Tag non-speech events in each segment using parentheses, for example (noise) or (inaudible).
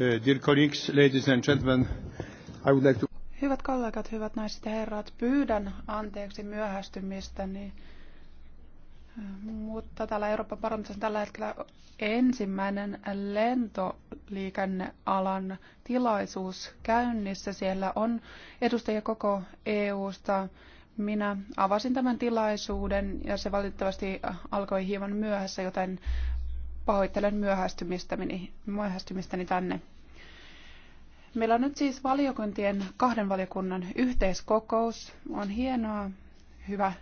Uh, hyvät kollegat, hyvät naiset ja herrat, pyydän anteeksi myöhästymistäni, mutta täällä Euroopan parlamentissa on tällä hetkellä ensimmäinen lentoliikennealan tilaisuus käynnissä. Siellä on edustajia koko EU-sta. Minä avasin tämän tilaisuuden ja se valitettavasti alkoi hieman myöhässä, joten Pahoittelen myöhästymistäni, myöhästymistäni tänne. Meillä on nyt siis valiokuntien kahden valiokunnan yhteiskokous. On hienoa, hyvä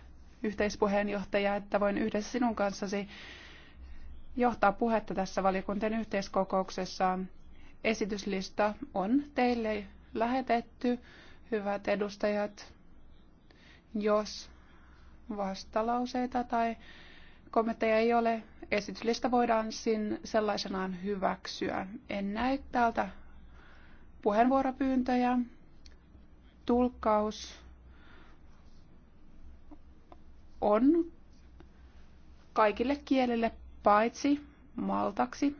yhteispuheenjohtaja, että voin yhdessä sinun kanssasi johtaa puhetta tässä valiokuntien yhteiskokouksessa. Esityslista on teille lähetetty, hyvät edustajat. Jos vastalauseita tai kommentteja ei ole. Esityslista voidaan sin sellaisenaan hyväksyä. En näe täältä puheenvuoropyyntöjä. Tulkkaus on kaikille kielille paitsi maltaksi,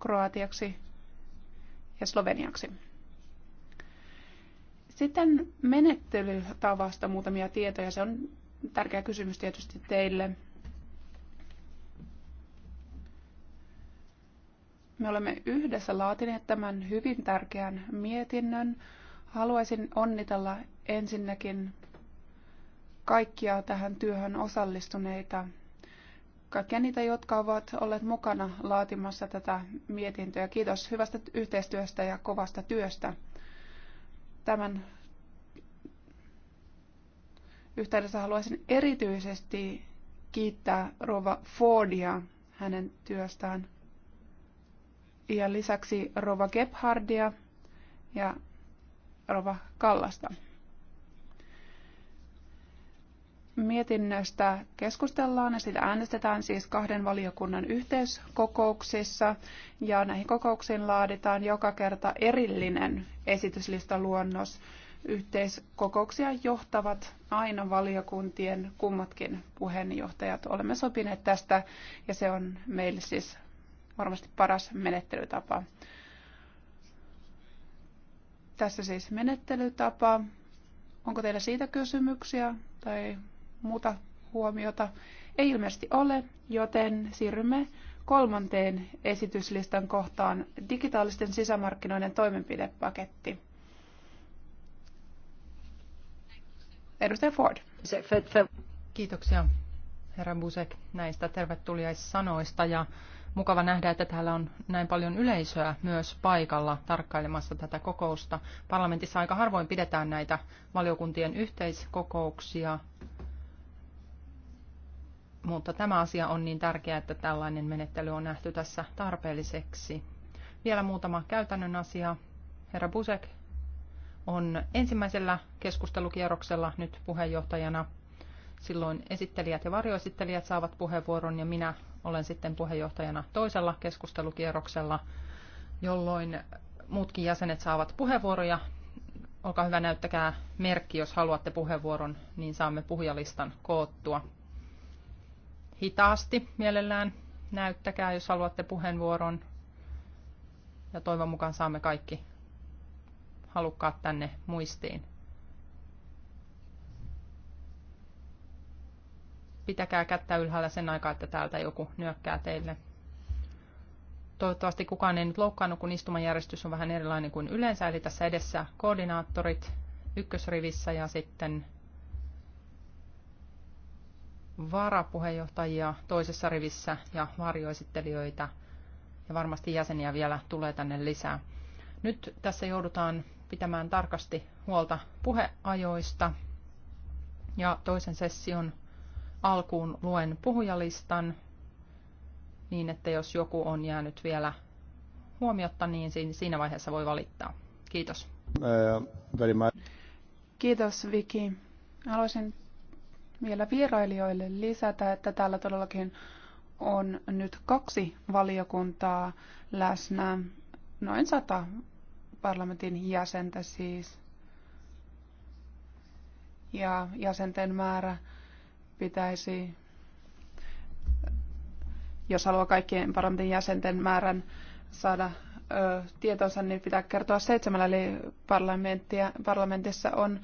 kroatiaksi ja sloveniaksi. Sitten menettelytavasta muutamia tietoja. Se on tärkeä kysymys tietysti teille. Me olemme yhdessä laatineet tämän hyvin tärkeän mietinnön. Haluaisin onnitella ensinnäkin kaikkia tähän työhön osallistuneita, kaikkia niitä, jotka ovat olleet mukana laatimassa tätä mietintöä. Kiitos hyvästä yhteistyöstä ja kovasta työstä. Tämän yhteydessä haluaisin erityisesti kiittää Rova Fordia hänen työstään ja lisäksi Rova Gebhardia ja Rova Kallasta. Mietinnöstä keskustellaan ja sitä äänestetään siis kahden valiokunnan yhteiskokouksissa ja näihin kokouksiin laaditaan joka kerta erillinen esityslistaluonnos. Yhteiskokouksia johtavat aina valiokuntien kummatkin puheenjohtajat. Olemme sopineet tästä ja se on meille siis varmasti paras menettelytapa. Tässä siis menettelytapa. Onko teillä siitä kysymyksiä tai muuta huomiota? Ei ilmeisesti ole, joten siirrymme kolmanteen esityslistan kohtaan digitaalisten sisämarkkinoiden toimenpidepaketti. Edustaja Ford. Kiitoksia herra Busek näistä tervetuliaissanoista ja mukava nähdä, että täällä on näin paljon yleisöä myös paikalla tarkkailemassa tätä kokousta. Parlamentissa aika harvoin pidetään näitä valiokuntien yhteiskokouksia, mutta tämä asia on niin tärkeä, että tällainen menettely on nähty tässä tarpeelliseksi. Vielä muutama käytännön asia. Herra Busek on ensimmäisellä keskustelukierroksella nyt puheenjohtajana Silloin esittelijät ja varjoesittelijät saavat puheenvuoron ja minä olen sitten puheenjohtajana toisella keskustelukierroksella, jolloin muutkin jäsenet saavat puheenvuoroja. Olkaa hyvä, näyttäkää merkki, jos haluatte puheenvuoron, niin saamme puhujalistan koottua. Hitaasti mielellään näyttäkää, jos haluatte puheenvuoron. Ja toivon mukaan saamme kaikki halukkaat tänne muistiin. pitäkää kättä ylhäällä sen aikaa, että täältä joku nyökkää teille. Toivottavasti kukaan ei nyt loukkaannut, kun istumajärjestys on vähän erilainen kuin yleensä. Eli tässä edessä koordinaattorit ykkösrivissä ja sitten varapuheenjohtajia toisessa rivissä ja varjoesittelijöitä. Ja varmasti jäseniä vielä tulee tänne lisää. Nyt tässä joudutaan pitämään tarkasti huolta puheajoista. Ja toisen session alkuun luen puhujalistan niin, että jos joku on jäänyt vielä huomiotta, niin siinä vaiheessa voi valittaa. Kiitos. Uh, Kiitos Viki. Haluaisin vielä vierailijoille lisätä, että täällä todellakin on nyt kaksi valiokuntaa läsnä, noin sata parlamentin jäsentä siis. Ja jäsenten määrä pitäisi, jos haluaa kaikkien parlamentin jäsenten määrän saada ö, tietonsa, niin pitää kertoa seitsemällä, eli parlamenttia, parlamentissa on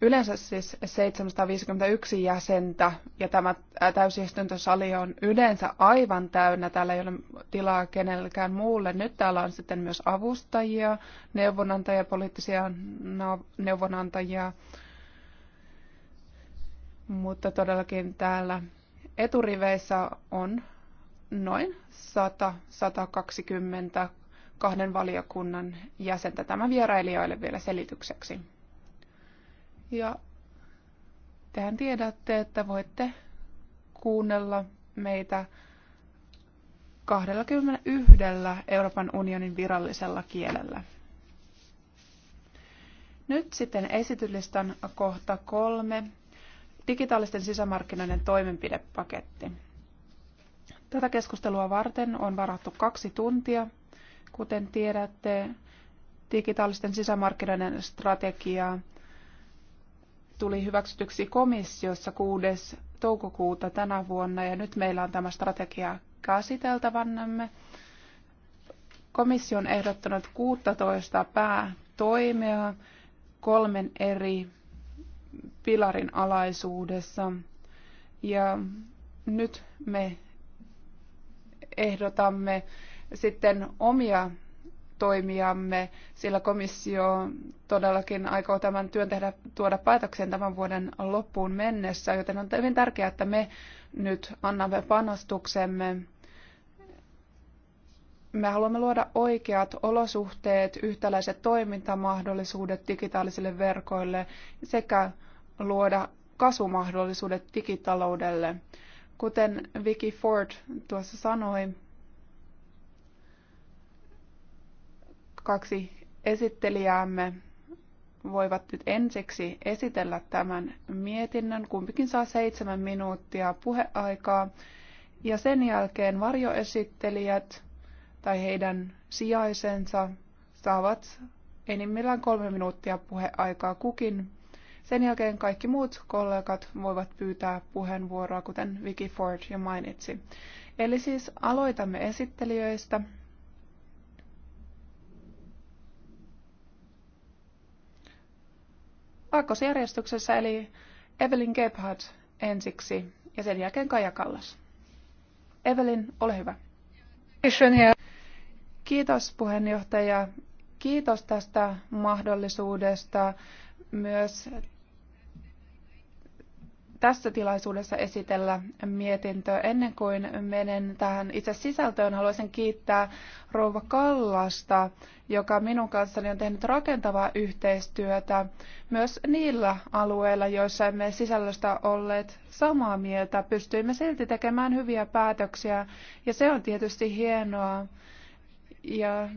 yleensä siis 751 jäsentä, ja tämä täysistuntosali on yleensä aivan täynnä, täällä ei ole tilaa kenellekään muulle. Nyt täällä on sitten myös avustajia, no- neuvonantajia, poliittisia neuvonantajia, mutta todellakin täällä eturiveissä on noin 100-120 kahden valiokunnan jäsentä tämä vierailijoille vielä selitykseksi. Ja tehän tiedätte, että voitte kuunnella meitä 21 Euroopan unionin virallisella kielellä. Nyt sitten esityslistan kohta kolme digitaalisten sisämarkkinoiden toimenpidepaketti. Tätä keskustelua varten on varattu kaksi tuntia. Kuten tiedätte, digitaalisten sisämarkkinoiden strategia tuli hyväksytyksi komissiossa 6. toukokuuta tänä vuonna ja nyt meillä on tämä strategia käsiteltävänämme. Komissio on ehdottanut 16 päätoimea kolmen eri pilarin alaisuudessa. Ja nyt me ehdotamme sitten omia toimiamme, sillä komissio todellakin aikoo tämän työn tehdä, tuoda päätökseen tämän vuoden loppuun mennessä, joten on hyvin tärkeää, että me nyt annamme panostuksemme. Me haluamme luoda oikeat olosuhteet, yhtäläiset toimintamahdollisuudet digitaalisille verkoille sekä luoda kasvumahdollisuudet digitaloudelle. Kuten Vicky Ford tuossa sanoi, kaksi esittelijäämme voivat nyt ensiksi esitellä tämän mietinnön. Kumpikin saa seitsemän minuuttia puheaikaa. Ja sen jälkeen varjoesittelijät tai heidän sijaisensa saavat enimmillään kolme minuuttia puheaikaa kukin sen jälkeen kaikki muut kollegat voivat pyytää puheenvuoroa, kuten Vicky Ford jo mainitsi. Eli siis aloitamme esittelijöistä. Aakkosjärjestyksessä eli Evelyn Gebhardt ensiksi ja sen jälkeen Kaja Kallas. Evelyn, ole hyvä. Kiitos puheenjohtaja. Kiitos tästä mahdollisuudesta myös tässä tilaisuudessa esitellä mietintöä. Ennen kuin menen tähän itse sisältöön, haluaisin kiittää Rouva Kallasta, joka minun kanssani on tehnyt rakentavaa yhteistyötä myös niillä alueilla, joissa emme sisällöstä olleet samaa mieltä. Pystyimme silti tekemään hyviä päätöksiä ja se on tietysti hienoa. Ja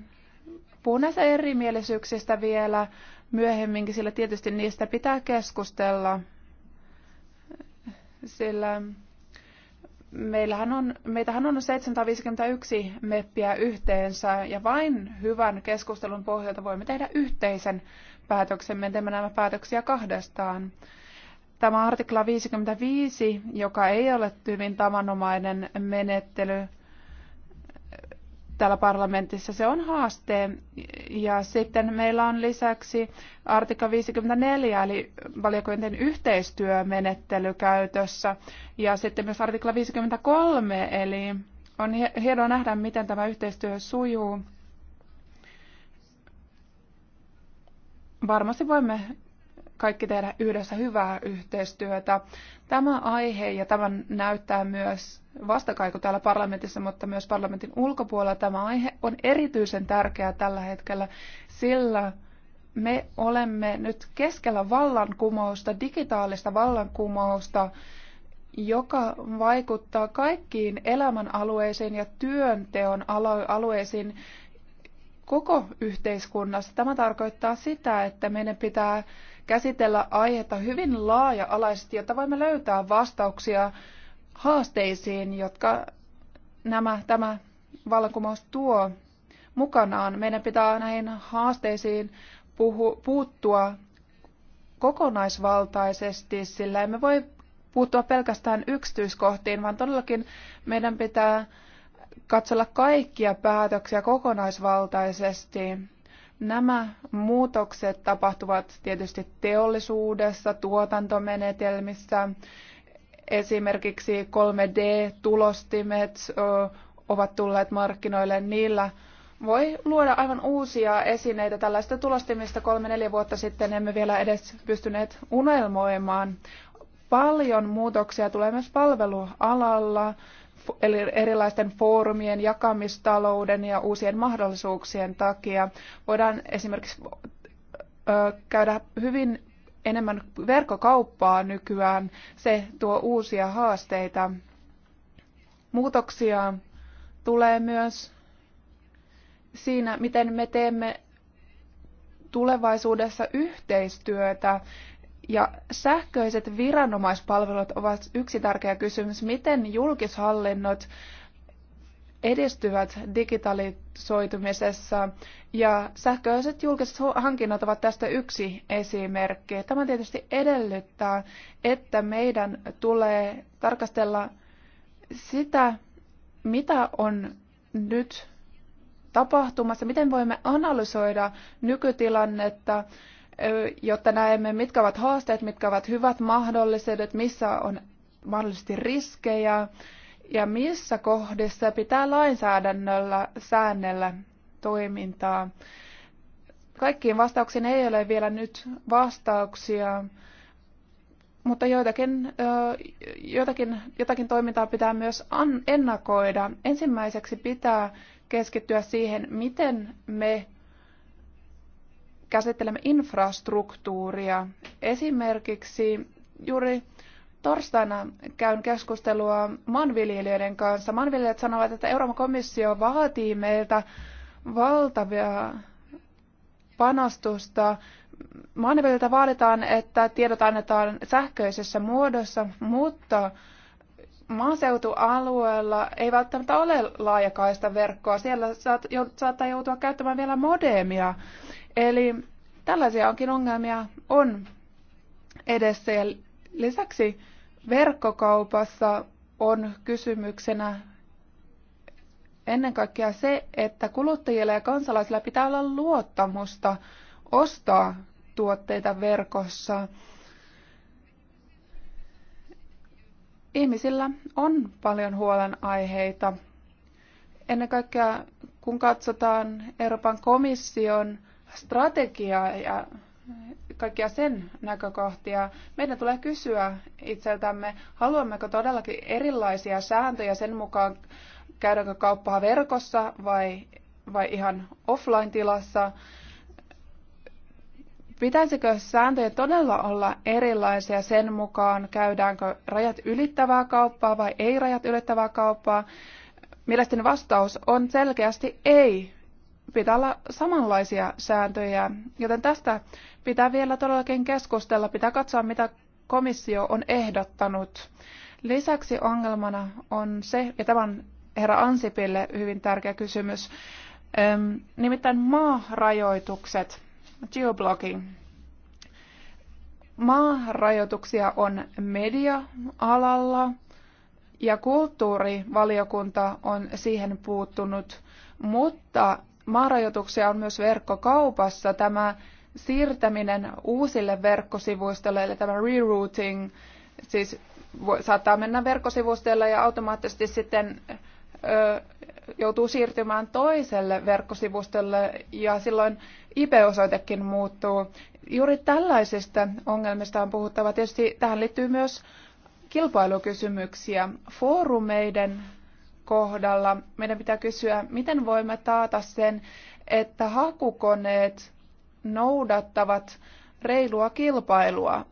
puhun näistä erimielisyyksistä vielä myöhemminkin, sillä tietysti niistä pitää keskustella sillä meillähän on, meitähän on 751 meppiä yhteensä ja vain hyvän keskustelun pohjalta voimme tehdä yhteisen päätöksen. Me teemme nämä päätöksiä kahdestaan. Tämä artikla 55, joka ei ole hyvin tavanomainen menettely, täällä parlamentissa. Se on haaste. Ja sitten meillä on lisäksi artikla 54, eli valiokuntien yhteistyömenettely käytössä. Ja sitten myös artikla 53, eli on hienoa nähdä, miten tämä yhteistyö sujuu. Varmasti voimme kaikki tehdä yhdessä hyvää yhteistyötä. Tämä aihe ja tämän näyttää myös vastakaiku täällä parlamentissa, mutta myös parlamentin ulkopuolella tämä aihe on erityisen tärkeä tällä hetkellä, sillä me olemme nyt keskellä vallankumousta, digitaalista vallankumousta, joka vaikuttaa kaikkiin elämänalueisiin ja työnteon alueisiin koko yhteiskunnassa. Tämä tarkoittaa sitä, että meidän pitää käsitellä aihetta hyvin laaja-alaisesti, jotta voimme löytää vastauksia haasteisiin, jotka nämä, tämä vallankumous tuo mukanaan. Meidän pitää näihin haasteisiin puhu, puuttua kokonaisvaltaisesti, sillä emme voi puuttua pelkästään yksityiskohtiin, vaan todellakin meidän pitää katsella kaikkia päätöksiä kokonaisvaltaisesti. Nämä muutokset tapahtuvat tietysti teollisuudessa, tuotantomenetelmissä. Esimerkiksi 3D-tulostimet ovat tulleet markkinoille. Niillä voi luoda aivan uusia esineitä. Tällaista tulostimista kolme-neljä vuotta sitten emme vielä edes pystyneet unelmoimaan. Paljon muutoksia tulee myös palvelualalla eli erilaisten foorumien, jakamistalouden ja uusien mahdollisuuksien takia. Voidaan esimerkiksi käydä hyvin enemmän verkkokauppaa nykyään. Se tuo uusia haasteita. Muutoksia tulee myös siinä, miten me teemme tulevaisuudessa yhteistyötä ja sähköiset viranomaispalvelut ovat yksi tärkeä kysymys. Miten julkishallinnot edistyvät digitalisoitumisessa ja sähköiset julkiset hankinnat ovat tästä yksi esimerkki. Tämä tietysti edellyttää, että meidän tulee tarkastella sitä, mitä on nyt tapahtumassa, miten voimme analysoida nykytilannetta jotta näemme, mitkä ovat haasteet, mitkä ovat hyvät mahdollisuudet, missä on mahdollisesti riskejä ja missä kohdissa pitää lainsäädännöllä säännellä toimintaa. Kaikkiin vastauksiin ei ole vielä nyt vastauksia, mutta joitakin, joitakin, jotakin toimintaa pitää myös ennakoida. Ensimmäiseksi pitää keskittyä siihen, miten me käsittelemme infrastruktuuria. Esimerkiksi juuri torstaina käyn keskustelua maanviljelijöiden kanssa. Maanviljelijät sanovat, että Euroopan komissio vaatii meiltä valtavia panostusta. Maanviljelijöiltä vaaditaan, että tiedot annetaan sähköisessä muodossa, mutta maaseutualueella ei välttämättä ole laajakaista verkkoa. Siellä saattaa joutua käyttämään vielä modemia. Eli tällaisiakin ongelmia on edessä ja lisäksi verkkokaupassa on kysymyksenä ennen kaikkea se, että kuluttajilla ja kansalaisilla pitää olla luottamusta ostaa tuotteita verkossa. Ihmisillä on paljon huolenaiheita. Ennen kaikkea kun katsotaan Euroopan komission strategiaa ja kaikkia sen näkökohtia. Meidän tulee kysyä itseltämme, haluammeko todellakin erilaisia sääntöjä sen mukaan, käydäänkö kauppaa verkossa vai, vai ihan offline-tilassa. Pitäisikö sääntöjä todella olla erilaisia sen mukaan, käydäänkö rajat ylittävää kauppaa vai ei rajat ylittävää kauppaa? Mielestäni vastaus on selkeästi ei pitää olla samanlaisia sääntöjä, joten tästä pitää vielä todellakin keskustella, pitää katsoa mitä komissio on ehdottanut. Lisäksi ongelmana on se, ja tämä on herra Ansipille hyvin tärkeä kysymys, nimittäin maarajoitukset, geoblocking. Maarajoituksia on media-alalla ja kulttuurivaliokunta on siihen puuttunut, mutta maarajoituksia on myös verkkokaupassa. Tämä siirtäminen uusille verkkosivuistolle, eli tämä rerouting, siis saattaa mennä verkkosivustolle ja automaattisesti sitten ö, joutuu siirtymään toiselle verkkosivustolle ja silloin IP-osoitekin muuttuu. Juuri tällaisista ongelmista on puhuttava. Tietysti tähän liittyy myös kilpailukysymyksiä. Foorumeiden kohdalla meidän pitää kysyä, miten voimme taata sen, että hakukoneet noudattavat reilua kilpailua.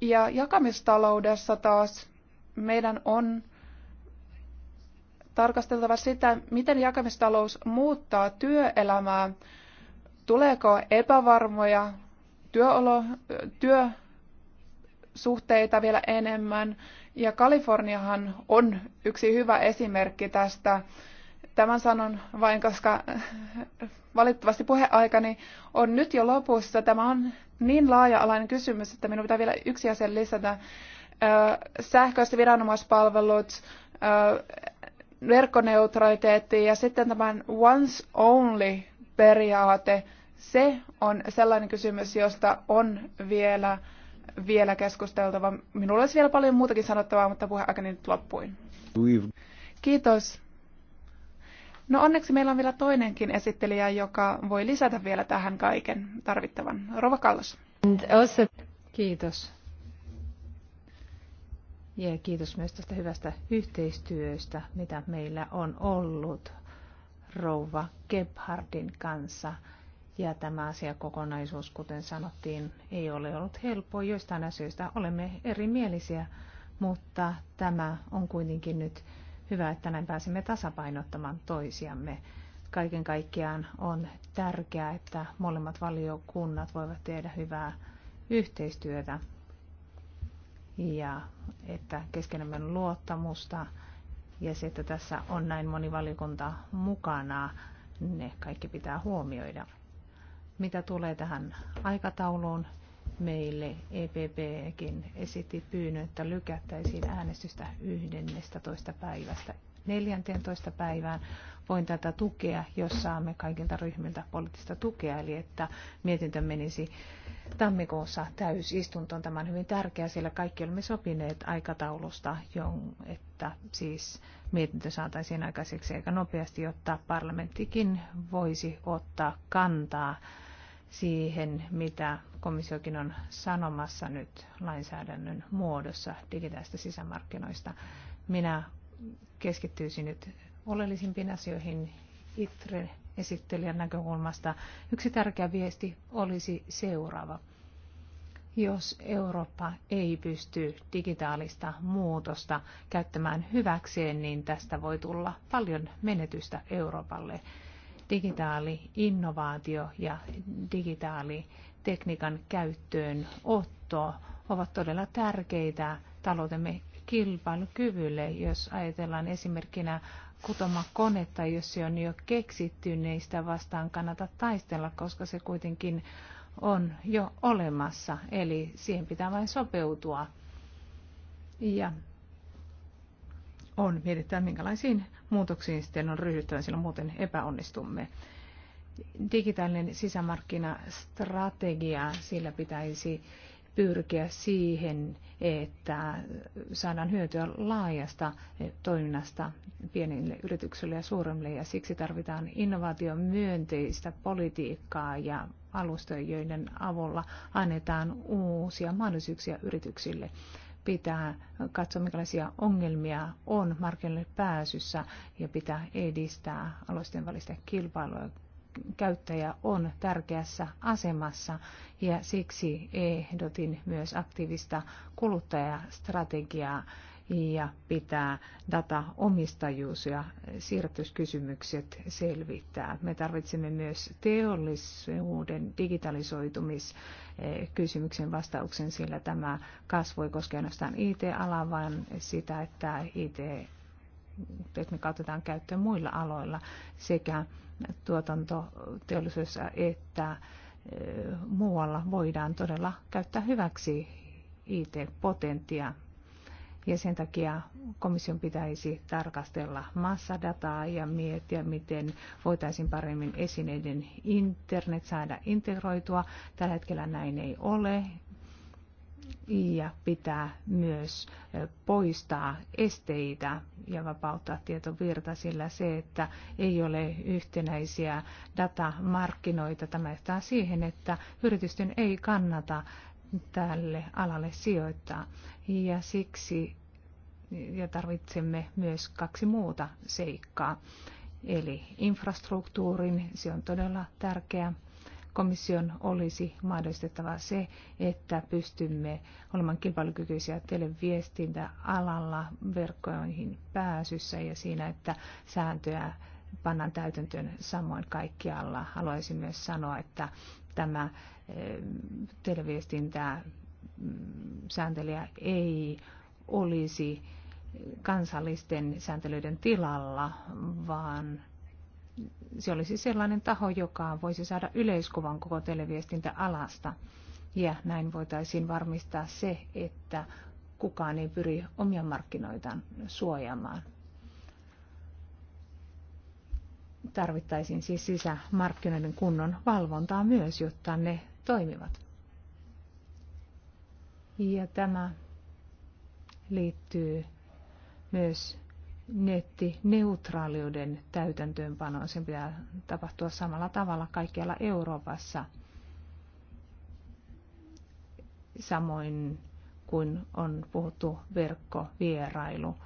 Ja jakamistaloudessa taas meidän on tarkasteltava sitä, miten jakamistalous muuttaa työelämää. Tuleeko epävarmoja työolo, työsuhteita vielä enemmän ja Kaliforniahan on yksi hyvä esimerkki tästä. Tämän sanon vain, koska valitettavasti puheaikani on nyt jo lopussa. Tämä on niin laaja-alainen kysymys, että minun pitää vielä yksi asia lisätä. Sähköiset viranomaispalvelut, verkkoneutraliteetti ja sitten tämän once only periaate, se on sellainen kysymys, josta on vielä vielä keskusteltava. Minulla olisi vielä paljon muutakin sanottavaa, mutta aika nyt loppui. Kiitos. No onneksi meillä on vielä toinenkin esittelijä, joka voi lisätä vielä tähän kaiken tarvittavan. Rova Kallos. Kiitos. Ja kiitos myös tästä hyvästä yhteistyöstä, mitä meillä on ollut rouva Gebhardin kanssa ja tämä asiakokonaisuus, kuten sanottiin, ei ole ollut helppo. Joistain asioista olemme erimielisiä, mutta tämä on kuitenkin nyt hyvä, että näin pääsemme tasapainottamaan toisiamme. Kaiken kaikkiaan on tärkeää, että molemmat valiokunnat voivat tehdä hyvää yhteistyötä ja että keskenämme on luottamusta ja se, että tässä on näin moni valiokunta mukana, ne kaikki pitää huomioida. Mitä tulee tähän aikatauluun, meille EPPkin esitti pyynnön, että lykättäisiin äänestystä 11. päivästä 14. päivään. Voin tätä tukea, jos saamme kaikilta ryhmiltä poliittista tukea, eli että mietintö menisi tammikuussa täysistuntoon. Tämä on hyvin tärkeää, sillä kaikki olemme sopineet aikataulusta, että siis mietintö saataisiin aikaiseksi aika nopeasti, jotta parlamenttikin voisi ottaa kantaa siihen, mitä komissiokin on sanomassa nyt lainsäädännön muodossa digitaalista sisämarkkinoista. Minä keskittyisi nyt oleellisimpiin asioihin ITRE esittelijän näkökulmasta. Yksi tärkeä viesti olisi seuraava. Jos Eurooppa ei pysty digitaalista muutosta käyttämään hyväkseen, niin tästä voi tulla paljon menetystä Euroopalle. Digitaali innovaatio ja digitaali tekniikan käyttöön otto ovat todella tärkeitä taloutemme kilpailukyvylle, jos ajatellaan esimerkkinä konetta, jos se on jo keksitty, niin sitä vastaan kannata taistella, koska se kuitenkin on jo olemassa, eli siihen pitää vain sopeutua. Ja on mietittävä, minkälaisiin muutoksiin sitten on ryhdyttävä, sillä muuten epäonnistumme. Digitaalinen sisämarkkinastrategia, sillä pitäisi pyrkiä siihen, että saadaan hyötyä laajasta toiminnasta pienille yrityksille ja suuremmille ja siksi tarvitaan innovaation myönteistä politiikkaa ja alustoja, joiden avulla annetaan uusia mahdollisuuksia yrityksille pitää katsoa, minkälaisia ongelmia on markkinoille pääsyssä ja pitää edistää alustojen välistä kilpailua käyttäjä on tärkeässä asemassa ja siksi ehdotin myös aktiivista kuluttajastrategiaa ja pitää dataomistajuus ja siirtyskysymykset selvittää. Me tarvitsemme myös teollisuuden digitalisoitumiskysymyksen vastauksen, sillä tämä kasvoi ei ainoastaan IT-alaa, vaan sitä, että IT tekniikka otetaan käyttöön muilla aloilla sekä tuotantoteollisuudessa että muualla voidaan todella käyttää hyväksi IT-potentia. Ja sen takia komission pitäisi tarkastella massadataa ja miettiä, miten voitaisiin paremmin esineiden internet saada integroitua. Tällä hetkellä näin ei ole ja pitää myös poistaa esteitä ja vapauttaa tietovirta, sillä se, että ei ole yhtenäisiä datamarkkinoita, tämä johtaa siihen, että yritysten ei kannata tälle alalle sijoittaa. Ja siksi ja tarvitsemme myös kaksi muuta seikkaa. Eli infrastruktuurin, se on todella tärkeä komission olisi mahdollistettava se, että pystymme olemaan kilpailukykyisiä televiestintäalalla verkkoihin pääsyssä ja siinä, että sääntöjä pannaan täytäntöön samoin kaikkialla. Haluaisin myös sanoa, että tämä eh, televiestintää mm, sääntelijä ei olisi kansallisten sääntelyiden tilalla, vaan se olisi siis sellainen taho, joka voisi saada yleiskuvan koko televiestintäalasta. Ja näin voitaisiin varmistaa se, että kukaan ei pyri omia markkinoitaan suojaamaan. Tarvittaisiin siis sisämarkkinoiden kunnon valvontaa myös, jotta ne toimivat. Ja tämä liittyy myös nettineutraaliuden täytäntöönpanoon. Sen pitää tapahtua samalla tavalla kaikkialla Euroopassa. Samoin kuin on puhuttu verkkovierailu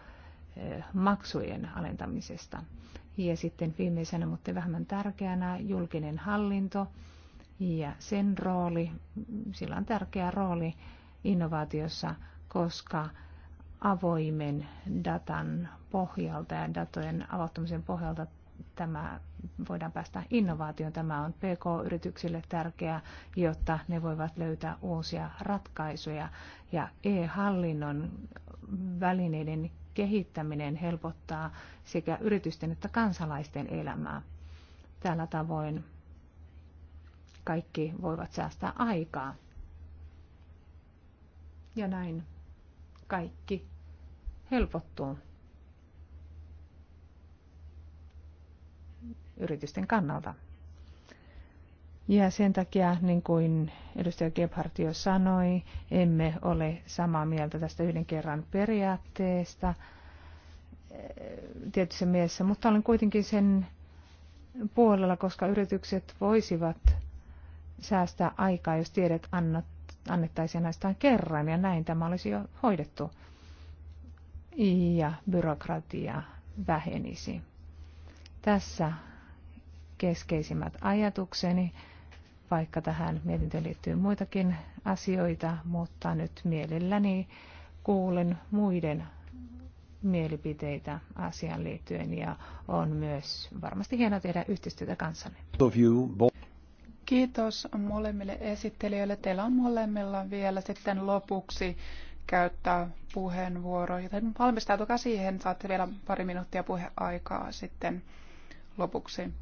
eh, maksujen alentamisesta. Ja sitten viimeisenä, mutta vähemmän tärkeänä, julkinen hallinto ja sen rooli, sillä on tärkeä rooli innovaatiossa, koska avoimen datan pohjalta ja datojen avautumisen pohjalta tämä voidaan päästä innovaatioon. Tämä on PK-yrityksille tärkeää, jotta ne voivat löytää uusia ratkaisuja. Ja e-hallinnon välineiden kehittäminen helpottaa sekä yritysten että kansalaisten elämää. Tällä tavoin kaikki voivat säästää aikaa. Ja näin kaikki helpottuu yritysten kannalta. Ja sen takia, niin kuin edustaja Gebhardt jo sanoi, emme ole samaa mieltä tästä yhden kerran periaatteesta eh, tietyssä mielessä, mutta olen kuitenkin sen puolella, koska yritykset voisivat säästää aikaa, jos tiedet annat annettaisiin näistä kerran ja näin tämä olisi jo hoidettu ja byrokratia vähenisi. Tässä keskeisimmät ajatukseni, vaikka tähän mietintöön liittyy muitakin asioita, mutta nyt mielelläni kuulen muiden mielipiteitä asian liittyen ja on myös varmasti hienoa tehdä yhteistyötä kanssanne. Kiitos molemmille esittelijöille. Teillä on molemmilla vielä sitten lopuksi käyttää puheenvuoro, joten valmistautukaa siihen. Saatte vielä pari minuuttia puheaikaa sitten lopuksi.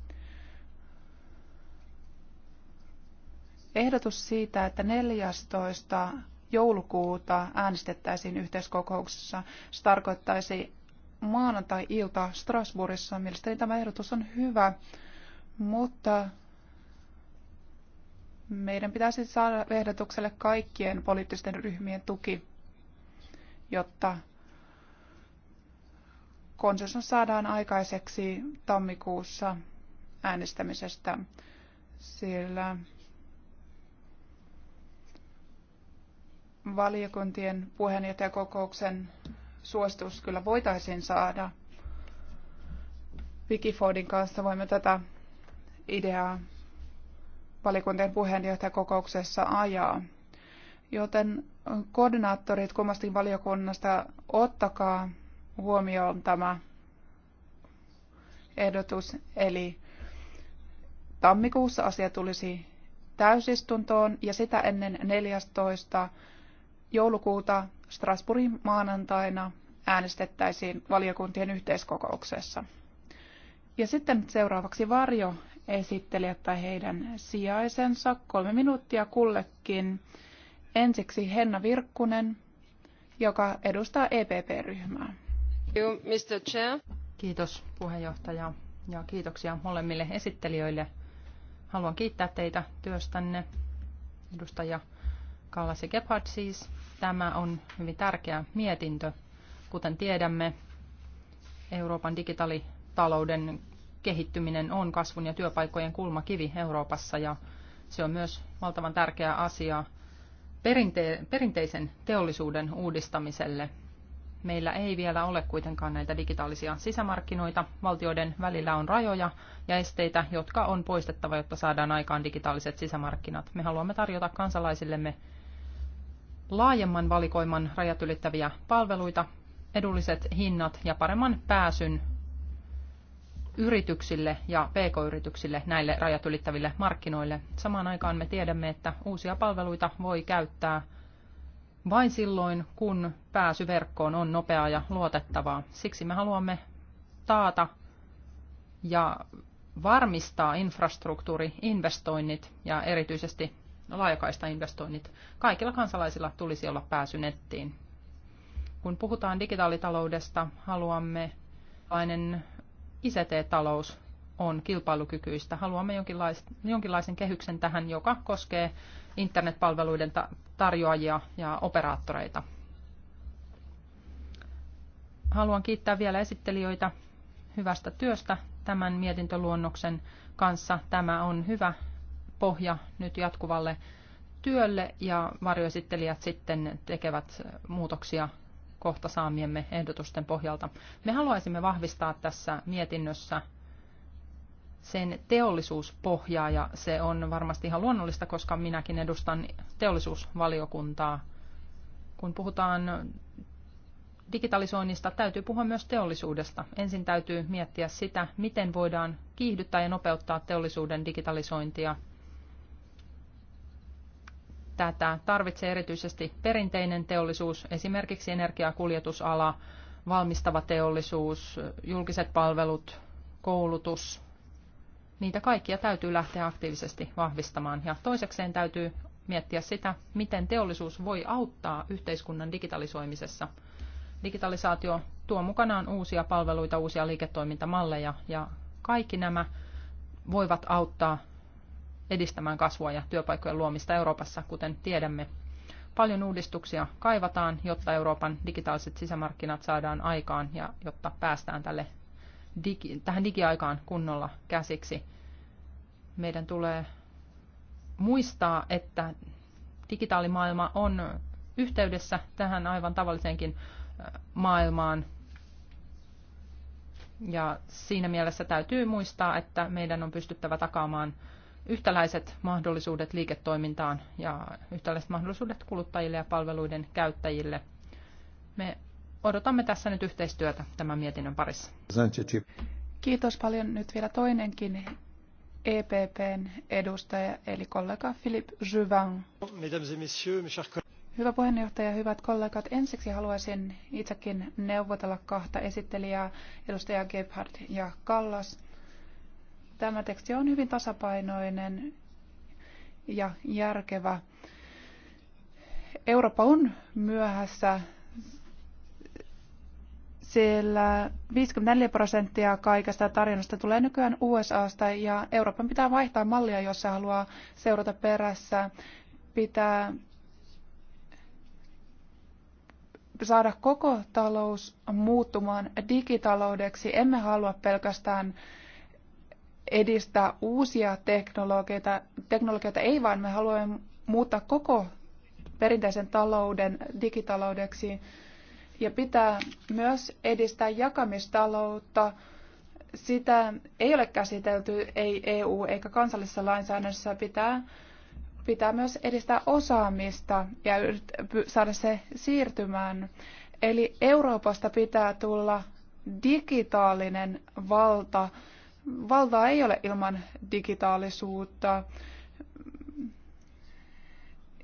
Ehdotus siitä, että 14. joulukuuta äänestettäisiin yhteiskokouksessa, se tarkoittaisi maanantai-ilta Strasbourgissa. Mielestäni tämä ehdotus on hyvä, mutta meidän pitäisi saada ehdotukselle kaikkien poliittisten ryhmien tuki, jotta konsensus saadaan aikaiseksi tammikuussa äänestämisestä, sillä valiokuntien puheenjohtajakokouksen suositus kyllä voitaisiin saada. Wikifoodin kanssa voimme tätä ideaa Valiokuntien puheenjohtajakokouksessa ajaa. Joten koordinaattorit kummastakin valiokunnasta, ottakaa huomioon tämä ehdotus. Eli tammikuussa asia tulisi täysistuntoon ja sitä ennen 14. joulukuuta Strasbourgin maanantaina äänestettäisiin valiokuntien yhteiskokouksessa. Ja sitten seuraavaksi varjo esittelijät tai heidän sijaisensa. Kolme minuuttia kullekin. Ensiksi Henna Virkkunen, joka edustaa EPP-ryhmää. Kiitos puheenjohtaja ja kiitoksia molemmille esittelijöille. Haluan kiittää teitä työstänne, edustaja Kallas ja siis. Tämä on hyvin tärkeä mietintö. Kuten tiedämme, Euroopan digitaalitalouden kehittyminen on kasvun ja työpaikkojen kulmakivi Euroopassa ja se on myös valtavan tärkeä asia perinte- perinteisen teollisuuden uudistamiselle. Meillä ei vielä ole kuitenkaan näitä digitaalisia sisämarkkinoita. Valtioiden välillä on rajoja ja esteitä, jotka on poistettava, jotta saadaan aikaan digitaaliset sisämarkkinat. Me haluamme tarjota kansalaisillemme laajemman valikoiman rajat ylittäviä palveluita, edulliset hinnat ja paremman pääsyn yrityksille ja pk-yrityksille näille rajat ylittäville markkinoille. Samaan aikaan me tiedämme, että uusia palveluita voi käyttää vain silloin, kun pääsy verkkoon on nopeaa ja luotettavaa. Siksi me haluamme taata ja varmistaa infrastruktuuriinvestoinnit ja erityisesti laajakaistainvestoinnit. Kaikilla kansalaisilla tulisi olla pääsy nettiin. Kun puhutaan digitaalitaloudesta, haluamme lainen ICT-talous on kilpailukykyistä. Haluamme jonkinlaisen kehyksen tähän, joka koskee internetpalveluiden tarjoajia ja operaattoreita. Haluan kiittää vielä esittelijöitä hyvästä työstä tämän mietintöluonnoksen kanssa. Tämä on hyvä pohja nyt jatkuvalle työlle ja varjoesittelijät sitten tekevät muutoksia kohta saamiemme ehdotusten pohjalta. Me haluaisimme vahvistaa tässä mietinnössä sen teollisuuspohjaa ja se on varmasti ihan luonnollista, koska minäkin edustan teollisuusvaliokuntaa. Kun puhutaan digitalisoinnista, täytyy puhua myös teollisuudesta. Ensin täytyy miettiä sitä, miten voidaan kiihdyttää ja nopeuttaa teollisuuden digitalisointia – tätä tarvitsee erityisesti perinteinen teollisuus, esimerkiksi energiakuljetusala, valmistava teollisuus, julkiset palvelut, koulutus. Niitä kaikkia täytyy lähteä aktiivisesti vahvistamaan. Ja toisekseen täytyy miettiä sitä, miten teollisuus voi auttaa yhteiskunnan digitalisoimisessa. Digitalisaatio tuo mukanaan uusia palveluita, uusia liiketoimintamalleja ja kaikki nämä voivat auttaa edistämään kasvua ja työpaikkojen luomista Euroopassa, kuten tiedämme. Paljon uudistuksia kaivataan, jotta Euroopan digitaaliset sisämarkkinat saadaan aikaan ja jotta päästään tälle digi, tähän digiaikaan kunnolla käsiksi. Meidän tulee muistaa, että digitaalimaailma on yhteydessä tähän aivan tavalliseenkin maailmaan. Ja siinä mielessä täytyy muistaa, että meidän on pystyttävä takaamaan yhtäläiset mahdollisuudet liiketoimintaan ja yhtäläiset mahdollisuudet kuluttajille ja palveluiden käyttäjille. Me odotamme tässä nyt yhteistyötä tämän mietinnön parissa. Kiitos paljon. Nyt vielä toinenkin EPPn edustaja, eli kollega Philippe Juvin. Hyvä puheenjohtaja, hyvät kollegat. Ensiksi haluaisin itsekin neuvotella kahta esittelijää, edustaja Gebhardt ja Kallas. Tämä teksti on hyvin tasapainoinen ja järkevä. Eurooppa on myöhässä, sillä 54 prosenttia kaikesta tarjonnasta tulee nykyään USAsta ja Euroopan pitää vaihtaa mallia, jos se haluaa seurata perässä. Pitää saada koko talous muuttumaan digitaloudeksi. Emme halua pelkästään edistää uusia teknologioita, teknologioita ei vaan me haluamme muuttaa koko perinteisen talouden digitaloudeksi ja pitää myös edistää jakamistaloutta. Sitä ei ole käsitelty ei EU eikä kansallisessa lainsäädännössä pitää pitää myös edistää osaamista ja saada se siirtymään. Eli Euroopasta pitää tulla digitaalinen valta, valtaa ei ole ilman digitaalisuutta.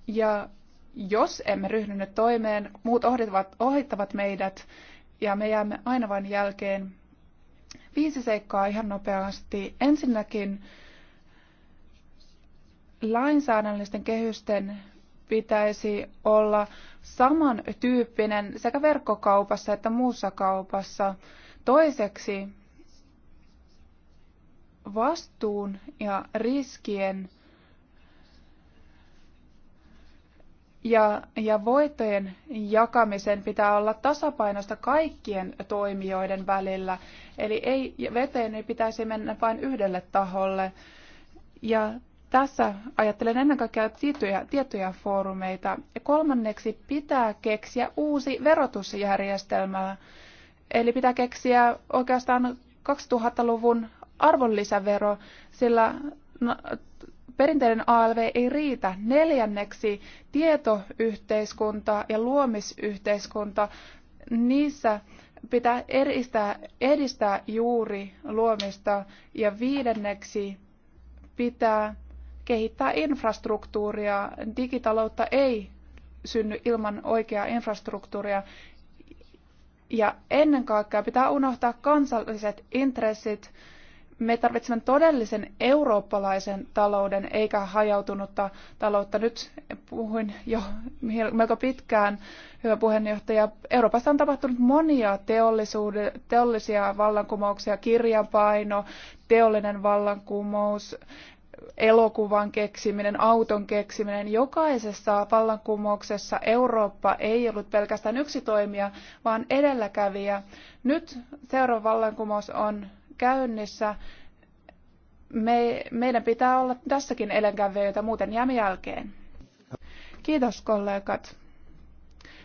Ja jos emme ryhdy nyt toimeen, muut ohittavat, ohittavat meidät ja me jäämme aina vain jälkeen. Viisi seikkaa ihan nopeasti. Ensinnäkin lainsäädännöllisten kehysten pitäisi olla samantyyppinen sekä verkkokaupassa että muussa kaupassa. Toiseksi vastuun ja riskien ja, ja voittojen jakamisen pitää olla tasapainosta kaikkien toimijoiden välillä. Eli ei, veteen ei pitäisi mennä vain yhdelle taholle. Ja tässä ajattelen ennen kaikkea tiettyjä, tiettyjä foorumeita. Ja kolmanneksi pitää keksiä uusi verotusjärjestelmä. Eli pitää keksiä oikeastaan 2000-luvun arvonlisävero, sillä no, perinteinen ALV ei riitä. Neljänneksi tietoyhteiskunta ja luomisyhteiskunta, niissä pitää eristää edistää juuri luomista. Ja viidenneksi pitää kehittää infrastruktuuria. Digitaloutta ei synny ilman oikeaa infrastruktuuria. Ja ennen kaikkea pitää unohtaa kansalliset intressit me tarvitsemme todellisen eurooppalaisen talouden eikä hajautunutta taloutta. Nyt puhuin jo melko pitkään, hyvä puheenjohtaja. Euroopassa on tapahtunut monia teollisia vallankumouksia, kirjapaino, teollinen vallankumous, elokuvan keksiminen, auton keksiminen. Jokaisessa vallankumouksessa Eurooppa ei ollut pelkästään yksi toimija, vaan edelläkävijä. Nyt seuraava vallankumous on käynnissä. Me, meidän pitää olla tässäkin eläinkävijöitä, muuten jäämme jälkeen. Kiitos kollegat.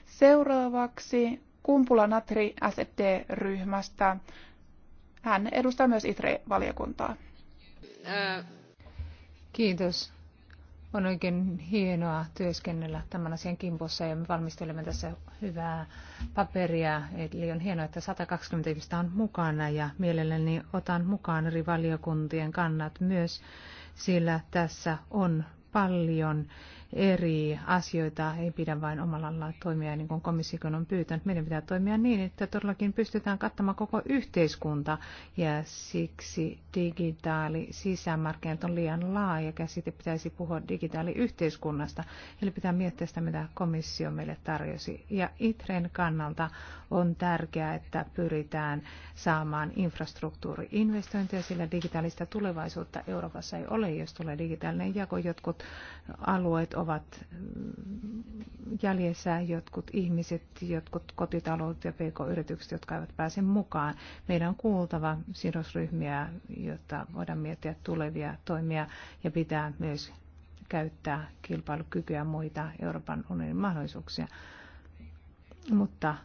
Seuraavaksi Kumpula Natri SD-ryhmästä. Hän edustaa myös ITRE-valiokuntaa. Kiitos on oikein hienoa työskennellä tämän asian kimpossa ja me valmistelemme tässä hyvää paperia. Eli on hienoa, että 120 ihmistä on mukana ja mielelläni otan mukaan eri valiokuntien kannat myös, sillä tässä on paljon eri asioita. Ei pidä vain omalla lailla toimia niin kuin komissikon on pyytänyt. Meidän pitää toimia niin, että todellakin pystytään kattamaan koko yhteiskunta ja siksi digitaali sisämarkkinat on liian laaja käsite. Pitäisi puhua digitaaliyhteiskunnasta. Eli pitää miettiä sitä, mitä komissio meille tarjosi. Ja ITREn kannalta on tärkeää, että pyritään saamaan infrastruktuuriinvestointeja, sillä digitaalista tulevaisuutta Euroopassa ei ole, jos tulee digitaalinen jako. Jotkut alueet ovat mm, jäljessä jotkut ihmiset, jotkut kotitaloudet ja pk-yritykset, jotka eivät pääse mukaan. Meidän on kuultava sidosryhmiä, jotta voidaan miettiä tulevia toimia ja pitää myös käyttää kilpailukykyä ja muita Euroopan unionin mahdollisuuksia. Mutta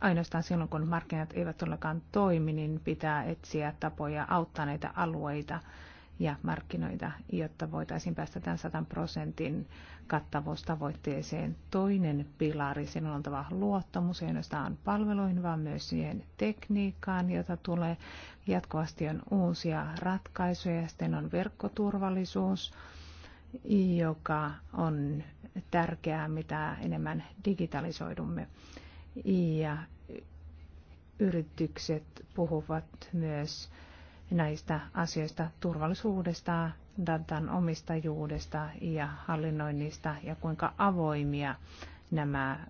ainoastaan silloin, kun markkinat eivät ollenkaan toimi, niin pitää etsiä tapoja auttaa näitä alueita ja markkinoita, jotta voitaisiin päästä tämän 100 prosentin kattavuustavoitteeseen. Toinen pilari, siinä on oltava luottamus, ei ainoastaan palveluihin, vaan myös siihen tekniikkaan, jota tulee. Jatkuvasti on uusia ratkaisuja sitten on verkkoturvallisuus, joka on tärkeää, mitä enemmän digitalisoidumme. Ja yritykset puhuvat myös näistä asioista, turvallisuudesta, datan omistajuudesta ja hallinnoinnista ja kuinka avoimia nämä äh,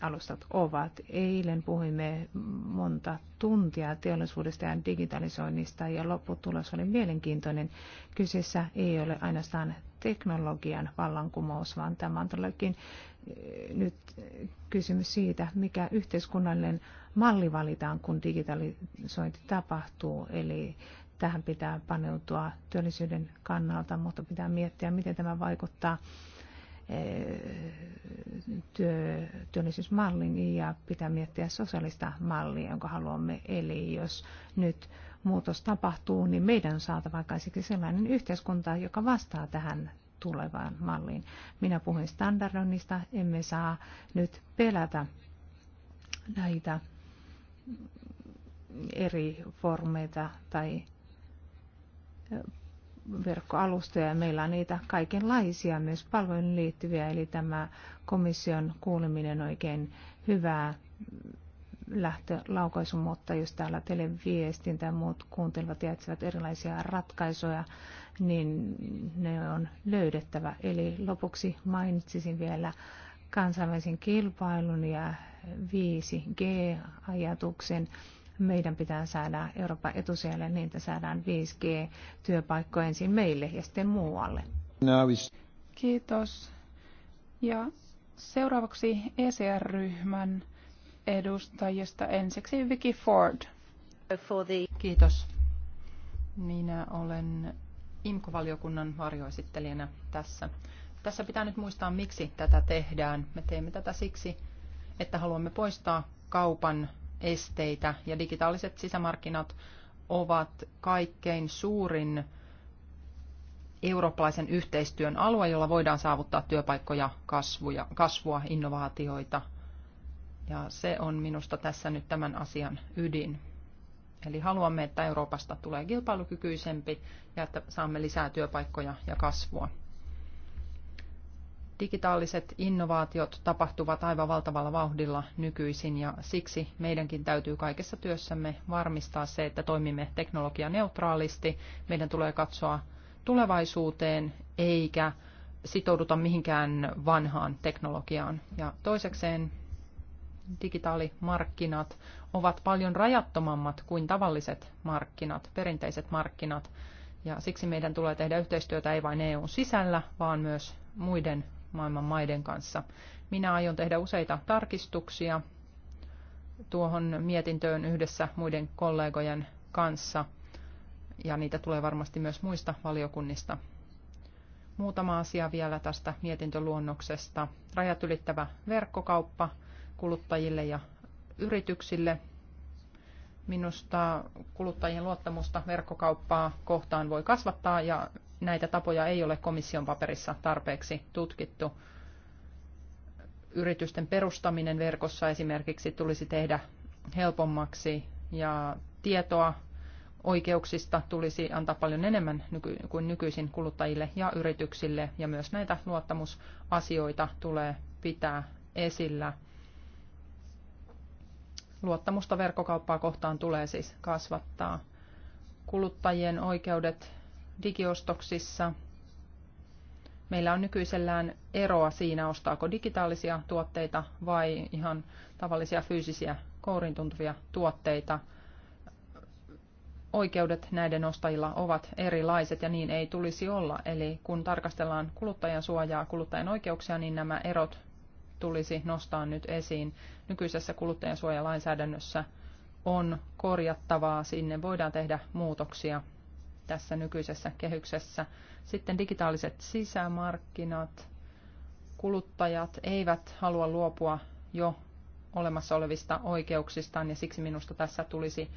alustat ovat. Eilen puhuimme monta tuntia teollisuudesta ja digitalisoinnista ja lopputulos oli mielenkiintoinen. Kyseessä ei ole ainoastaan teknologian vallankumous, vaan tämä on todellakin äh, nyt äh, kysymys siitä, mikä yhteiskunnallinen malli valitaan, kun digitalisointi tapahtuu. Eli tähän pitää paneutua työllisyyden kannalta, mutta pitää miettiä, miten tämä vaikuttaa eh, työ, työllisyysmallin ja pitää miettiä sosiaalista mallia, jonka haluamme. Eli jos nyt muutos tapahtuu, niin meidän on saatava aikaiseksi sellainen yhteiskunta, joka vastaa tähän tulevaan malliin. Minä puhuin standardoinnista, emme saa nyt pelätä näitä eri formeita tai verkkoalustoja. Meillä on niitä kaikenlaisia myös palveluun liittyviä, eli tämä komission kuuleminen oikein hyvää lähtölaukaisu, mutta jos täällä televiestin tai muut kuuntelevat ja etsivät erilaisia ratkaisuja, niin ne on löydettävä. Eli lopuksi mainitsisin vielä kansainvälisen kilpailun ja 5G-ajatuksen. Meidän pitää saada Euroopan etusijalle niin, että saadaan 5G-työpaikkoja ensin meille ja sitten muualle. Kiitos. Ja seuraavaksi ECR-ryhmän edustajista ensiksi Vicky Ford. Kiitos. Minä olen IMKO-valiokunnan varjoesittelijänä tässä tässä pitää nyt muistaa, miksi tätä tehdään. Me teemme tätä siksi, että haluamme poistaa kaupan esteitä ja digitaaliset sisämarkkinat ovat kaikkein suurin eurooppalaisen yhteistyön alue, jolla voidaan saavuttaa työpaikkoja, kasvuja, kasvua, innovaatioita. Ja se on minusta tässä nyt tämän asian ydin. Eli haluamme, että Euroopasta tulee kilpailukykyisempi ja että saamme lisää työpaikkoja ja kasvua. Digitaaliset innovaatiot tapahtuvat aivan valtavalla vauhdilla nykyisin ja siksi meidänkin täytyy kaikessa työssämme varmistaa se, että toimimme teknologianeutraalisti. Meidän tulee katsoa tulevaisuuteen eikä sitouduta mihinkään vanhaan teknologiaan. Ja toisekseen digitaalimarkkinat ovat paljon rajattomammat kuin tavalliset markkinat, perinteiset markkinat. Ja siksi meidän tulee tehdä yhteistyötä ei vain EUn sisällä, vaan myös muiden maailman maiden kanssa. Minä aion tehdä useita tarkistuksia tuohon mietintöön yhdessä muiden kollegojen kanssa, ja niitä tulee varmasti myös muista valiokunnista. Muutama asia vielä tästä mietintöluonnoksesta. Rajat ylittävä verkkokauppa kuluttajille ja yrityksille. Minusta kuluttajien luottamusta verkkokauppaa kohtaan voi kasvattaa ja näitä tapoja ei ole komission paperissa tarpeeksi tutkittu. Yritysten perustaminen verkossa esimerkiksi tulisi tehdä helpommaksi ja tietoa oikeuksista tulisi antaa paljon enemmän nyky- kuin nykyisin kuluttajille ja yrityksille, ja myös näitä luottamusasioita tulee pitää esillä. Luottamusta verkkokauppaa kohtaan tulee siis kasvattaa. Kuluttajien oikeudet digiostoksissa meillä on nykyisellään eroa siinä, ostaako digitaalisia tuotteita vai ihan tavallisia fyysisiä kourin tuntuvia tuotteita. Oikeudet näiden ostajilla ovat erilaiset ja niin ei tulisi olla. Eli kun tarkastellaan kuluttajan suojaa, kuluttajan oikeuksia, niin nämä erot tulisi nostaa nyt esiin. Nykyisessä kuluttajan suojalainsäädännössä on korjattavaa, sinne voidaan tehdä muutoksia – tässä nykyisessä kehyksessä. Sitten digitaaliset sisämarkkinat. Kuluttajat eivät halua luopua jo olemassa olevista oikeuksistaan ja siksi minusta tässä tulisi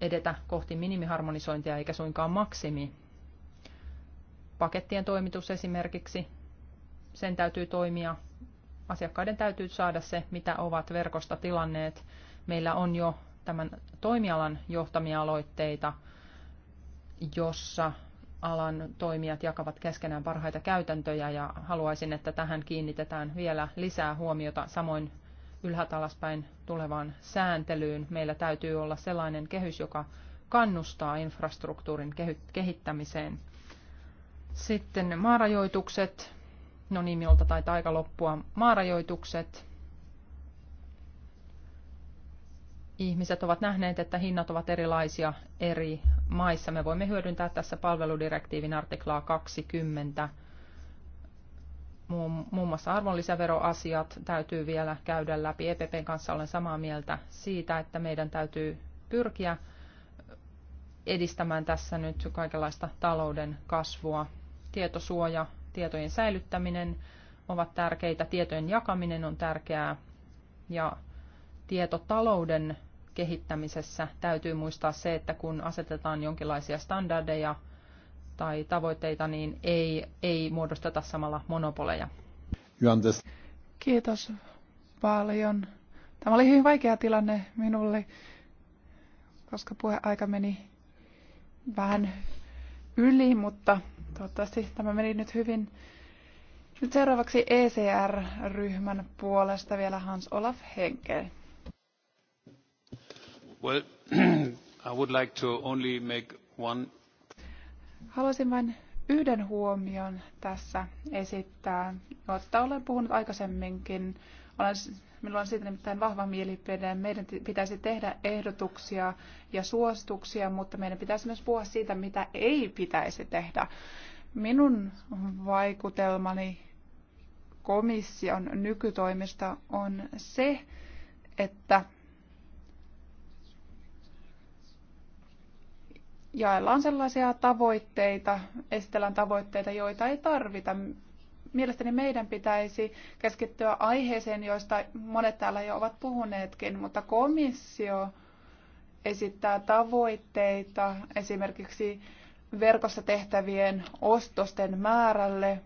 edetä kohti minimiharmonisointia eikä suinkaan maksimi. Pakettien toimitus esimerkiksi, sen täytyy toimia. Asiakkaiden täytyy saada se, mitä ovat verkosta tilanneet. Meillä on jo tämän toimialan johtamia aloitteita – jossa alan toimijat jakavat keskenään parhaita käytäntöjä ja haluaisin, että tähän kiinnitetään vielä lisää huomiota samoin ylhäältä alaspäin tulevaan sääntelyyn. Meillä täytyy olla sellainen kehys, joka kannustaa infrastruktuurin kehittämiseen. Sitten maarajoitukset. No niin, minulta taitaa aika loppua. Maarajoitukset. ihmiset ovat nähneet, että hinnat ovat erilaisia eri maissa. Me voimme hyödyntää tässä palveludirektiivin artiklaa 20. Muun muassa arvonlisäveroasiat täytyy vielä käydä läpi. EPPn kanssa olen samaa mieltä siitä, että meidän täytyy pyrkiä edistämään tässä nyt kaikenlaista talouden kasvua. Tietosuoja, tietojen säilyttäminen ovat tärkeitä, tietojen jakaminen on tärkeää ja tietotalouden kehittämisessä täytyy muistaa se, että kun asetetaan jonkinlaisia standardeja tai tavoitteita, niin ei, ei muodosteta samalla monopoleja. Kiitos paljon. Tämä oli hyvin vaikea tilanne minulle, koska puheaika meni vähän yli, mutta toivottavasti tämä meni nyt hyvin. Nyt seuraavaksi ECR-ryhmän puolesta vielä Hans-Olaf Henkel. (clears throat) Haluaisin vain yhden huomion tässä esittää, josta olen puhunut aikaisemminkin. Olen, minulla on siitä nimittäin vahva mielipide. Meidän pitäisi tehdä ehdotuksia ja suosituksia, mutta meidän pitäisi myös puhua siitä, mitä ei pitäisi tehdä. Minun vaikutelmani komission nykytoimista on se, että jaellaan sellaisia tavoitteita, esitellään tavoitteita, joita ei tarvita. Mielestäni meidän pitäisi keskittyä aiheeseen, joista monet täällä jo ovat puhuneetkin, mutta komissio esittää tavoitteita esimerkiksi verkossa tehtävien ostosten määrälle.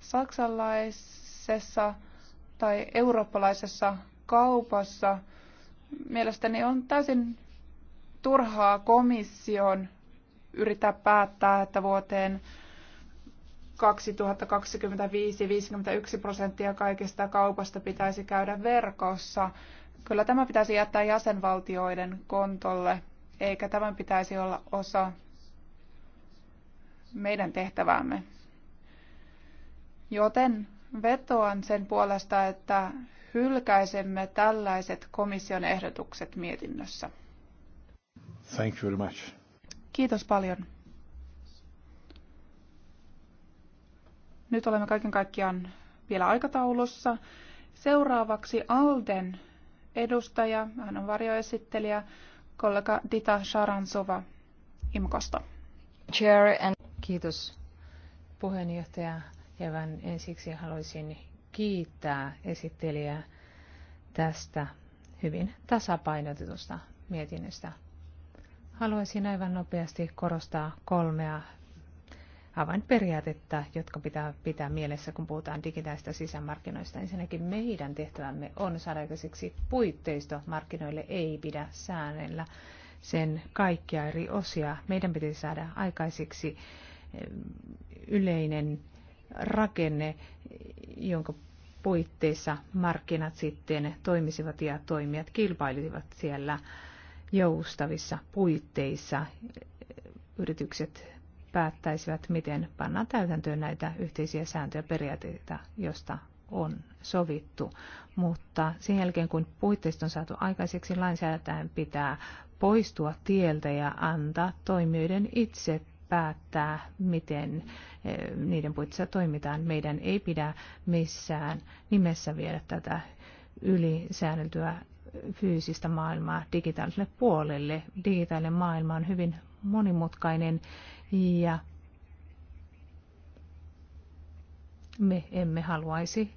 Saksalaisessa tai eurooppalaisessa kaupassa – mielestäni on täysin turhaa komission yrittää päättää, että vuoteen 2025 51 prosenttia kaikesta kaupasta pitäisi käydä verkossa. Kyllä tämä pitäisi jättää jäsenvaltioiden kontolle, eikä tämän pitäisi olla osa meidän tehtäväämme. Joten vetoan sen puolesta, että hylkäisemme tällaiset komission ehdotukset mietinnössä. Thank you very much. Kiitos paljon. Nyt olemme kaiken kaikkiaan vielä aikataulussa. Seuraavaksi Alden edustaja, hän on varjoesittelijä, kollega Dita Sharansova IMKOsta. Chair and... Kiitos puheenjohtaja. Ja ensiksi haluaisin kiittää esittelijää tästä hyvin tasapainotetusta mietinnöstä. Haluaisin aivan nopeasti korostaa kolmea avainperiaatetta, jotka pitää pitää mielessä, kun puhutaan digitaalista sisämarkkinoista. Ensinnäkin meidän tehtävämme on saada aikaiseksi puitteisto markkinoille, ei pidä säännellä sen kaikkia eri osia. Meidän pitäisi saada aikaiseksi eh, yleinen rakenne, jonka puitteissa markkinat sitten toimisivat ja toimijat kilpailisivat siellä joustavissa puitteissa. Yritykset päättäisivät, miten pannaan täytäntöön näitä yhteisiä sääntöjä periaatteita, josta on sovittu. Mutta sen jälkeen, kun puitteista on saatu aikaiseksi, lainsäätäjän pitää poistua tieltä ja antaa toimijoiden itse päättää, miten eh, niiden puitteissa toimitaan. Meidän ei pidä missään nimessä viedä tätä ylisäänneltyä fyysistä maailmaa digitaaliselle puolelle. Digitaalinen maailma on hyvin monimutkainen ja me emme haluaisi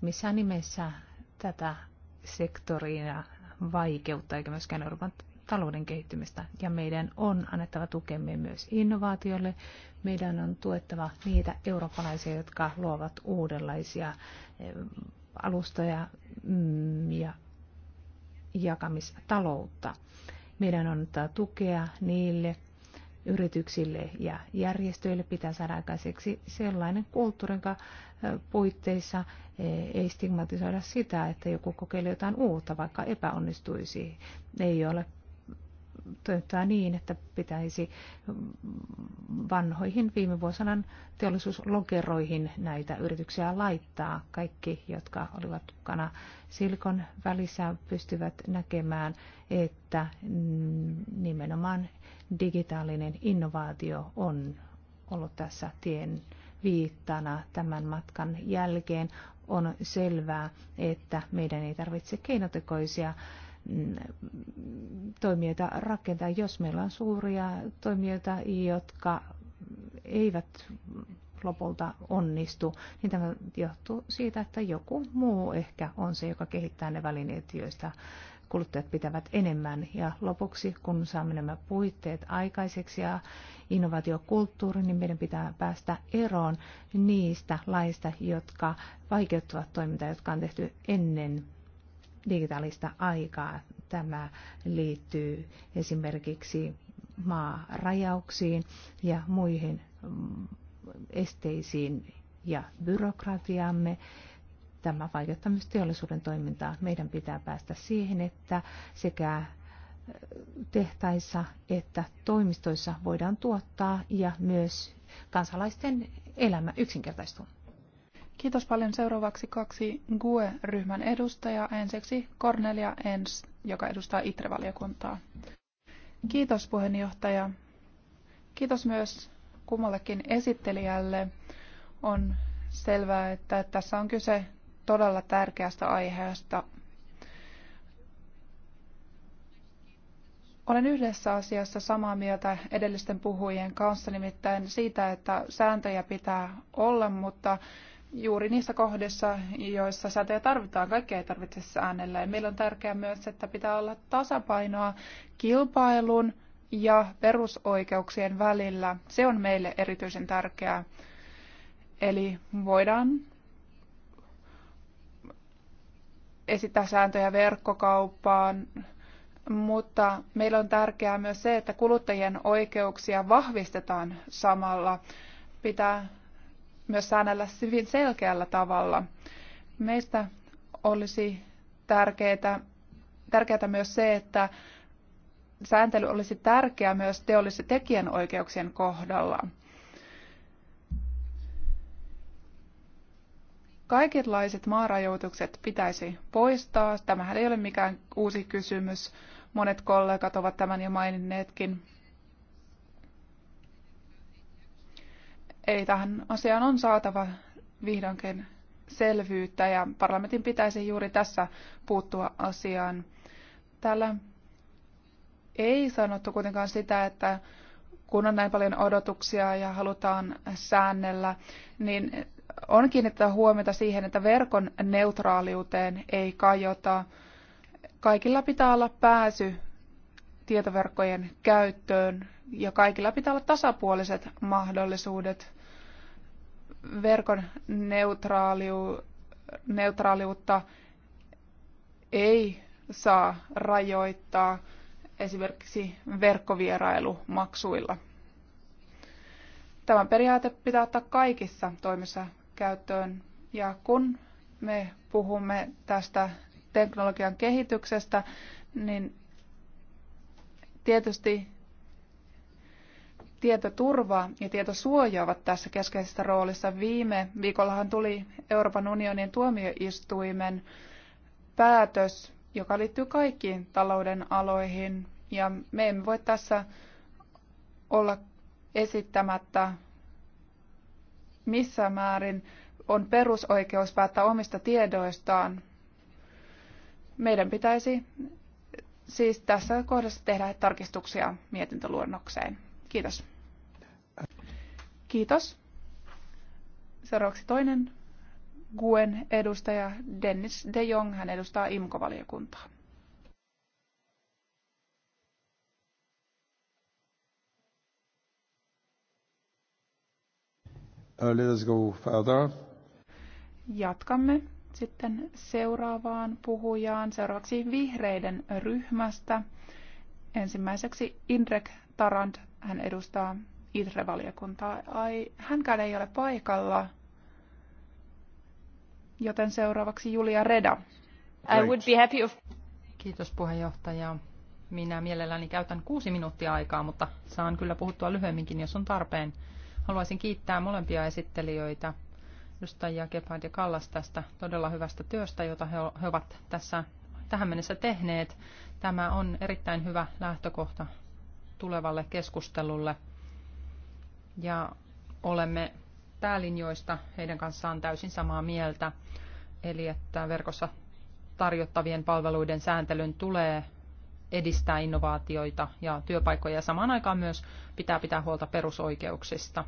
missään nimessä tätä sektoria vaikeutta eikä myöskään Euroopan talouden kehittymistä ja meidän on annettava tukemme myös innovaatiolle. Meidän on tuettava niitä eurooppalaisia, jotka luovat uudenlaisia eh, alustoja mm, ja jakamistaloutta. Meidän on antaa tukea niille yrityksille ja järjestöille pitää saada aikaiseksi sellainen kulttuuri, jonka eh, puitteissa eh, ei stigmatisoida sitä, että joku kokeilee jotain uutta, vaikka epäonnistuisi. Ei ole toteuttaa niin, että pitäisi vanhoihin viime vuosina teollisuuslokeroihin näitä yrityksiä laittaa. Kaikki, jotka olivat mukana Silkon välissä, pystyvät näkemään, että nimenomaan digitaalinen innovaatio on ollut tässä tien viittana tämän matkan jälkeen. On selvää, että meidän ei tarvitse keinotekoisia Mm, toimijoita rakentaa. Jos meillä on suuria toimijoita, jotka eivät lopulta onnistu, niin tämä johtuu siitä, että joku muu ehkä on se, joka kehittää ne välineet, joista kuluttajat pitävät enemmän. Ja lopuksi, kun saamme nämä puitteet aikaiseksi ja innovaatiokulttuuri, niin meidän pitää päästä eroon niistä laista, jotka vaikeuttavat toimintaa, jotka on tehty ennen digitaalista aikaa. Tämä liittyy esimerkiksi maarajauksiin ja muihin mm, esteisiin ja byrokratiamme. Tämä vaikuttaa myös teollisuuden toimintaa. Meidän pitää päästä siihen, että sekä tehtaissa että toimistoissa voidaan tuottaa ja myös kansalaisten elämä yksinkertaistuu. Kiitos paljon. Seuraavaksi kaksi GUE-ryhmän edustajaa. Ensiksi Cornelia Ens, joka edustaa ITRE-valiokuntaa. Kiitos puheenjohtaja. Kiitos myös kummallekin esittelijälle. On selvää, että tässä on kyse todella tärkeästä aiheesta. Olen yhdessä asiassa samaa mieltä edellisten puhujien kanssa, nimittäin siitä, että sääntöjä pitää olla, mutta juuri niissä kohdissa, joissa säteä tarvitaan. Kaikkea ei tarvitse säännellä. Ja meillä on tärkeää myös, että pitää olla tasapainoa kilpailun ja perusoikeuksien välillä. Se on meille erityisen tärkeää. Eli voidaan esittää sääntöjä verkkokauppaan, mutta meillä on tärkeää myös se, että kuluttajien oikeuksia vahvistetaan samalla. Pitää myös säännellä hyvin selkeällä tavalla. Meistä olisi tärkeää, tärkeää myös se, että sääntely olisi tärkeää myös teollisen tekijänoikeuksien kohdalla. Kaikenlaiset maarajoitukset pitäisi poistaa. Tämähän ei ole mikään uusi kysymys. Monet kollegat ovat tämän jo maininneetkin. Ei tähän asiaan on saatava vihdoinkin selvyyttä ja parlamentin pitäisi juuri tässä puuttua asiaan. Täällä ei sanottu kuitenkaan sitä, että kun on näin paljon odotuksia ja halutaan säännellä, niin on kiinnittää huomiota siihen, että verkon neutraaliuteen ei kajota. Kaikilla pitää olla pääsy tietoverkkojen käyttöön ja kaikilla pitää olla tasapuoliset mahdollisuudet verkon neutraaliu, neutraaliutta ei saa rajoittaa esimerkiksi verkkovierailumaksuilla. Tämä periaate pitää ottaa kaikissa toimissa käyttöön. Ja kun me puhumme tästä teknologian kehityksestä, niin tietysti tietoturva ja tietosuoja ovat tässä keskeisessä roolissa. Viime viikollahan tuli Euroopan unionin tuomioistuimen päätös, joka liittyy kaikkiin talouden aloihin. Ja me emme voi tässä olla esittämättä missä määrin on perusoikeus päättää omista tiedoistaan. Meidän pitäisi siis tässä kohdassa tehdä tarkistuksia mietintöluonnokseen. Kiitos. Kiitos. Seuraavaksi toinen Guen edustaja Dennis de Jong. Hän edustaa IMKO-valiokuntaa. Uh, let us go further. Jatkamme sitten seuraavaan puhujaan, seuraavaksi vihreiden ryhmästä. Ensimmäiseksi Indrek Tarand hän edustaa ITRE-valiokuntaa. Ai, hänkään ei ole paikalla. Joten seuraavaksi Julia Reda. I would be happy of... Kiitos puheenjohtaja. Minä mielelläni käytän kuusi minuuttia aikaa, mutta saan kyllä puhuttua lyhyemminkin, jos on tarpeen. Haluaisin kiittää molempia esittelijöitä, edustajia Gebhard ja Kallas tästä todella hyvästä työstä, jota he ovat tässä tähän mennessä tehneet. Tämä on erittäin hyvä lähtökohta tulevalle keskustelulle. Ja olemme päälinjoista heidän kanssaan täysin samaa mieltä, eli että verkossa tarjottavien palveluiden sääntelyn tulee edistää innovaatioita ja työpaikkoja ja samaan aikaan myös pitää pitää huolta perusoikeuksista.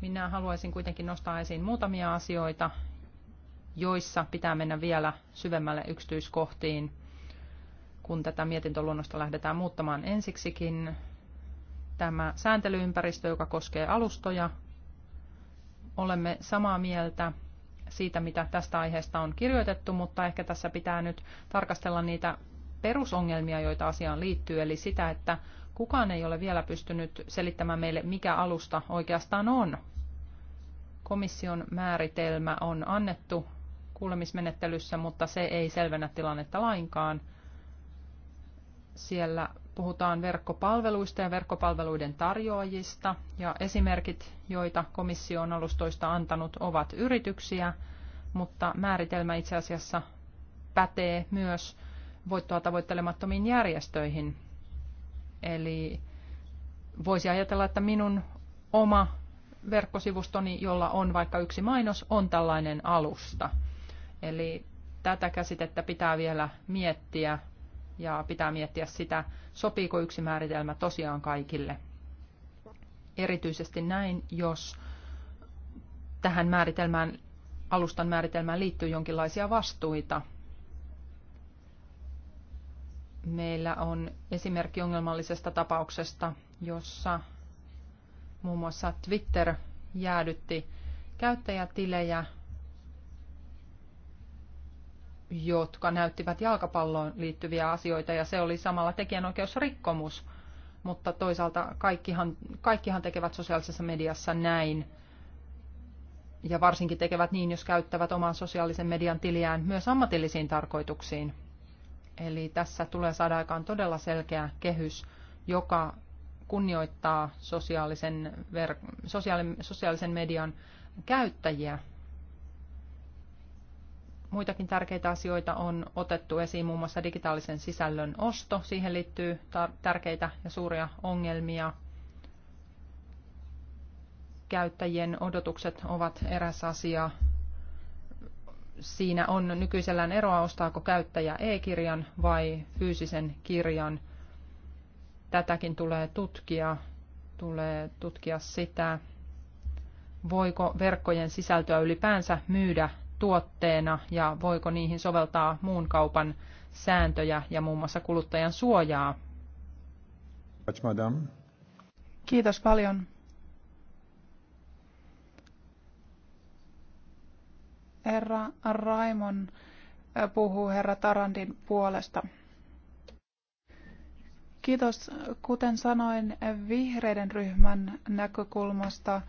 Minä haluaisin kuitenkin nostaa esiin muutamia asioita, joissa pitää mennä vielä syvemmälle yksityiskohtiin, kun tätä mietintöluonnosta lähdetään muuttamaan ensiksikin tämä sääntelyympäristö, joka koskee alustoja. Olemme samaa mieltä siitä, mitä tästä aiheesta on kirjoitettu, mutta ehkä tässä pitää nyt tarkastella niitä perusongelmia, joita asiaan liittyy, eli sitä, että kukaan ei ole vielä pystynyt selittämään meille, mikä alusta oikeastaan on. Komission määritelmä on annettu kuulemismenettelyssä, mutta se ei selvennä tilannetta lainkaan – siellä puhutaan verkkopalveluista ja verkkopalveluiden tarjoajista, ja esimerkit, joita komissio on alustoista antanut, ovat yrityksiä, mutta määritelmä itse asiassa pätee myös voittoa tavoittelemattomiin järjestöihin. Eli voisi ajatella, että minun oma verkkosivustoni, jolla on vaikka yksi mainos, on tällainen alusta. Eli tätä käsitettä pitää vielä miettiä ja pitää miettiä sitä, sopiiko yksi määritelmä tosiaan kaikille. Erityisesti näin, jos tähän määritelmään, alustan määritelmään liittyy jonkinlaisia vastuita. Meillä on esimerkki ongelmallisesta tapauksesta, jossa muun muassa Twitter jäädytti käyttäjätilejä jotka näyttivät jalkapalloon liittyviä asioita ja se oli samalla tekijänoikeusrikkomus. Mutta toisaalta kaikkihan, kaikkihan tekevät sosiaalisessa mediassa näin. Ja varsinkin tekevät niin, jos käyttävät oman sosiaalisen median tiliään myös ammatillisiin tarkoituksiin. Eli tässä tulee saada aikaan todella selkeä kehys, joka kunnioittaa sosiaalisen, ver- sosiaali- sosiaalisen median käyttäjiä Muitakin tärkeitä asioita on otettu esiin, muun muassa digitaalisen sisällön osto. Siihen liittyy tärkeitä ja suuria ongelmia. Käyttäjien odotukset ovat eräs asia. Siinä on nykyisellään eroa, ostaako käyttäjä e-kirjan vai fyysisen kirjan. Tätäkin tulee tutkia. Tulee tutkia sitä, voiko verkkojen sisältöä ylipäänsä myydä tuotteena ja voiko niihin soveltaa muun kaupan sääntöjä ja muun muassa kuluttajan suojaa. Kiitos paljon. Herra Raimon puhuu herra Tarandin puolesta. Kiitos. Kuten sanoin, vihreiden ryhmän näkökulmasta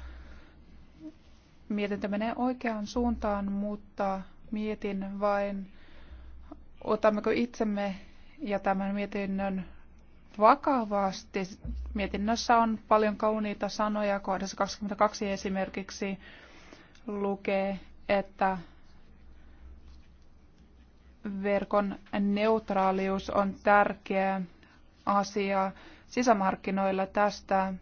Mietintö menee oikeaan suuntaan, mutta mietin vain, otammeko itsemme ja tämän mietinnön vakavasti. Mietinnössä on paljon kauniita sanoja. Kohdassa 22 esimerkiksi lukee, että verkon neutraalius on tärkeä asia sisämarkkinoilla tästä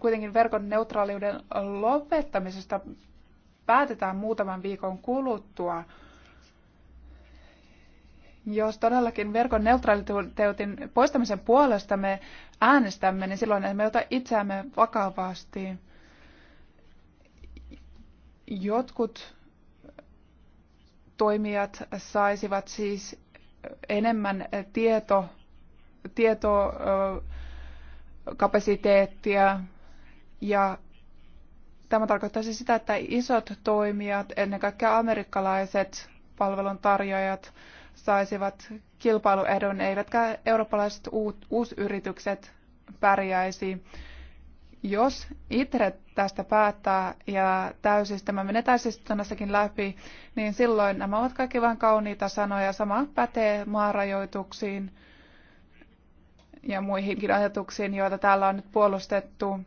kuitenkin verkon neutraaliuden lopettamisesta päätetään muutaman viikon kuluttua. Jos todellakin verkon neutraaliteutin poistamisen puolesta me äänestämme, niin silloin emme ota itseämme vakavasti. Jotkut toimijat saisivat siis enemmän tieto, tietoa kapasiteettia ja tämä tarkoittaisi sitä, että isot toimijat, ennen kaikkea amerikkalaiset palveluntarjoajat, saisivat kilpailuedon, eivätkä eurooppalaiset uut, uusyritykset pärjäisi. Jos itse tästä päättää ja täysis, tämä menee läpi, niin silloin nämä ovat kaikki vain kauniita sanoja. Sama pätee maarajoituksiin ja muihinkin ajatuksiin, joita täällä on nyt puolustettu.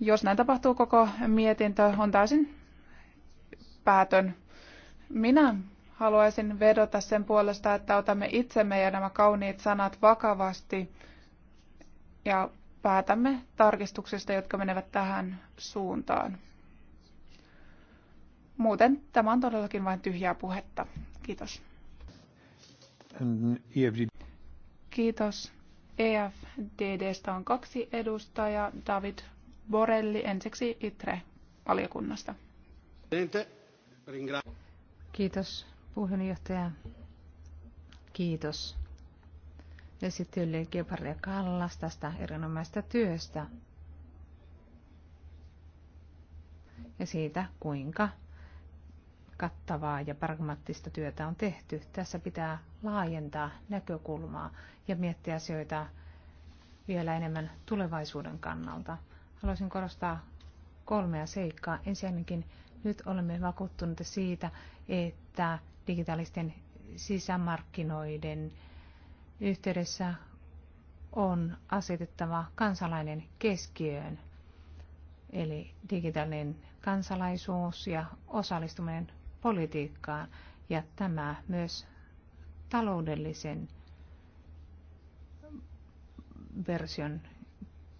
Jos näin tapahtuu, koko mietintö on täysin päätön. Minä haluaisin vedota sen puolesta, että otamme itsemme ja nämä kauniit sanat vakavasti ja päätämme tarkistuksista, jotka menevät tähän suuntaan. Muuten tämä on todellakin vain tyhjää puhetta. Kiitos. Kiitos. EFDDstä on kaksi edustajaa. David Borelli ensiksi ITRE-valiokunnasta. Kiitos puheenjohtaja. Kiitos Ja esittelijä Gepardia Kallas tästä erinomaisesta työstä ja siitä, kuinka kattavaa ja pragmaattista työtä on tehty. Tässä pitää laajentaa näkökulmaa ja miettiä asioita vielä enemmän tulevaisuuden kannalta. Haluaisin korostaa kolmea seikkaa. Ensinnäkin nyt olemme vakuuttuneita siitä, että digitaalisten sisämarkkinoiden yhteydessä on asetettava kansalainen keskiöön, eli digitaalinen kansalaisuus ja osallistuminen politiikkaan ja tämä myös taloudellisen version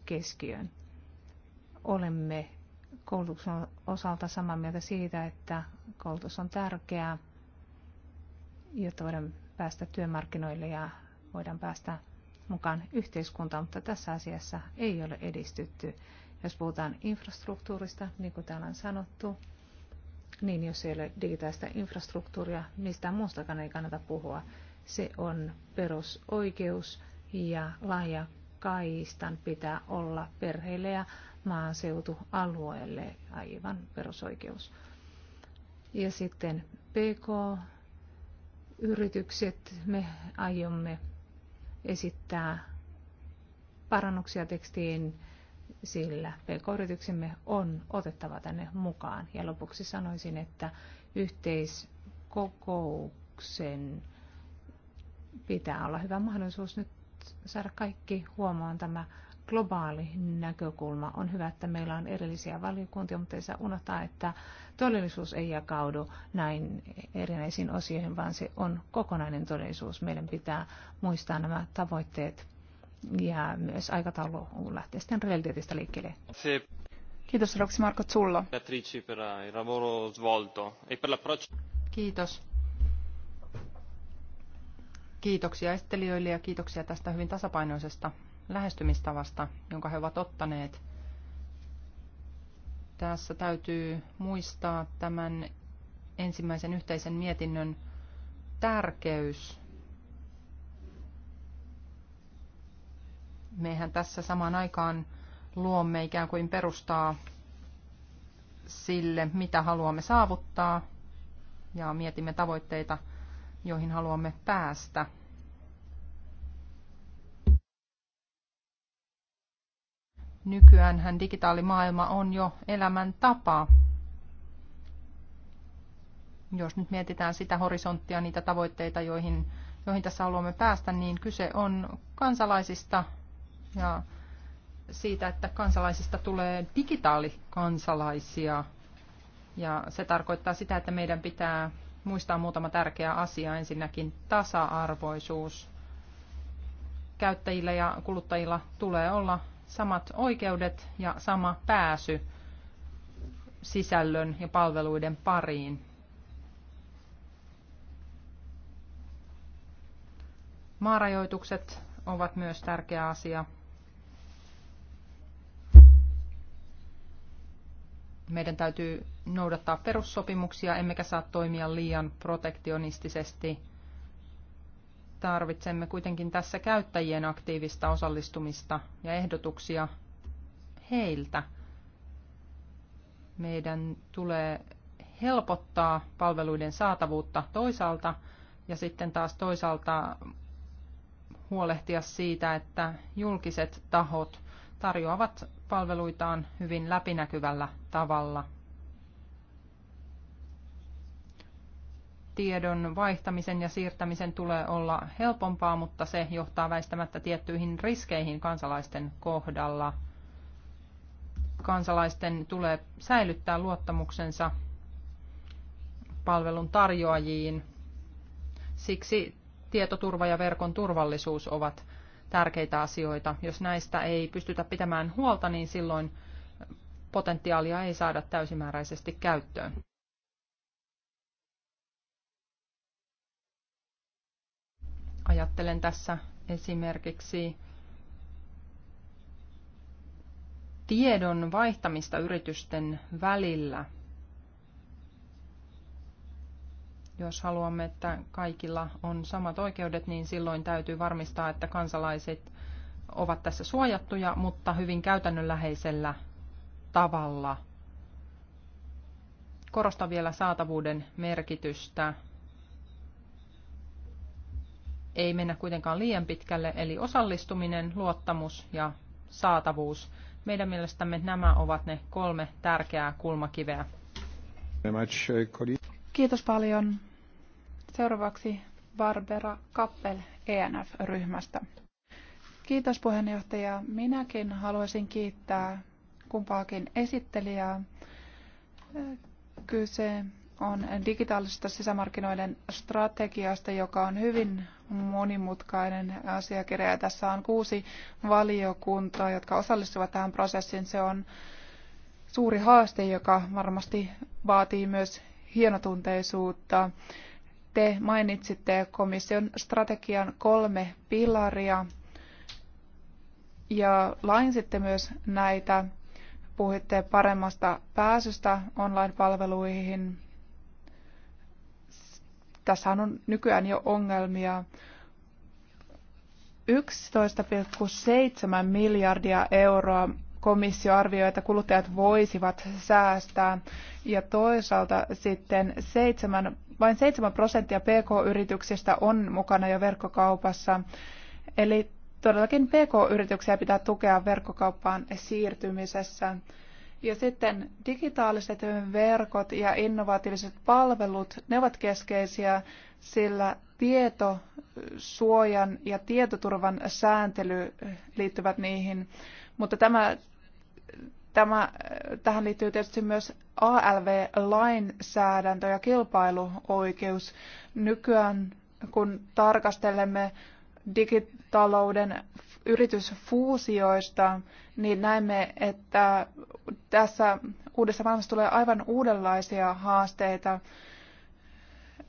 keskiöön. Olemme koulutuksen osalta samaa mieltä siitä, että koulutus on tärkeää, jotta voidaan päästä työmarkkinoille ja voidaan päästä mukaan yhteiskuntaan, mutta tässä asiassa ei ole edistytty. Jos puhutaan infrastruktuurista, niin kuin täällä on sanottu, niin jos ei ole digitaalista infrastruktuuria, mistään niin muustakaan ei kannata puhua. Se on perusoikeus ja laaja kaistan pitää olla perheille ja maaseutualueelle aivan perusoikeus. Ja sitten PK-yritykset, me aiomme esittää parannuksia tekstiin sillä pk-yrityksemme on otettava tänne mukaan. Ja lopuksi sanoisin, että yhteiskokouksen pitää olla hyvä mahdollisuus nyt saada kaikki huomaan tämä globaali näkökulma. On hyvä, että meillä on erillisiä valiokuntia, mutta ei saa unohtaa, että todellisuus ei jakaudu näin erinäisiin osioihin, vaan se on kokonainen todellisuus. Meidän pitää muistaa nämä tavoitteet ja myös aikataulu lähtee sitten realiteetista liikkeelle. Kiitos seuraavaksi Marko Zullo. E Kiitos. Kiitoksia esittelijöille ja kiitoksia tästä hyvin tasapainoisesta lähestymistavasta, jonka he ovat ottaneet. Tässä täytyy muistaa tämän ensimmäisen yhteisen mietinnön tärkeys mehän tässä samaan aikaan luomme ikään kuin perustaa sille, mitä haluamme saavuttaa ja mietimme tavoitteita, joihin haluamme päästä. Nykyään digitaalimaailma on jo elämän tapa, Jos nyt mietitään sitä horisonttia, niitä tavoitteita, joihin, joihin tässä haluamme päästä, niin kyse on kansalaisista, ja siitä, että kansalaisista tulee digitaalikansalaisia. Ja se tarkoittaa sitä, että meidän pitää muistaa muutama tärkeä asia. Ensinnäkin tasa-arvoisuus. Käyttäjillä ja kuluttajilla tulee olla samat oikeudet ja sama pääsy sisällön ja palveluiden pariin. Maarajoitukset ovat myös tärkeä asia. meidän täytyy noudattaa perussopimuksia, emmekä saa toimia liian protektionistisesti. Tarvitsemme kuitenkin tässä käyttäjien aktiivista osallistumista ja ehdotuksia heiltä. Meidän tulee helpottaa palveluiden saatavuutta toisaalta ja sitten taas toisaalta huolehtia siitä, että julkiset tahot tarjoavat palveluitaan hyvin läpinäkyvällä tavalla. Tiedon vaihtamisen ja siirtämisen tulee olla helpompaa, mutta se johtaa väistämättä tiettyihin riskeihin kansalaisten kohdalla. Kansalaisten tulee säilyttää luottamuksensa palvelun tarjoajiin. Siksi tietoturva ja verkon turvallisuus ovat tärkeitä asioita. Jos näistä ei pystytä pitämään huolta, niin silloin potentiaalia ei saada täysimääräisesti käyttöön. Ajattelen tässä esimerkiksi tiedon vaihtamista yritysten välillä – Jos haluamme, että kaikilla on samat oikeudet, niin silloin täytyy varmistaa, että kansalaiset ovat tässä suojattuja, mutta hyvin käytännönläheisellä tavalla. Korostan vielä saatavuuden merkitystä. Ei mennä kuitenkaan liian pitkälle, eli osallistuminen, luottamus ja saatavuus. Meidän mielestämme nämä ovat ne kolme tärkeää kulmakiveä. Uh, Kiitos paljon. Seuraavaksi Barbara Kappel ENF-ryhmästä. Kiitos puheenjohtaja. Minäkin haluaisin kiittää kumpaakin esittelijää. Kyse on digitaalisesta sisämarkkinoiden strategiasta, joka on hyvin monimutkainen asiakirja. tässä on kuusi valiokuntaa, jotka osallistuvat tähän prosessiin. Se on suuri haaste, joka varmasti vaatii myös hienotunteisuutta. Te mainitsitte komission strategian kolme pilaria ja lainsitte myös näitä. Puhuitte paremmasta pääsystä online-palveluihin. Tässä on nykyään jo ongelmia. 11,7 miljardia euroa komissio arvioi, että kuluttajat voisivat säästää. Ja toisaalta sitten 7, vain 7 prosenttia pk-yrityksistä on mukana jo verkkokaupassa. Eli todellakin pk-yrityksiä pitää tukea verkkokauppaan siirtymisessä. Ja sitten digitaaliset verkot ja innovatiiviset palvelut, ne ovat keskeisiä, sillä tietosuojan ja tietoturvan sääntely liittyvät niihin. Mutta tämä Tämä, äh, tähän liittyy tietysti myös ALV-lainsäädäntö ja kilpailuoikeus. Nykyään kun tarkastelemme digitalouden yritysfuusioista, niin näemme, että tässä uudessa maailmassa tulee aivan uudenlaisia haasteita.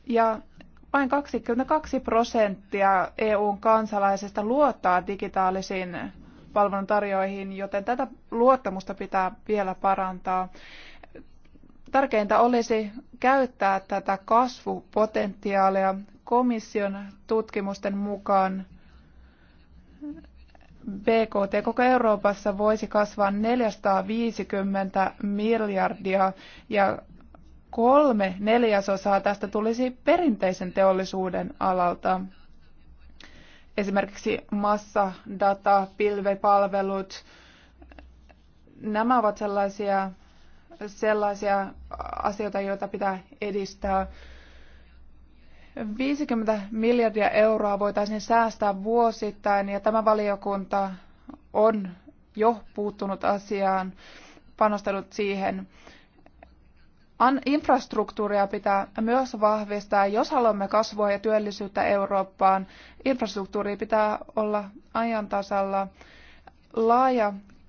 Ja vain 22 prosenttia EUn kansalaisista luottaa digitaalisiin palveluntarjoajiin, joten tätä luottamusta pitää vielä parantaa. Tärkeintä olisi käyttää tätä kasvupotentiaalia komission tutkimusten mukaan. BKT koko Euroopassa voisi kasvaa 450 miljardia ja kolme neljäsosaa tästä tulisi perinteisen teollisuuden alalta esimerkiksi massadata, pilvepalvelut, nämä ovat sellaisia, sellaisia asioita, joita pitää edistää. 50 miljardia euroa voitaisiin säästää vuosittain ja tämä valiokunta on jo puuttunut asiaan, panostanut siihen infrastruktuuria pitää myös vahvistaa. Jos haluamme kasvua ja työllisyyttä Eurooppaan, infrastruktuuri pitää olla ajan tasalla.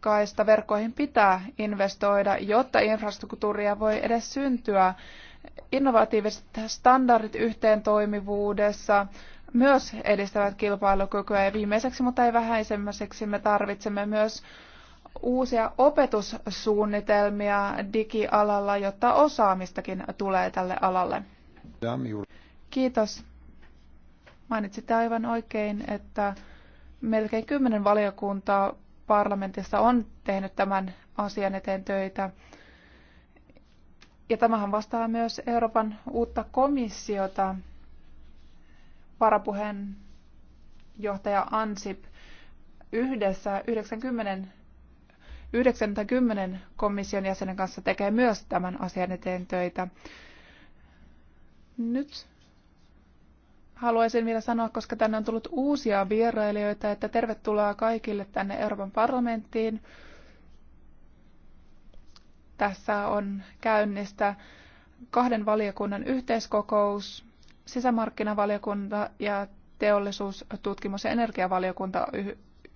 kaista verkkoihin pitää investoida, jotta infrastruktuuria voi edes syntyä. Innovatiiviset standardit yhteen toimivuudessa myös edistävät kilpailukykyä ja viimeiseksi, mutta ei vähäisemmäiseksi, me tarvitsemme myös uusia opetussuunnitelmia digialalla, jotta osaamistakin tulee tälle alalle. Kiitos. Mainitsitte aivan oikein, että melkein kymmenen valiokuntaa parlamentissa on tehnyt tämän asian eteen töitä. Ja tämähän vastaa myös Euroopan uutta komissiota. Varapuheenjohtaja Ansip yhdessä 90 Yhdeksän tai kymmenen komission jäsenen kanssa tekee myös tämän asian eteen töitä. Nyt haluaisin vielä sanoa, koska tänne on tullut uusia vierailijoita, että tervetuloa kaikille tänne Euroopan parlamenttiin. Tässä on käynnistä kahden valiokunnan yhteiskokous, sisämarkkinavaliokunta ja teollisuus, tutkimus- ja energiavaliokunta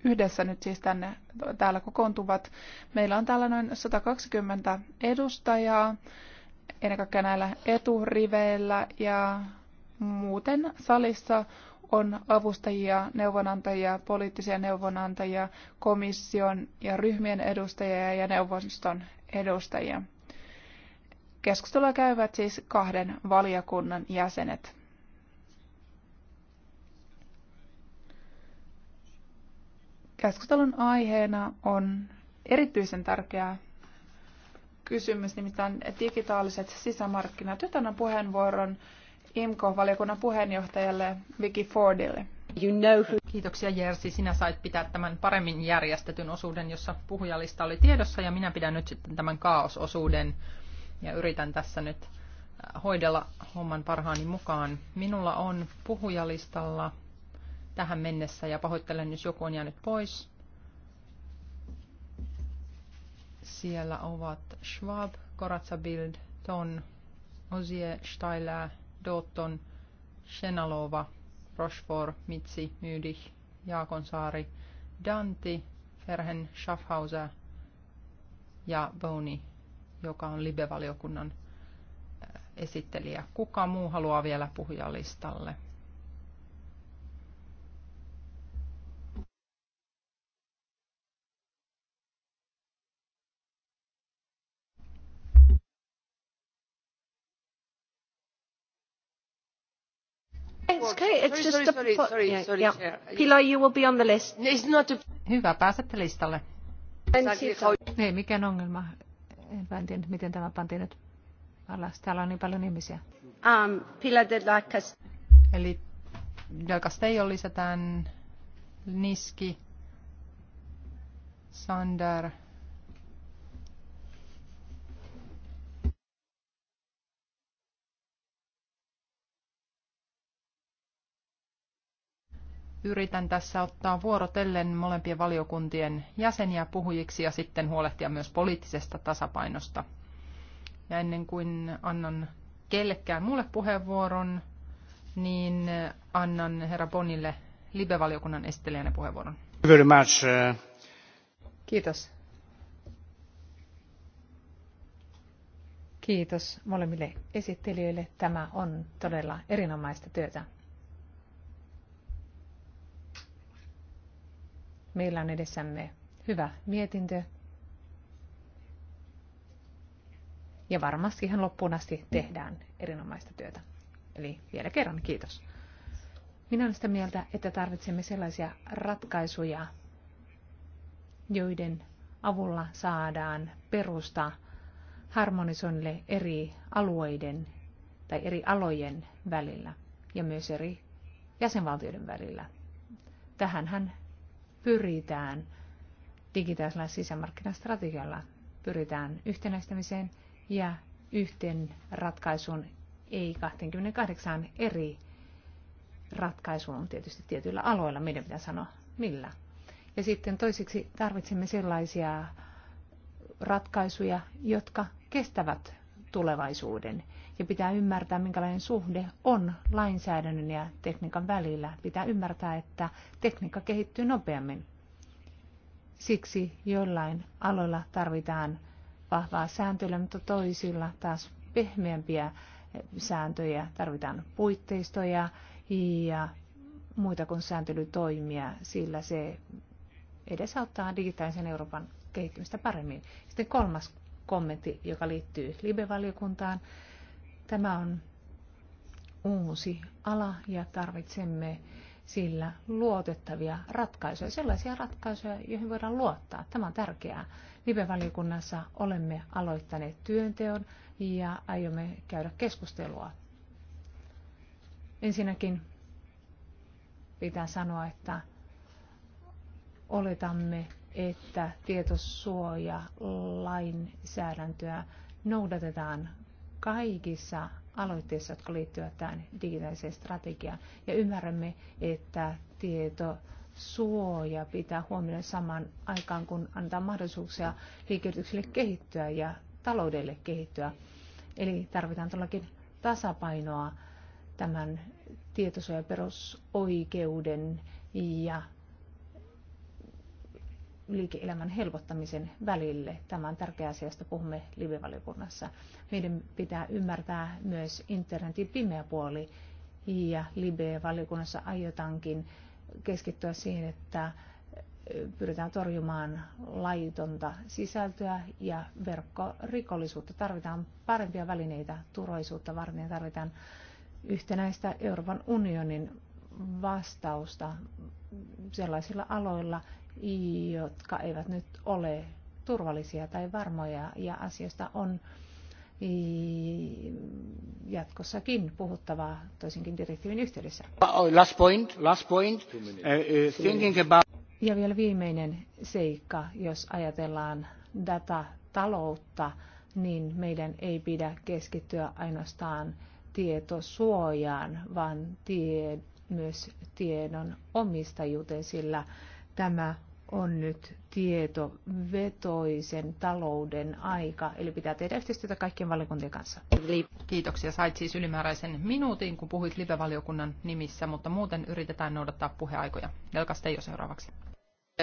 yhdessä nyt siis tänne täällä kokoontuvat. Meillä on täällä noin 120 edustajaa, ennen kaikkea näillä eturiveillä ja muuten salissa on avustajia, neuvonantajia, poliittisia neuvonantajia, komission ja ryhmien edustajia ja neuvoston edustajia. Keskustelua käyvät siis kahden valiokunnan jäsenet. Keskustelun aiheena on erityisen tärkeä kysymys, nimittäin digitaaliset sisämarkkinat. Nyt annan puheenvuoron imco valiokunnan puheenjohtajalle Vicky Fordille. You know who... Kiitoksia Jersi, sinä sait pitää tämän paremmin järjestetyn osuuden, jossa puhujalista oli tiedossa ja minä pidän nyt sitten tämän kaososuuden ja yritän tässä nyt äh, hoidella homman parhaani mukaan. Minulla on puhujalistalla tähän mennessä ja pahoittelen, jos joku on jäänyt pois. Siellä ovat Schwab, Koratsabild, Ton, Ozie, Steiler, Dotton, Shenalova, Rochefort, Mitsi, Myydich, Jaakonsaari, Danti, Ferhen, Schaffhauser ja Boni, joka on Libevaliokunnan äh, esittelijä. Kuka muu haluaa vielä puhujalistalle? Uh, Pila, you will be on the list. It's not a... Hyvä, pääsette listalle. Ei mikään ongelma. En tiedä, miten tämä pantiin nyt alas. Täällä on niin paljon ihmisiä. Um, Pila de Eli Del Castello lisätään Niski, Sander, yritän tässä ottaa vuorotellen molempien valiokuntien jäseniä puhujiksi ja sitten huolehtia myös poliittisesta tasapainosta. Ja ennen kuin annan kellekään mulle puheenvuoron, niin annan herra Bonille Libe-valiokunnan esittelijänä puheenvuoron. Very much. Uh, Kiitos. Kiitos molemmille esittelijöille. Tämä on todella erinomaista työtä. Meillä on edessämme hyvä mietintö. Ja varmasti ihan loppuun asti tehdään erinomaista työtä. Eli vielä kerran kiitos. Minä olen sitä mieltä, että tarvitsemme sellaisia ratkaisuja, joiden avulla saadaan perusta harmonisoinnille eri alueiden tai eri alojen välillä ja myös eri jäsenvaltioiden välillä. Tähänhän pyritään digitaalisella sisämarkkinastrategialla. Pyritään yhtenäistämiseen ja yhteen ratkaisuun, ei 28 eri ratkaisuun tietysti tietyillä aloilla, meidän pitää sanoa millä. Ja sitten toiseksi tarvitsemme sellaisia ratkaisuja, jotka kestävät tulevaisuuden ja pitää ymmärtää, minkälainen suhde on lainsäädännön ja tekniikan välillä. Pitää ymmärtää, että tekniikka kehittyy nopeammin. Siksi jollain aloilla tarvitaan vahvaa sääntelyä, mutta toisilla taas pehmeämpiä sääntöjä, tarvitaan puitteistoja ja muita kuin sääntelytoimia, sillä se edesauttaa digitaalisen Euroopan kehittymistä paremmin. Sitten kolmas kommentti, joka liittyy live-valiokuntaan. Tämä on uusi ala ja tarvitsemme sillä luotettavia ratkaisuja, sellaisia ratkaisuja, joihin voidaan luottaa. Tämä on tärkeää. Live-valiokunnassa olemme aloittaneet työnteon ja aiomme käydä keskustelua. Ensinnäkin pitää sanoa, että oletamme, että tietosuojalainsäädäntöä noudatetaan kaikissa aloitteissa, jotka liittyvät tähän digitaaliseen strategiaan. Ja ymmärrämme, että tieto suoja pitää huomioida saman aikaan, kun antaa mahdollisuuksia liikeyrityksille kehittyä ja taloudelle kehittyä. Eli tarvitaan todellakin tasapainoa tämän tietosuojaperusoikeuden ja liike-elämän helpottamisen välille. Tämä on tärkeä asia, josta puhumme live-valiokunnassa. Meidän pitää ymmärtää myös internetin pimeä puoli ja live-valiokunnassa aiotaankin keskittyä siihen, että pyritään torjumaan laitonta sisältöä ja verkkorikollisuutta. Tarvitaan parempia välineitä turvallisuutta varten tarvitaan yhtenäistä Euroopan unionin vastausta sellaisilla aloilla, jotka eivät nyt ole turvallisia tai varmoja ja asioista on jatkossakin puhuttava toisinkin direktiivin yhteydessä. Oh, last point, last point. Uh, uh, thinking about... Ja vielä viimeinen seikka, jos ajatellaan datataloutta, niin meidän ei pidä keskittyä ainoastaan tietosuojaan, vaan tie, myös tiedon omistajuuteen, sillä Tämä on nyt tietovetoisen talouden aika, eli pitää tehdä yhteistyötä kaikkien valiokuntien kanssa. Kiitoksia. Sait siis ylimääräisen minuutin, kun puhuit live-valiokunnan nimissä, mutta muuten yritetään noudattaa puheaikoja. Delkas Teijo seuraavaksi.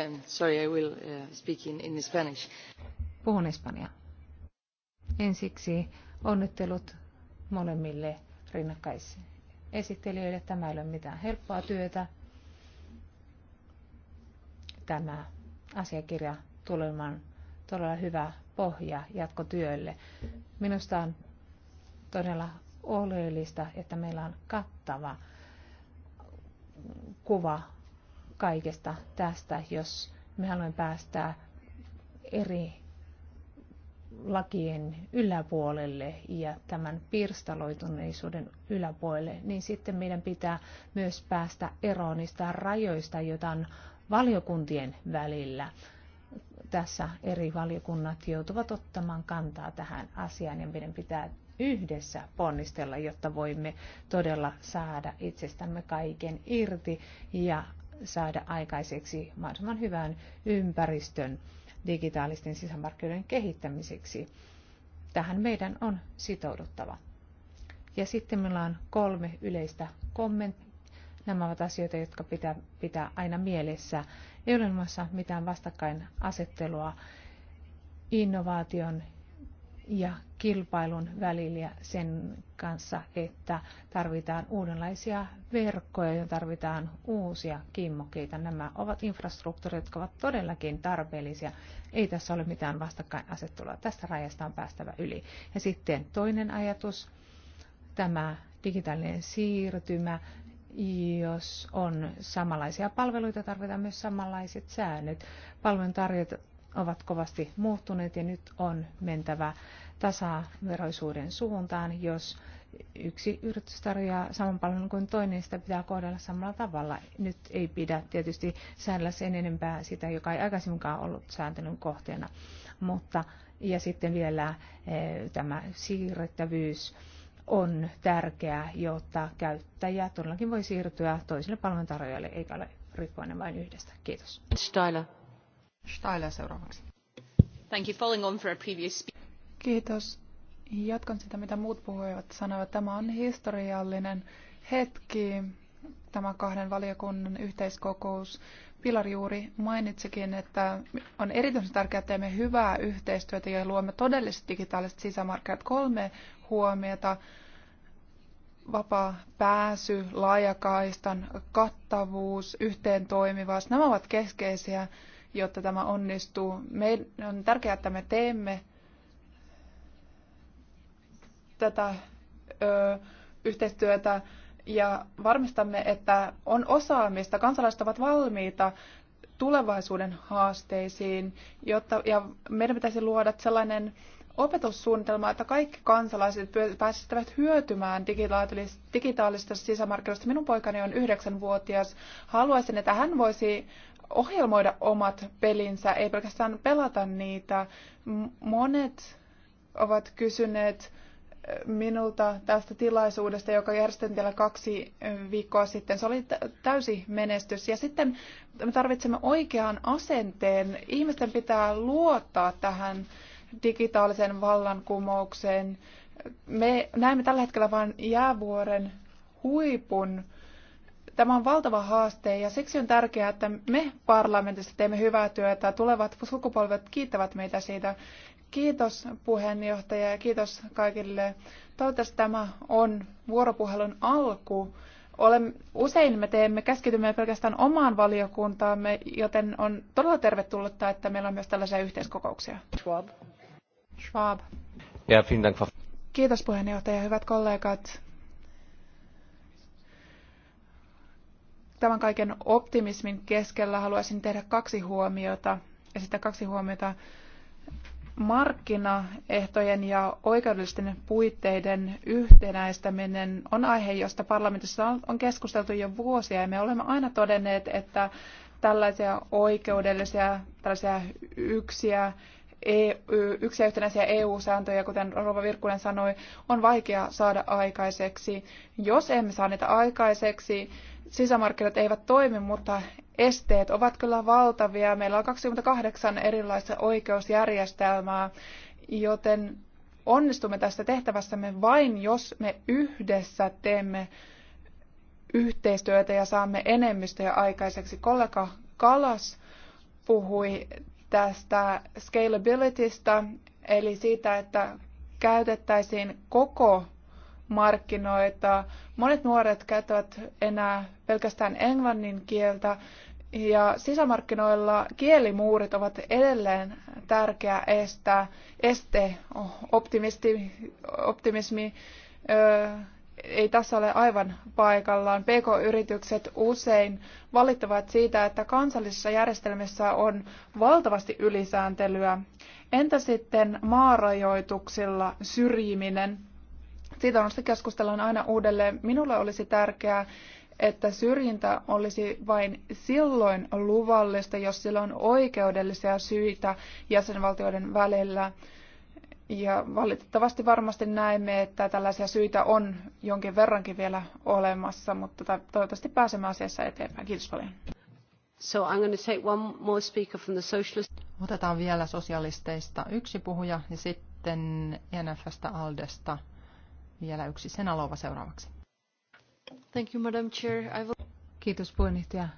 Um, sorry, I will uh, speak in, in Spanish. Puhun Espanjaa. Ensiksi onnittelut molemmille Esittelijöille Tämä ei ole mitään helppoa työtä tämä asiakirja tulemaan todella hyvä pohja jatkotyölle. Minusta on todella oleellista, että meillä on kattava kuva kaikesta tästä, jos me haluamme päästä eri lakien yläpuolelle ja tämän pirstaloituneisuuden yläpuolelle, niin sitten meidän pitää myös päästä eroon niistä rajoista, joita on valiokuntien välillä. Tässä eri valiokunnat joutuvat ottamaan kantaa tähän asiaan ja meidän pitää yhdessä ponnistella, jotta voimme todella saada itsestämme kaiken irti ja saada aikaiseksi mahdollisimman hyvän ympäristön digitaalisten sisämarkkinoiden kehittämiseksi. Tähän meidän on sitouduttava. Ja sitten meillä on kolme yleistä kommenttia Nämä ovat asioita, jotka pitää pitää aina mielessä. Ei ole olemassa mitään vastakkainasettelua innovaation ja kilpailun välillä sen kanssa, että tarvitaan uudenlaisia verkkoja ja tarvitaan uusia kimmokkeita. Nämä ovat infrastruktuurit, jotka ovat todellakin tarpeellisia. Ei tässä ole mitään vastakkainasettelua. Tästä rajasta on päästävä yli. Ja sitten toinen ajatus, tämä digitaalinen siirtymä, jos on samanlaisia palveluita, tarvitaan myös samanlaiset säännöt. tarjot ovat kovasti muuttuneet ja nyt on mentävä tasaveroisuuden suuntaan. Jos yksi yritys tarjoaa saman palvelun kuin toinen, sitä pitää kohdella samalla tavalla. Nyt ei pidä tietysti säännellä sen enempää sitä, joka ei aikaisemminkaan ollut sääntelyn kohteena. Mutta, ja sitten vielä eh, tämä siirrettävyys on tärkeää, jotta käyttäjä todellakin voi siirtyä toiselle palveluntarjoajalle, eikä ole riippuvainen vain yhdestä. Kiitos. Steiler. Steiler seuraavaksi. Thank you. Following on for a previous Kiitos. Jatkan sitä, mitä muut puhujat sanoivat. Tämä on historiallinen hetki, tämä kahden valiokunnan yhteiskokous. Pilar juuri mainitsikin, että on erityisen tärkeää, että teemme hyvää yhteistyötä ja luomme todelliset digitaaliset sisämarkkinat. Kolme huomiota vapaa pääsy, laajakaistan, kattavuus, yhteen toimivaus. Nämä ovat keskeisiä, jotta tämä onnistuu. Meidän on tärkeää, että me teemme tätä ö, yhteistyötä ja varmistamme, että on osaamista, kansalaiset ovat valmiita tulevaisuuden haasteisiin, jotta, ja meidän pitäisi luoda sellainen opetussuunnitelma, että kaikki kansalaiset pääsisivät hyötymään digitaalisesta sisämarkkinoista. Minun poikani on yhdeksänvuotias. Haluaisin, että hän voisi ohjelmoida omat pelinsä, ei pelkästään pelata niitä. Monet ovat kysyneet minulta tästä tilaisuudesta, joka järjestettiin vielä kaksi viikkoa sitten. Se oli täysi menestys. Ja sitten me tarvitsemme oikean asenteen. Ihmisten pitää luottaa tähän digitaalisen vallankumoukseen. Me näemme tällä hetkellä vain jäävuoren huipun Tämä on valtava haaste ja siksi on tärkeää, että me parlamentissa teemme hyvää työtä. Tulevat sukupolvet kiittävät meitä siitä. Kiitos puheenjohtaja ja kiitos kaikille. Toivottavasti tämä on vuoropuhelun alku. usein me teemme, keskitymme pelkästään omaan valiokuntaamme, joten on todella tervetullutta, että meillä on myös tällaisia yhteiskokouksia. Schwab. Schwab. Ja, Kiitos puheenjohtaja, hyvät kollegat. tämän kaiken optimismin keskellä haluaisin tehdä kaksi huomiota, esittää kaksi huomiota markkinaehtojen ja oikeudellisten puitteiden yhtenäistäminen on aihe, josta parlamentissa on keskusteltu jo vuosia ja me olemme aina todenneet, että tällaisia oikeudellisia, tällaisia yksiä, e, yksiä yhtenäisiä EU-sääntöjä, kuten Rova Virkkunen sanoi, on vaikea saada aikaiseksi. Jos emme saa niitä aikaiseksi, sisämarkkinat eivät toimi, mutta esteet ovat kyllä valtavia. Meillä on 28 erilaista oikeusjärjestelmää, joten onnistumme tässä tehtävässämme vain, jos me yhdessä teemme yhteistyötä ja saamme enemmistöjä aikaiseksi. Kollega Kalas puhui tästä scalabilitystä, eli siitä, että käytettäisiin koko markkinoita. Monet nuoret käyttävät enää pelkästään englannin kieltä ja sisämarkkinoilla kielimuurit ovat edelleen tärkeä estää, este, optimisti, optimismi ö, ei tässä ole aivan paikallaan. PK-yritykset usein valittavat siitä, että kansallisissa järjestelmissä on valtavasti ylisääntelyä. Entä sitten maarajoituksilla syrjiminen? Siitä on keskustellaan aina uudelleen. Minulle olisi tärkeää, että syrjintä olisi vain silloin luvallista, jos sillä on oikeudellisia syitä jäsenvaltioiden välillä. Ja valitettavasti varmasti näemme, että tällaisia syitä on jonkin verrankin vielä olemassa, mutta toivottavasti pääsemme asiassa eteenpäin. Kiitos paljon. So I'm going to take one more speaker from the socialist. Otetaan vielä sosialisteista yksi puhuja ja sitten NFstä Aldesta vielä yksi Senalova seuraavaksi. Thank you, Madam Chair. I will... Kiitos puheenjohtaja.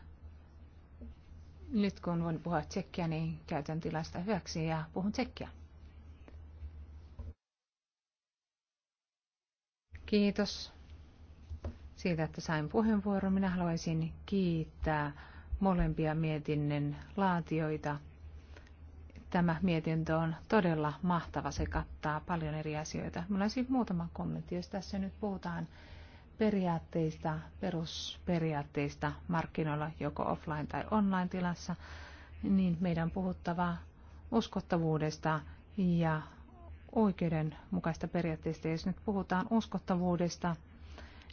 Nyt kun voin puhua tsekkiä, niin käytän tilasta hyväksi ja puhun tsekkiä. Kiitos siitä, että sain puheenvuoron. Minä haluaisin kiittää molempia mietinnön laatioita – Tämä mietintö on todella mahtava, se kattaa paljon eri asioita. Mulla olisi muutama kommentti, jos tässä nyt puhutaan periaatteista, perusperiaatteista markkinoilla joko offline- tai online-tilassa, niin meidän puhuttava uskottavuudesta ja oikeudenmukaista periaatteista. Jos nyt puhutaan uskottavuudesta,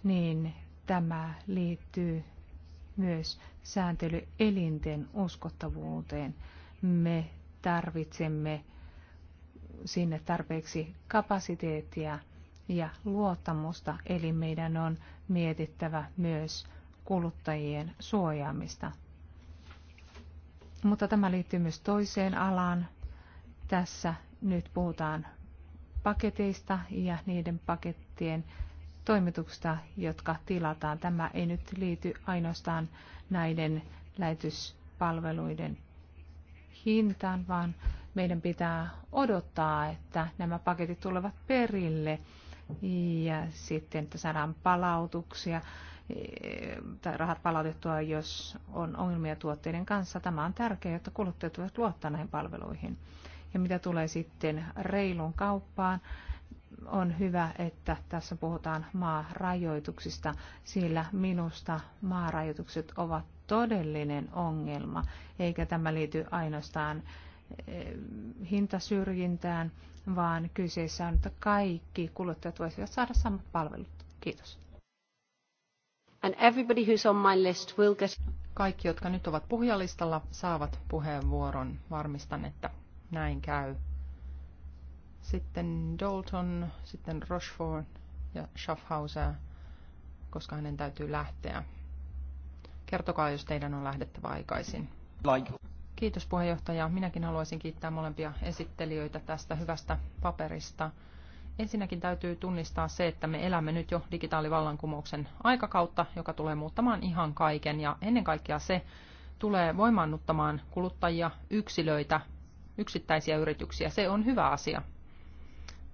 niin tämä liittyy myös sääntelyelinten uskottavuuteen. Me tarvitsemme sinne tarpeeksi kapasiteettia ja luottamusta, eli meidän on mietittävä myös kuluttajien suojaamista. Mutta tämä liittyy myös toiseen alaan. Tässä nyt puhutaan paketeista ja niiden pakettien toimituksista, jotka tilataan. Tämä ei nyt liity ainoastaan näiden lähetyspalveluiden hintaan, vaan meidän pitää odottaa, että nämä paketit tulevat perille ja sitten, että saadaan palautuksia tai rahat palautettua, jos on ongelmia tuotteiden kanssa. Tämä on tärkeää, jotta kuluttajat voivat luottaa näihin palveluihin. Ja mitä tulee sitten reilun kauppaan, on hyvä, että tässä puhutaan maarajoituksista, sillä minusta maarajoitukset ovat todellinen ongelma, eikä tämä liity ainoastaan eh, hintasyrjintään, vaan kyseessä on, että kaikki kuluttajat voisivat saada samat palvelut. Kiitos. And everybody who's on my list will get... Kaikki, jotka nyt ovat puhujalistalla, saavat puheenvuoron. Varmistan, että näin käy. Sitten Dalton, sitten Rochefort ja Schaffhauser, koska hänen täytyy lähteä. Kertokaa, jos teidän on lähdettävä aikaisin. Like. Kiitos puheenjohtaja. Minäkin haluaisin kiittää molempia esittelijöitä tästä hyvästä paperista. Ensinnäkin täytyy tunnistaa se, että me elämme nyt jo digitaalivallankumouksen aikakautta, joka tulee muuttamaan ihan kaiken. Ja ennen kaikkea se tulee voimaannuttamaan kuluttajia, yksilöitä, yksittäisiä yrityksiä. Se on hyvä asia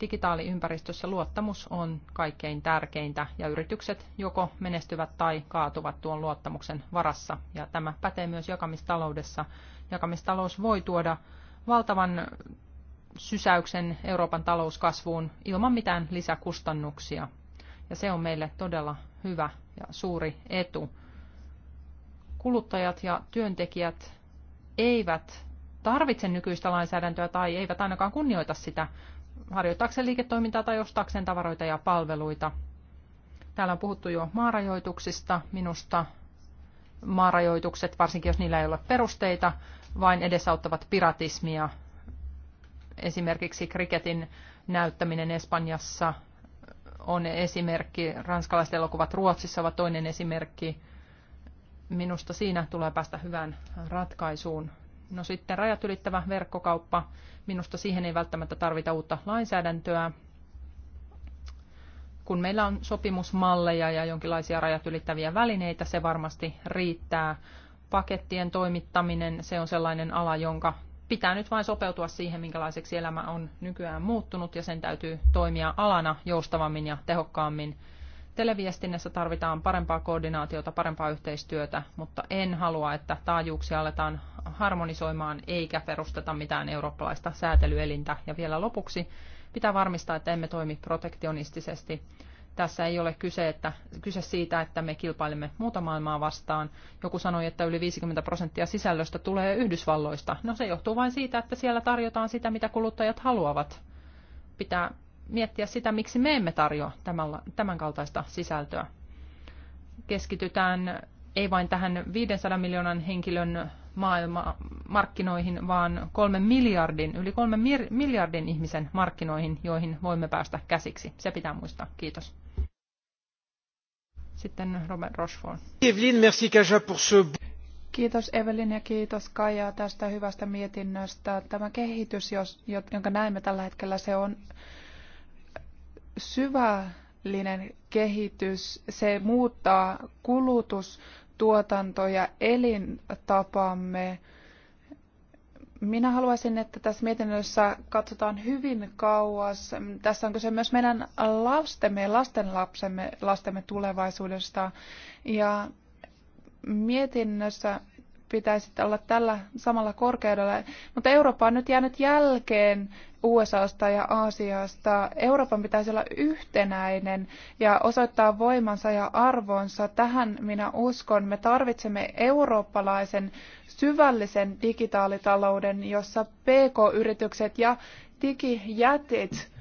digitaaliympäristössä luottamus on kaikkein tärkeintä ja yritykset joko menestyvät tai kaatuvat tuon luottamuksen varassa. Ja tämä pätee myös jakamistaloudessa. Jakamistalous voi tuoda valtavan sysäyksen Euroopan talouskasvuun ilman mitään lisäkustannuksia. Ja se on meille todella hyvä ja suuri etu. Kuluttajat ja työntekijät eivät tarvitse nykyistä lainsäädäntöä tai eivät ainakaan kunnioita sitä harjoittaakseen liiketoimintaa tai ostaakseen tavaroita ja palveluita. Täällä on puhuttu jo maarajoituksista. Minusta maarajoitukset, varsinkin jos niillä ei ole perusteita, vain edesauttavat piratismia. Esimerkiksi kriketin näyttäminen Espanjassa on esimerkki. Ranskalaiset elokuvat Ruotsissa ovat toinen esimerkki. Minusta siinä tulee päästä hyvään ratkaisuun No sitten rajat ylittävä verkkokauppa. Minusta siihen ei välttämättä tarvita uutta lainsäädäntöä. Kun meillä on sopimusmalleja ja jonkinlaisia rajat ylittäviä välineitä, se varmasti riittää. Pakettien toimittaminen, se on sellainen ala, jonka pitää nyt vain sopeutua siihen, minkälaiseksi elämä on nykyään muuttunut, ja sen täytyy toimia alana joustavammin ja tehokkaammin televiestinnässä tarvitaan parempaa koordinaatiota, parempaa yhteistyötä, mutta en halua, että taajuuksia aletaan harmonisoimaan eikä perusteta mitään eurooppalaista säätelyelintä. Ja vielä lopuksi pitää varmistaa, että emme toimi protektionistisesti. Tässä ei ole kyse, että, kyse siitä, että me kilpailemme muuta maailmaa vastaan. Joku sanoi, että yli 50 prosenttia sisällöstä tulee Yhdysvalloista. No se johtuu vain siitä, että siellä tarjotaan sitä, mitä kuluttajat haluavat. Pitää miettiä sitä, miksi me emme tarjoa tämän kaltaista sisältöä. Keskitytään ei vain tähän 500 miljoonan henkilön maailma, markkinoihin, vaan kolme miljardin, yli kolme miljardin ihmisen markkinoihin, joihin voimme päästä käsiksi. Se pitää muistaa. Kiitos. Sitten Robert Rochefort. Evelyn, merci Kaja pour ce... Kiitos Evelin ja kiitos Kaja tästä hyvästä mietinnöstä. Tämä kehitys, jos, jonka näemme tällä hetkellä, se on syvällinen kehitys, se muuttaa kulutus, tuotanto ja elintapamme. Minä haluaisin, että tässä mietinnössä katsotaan hyvin kauas. Tässä on kyse myös meidän lastemme ja lastenlapsemme lastemme tulevaisuudesta. Ja mietinnössä pitäisi olla tällä samalla korkeudella. Mutta Eurooppa on nyt jäänyt jälkeen USAsta ja Aasiasta. Euroopan pitäisi olla yhtenäinen ja osoittaa voimansa ja arvonsa. Tähän minä uskon. Me tarvitsemme eurooppalaisen syvällisen digitaalitalouden, jossa PK-yritykset ja digijätit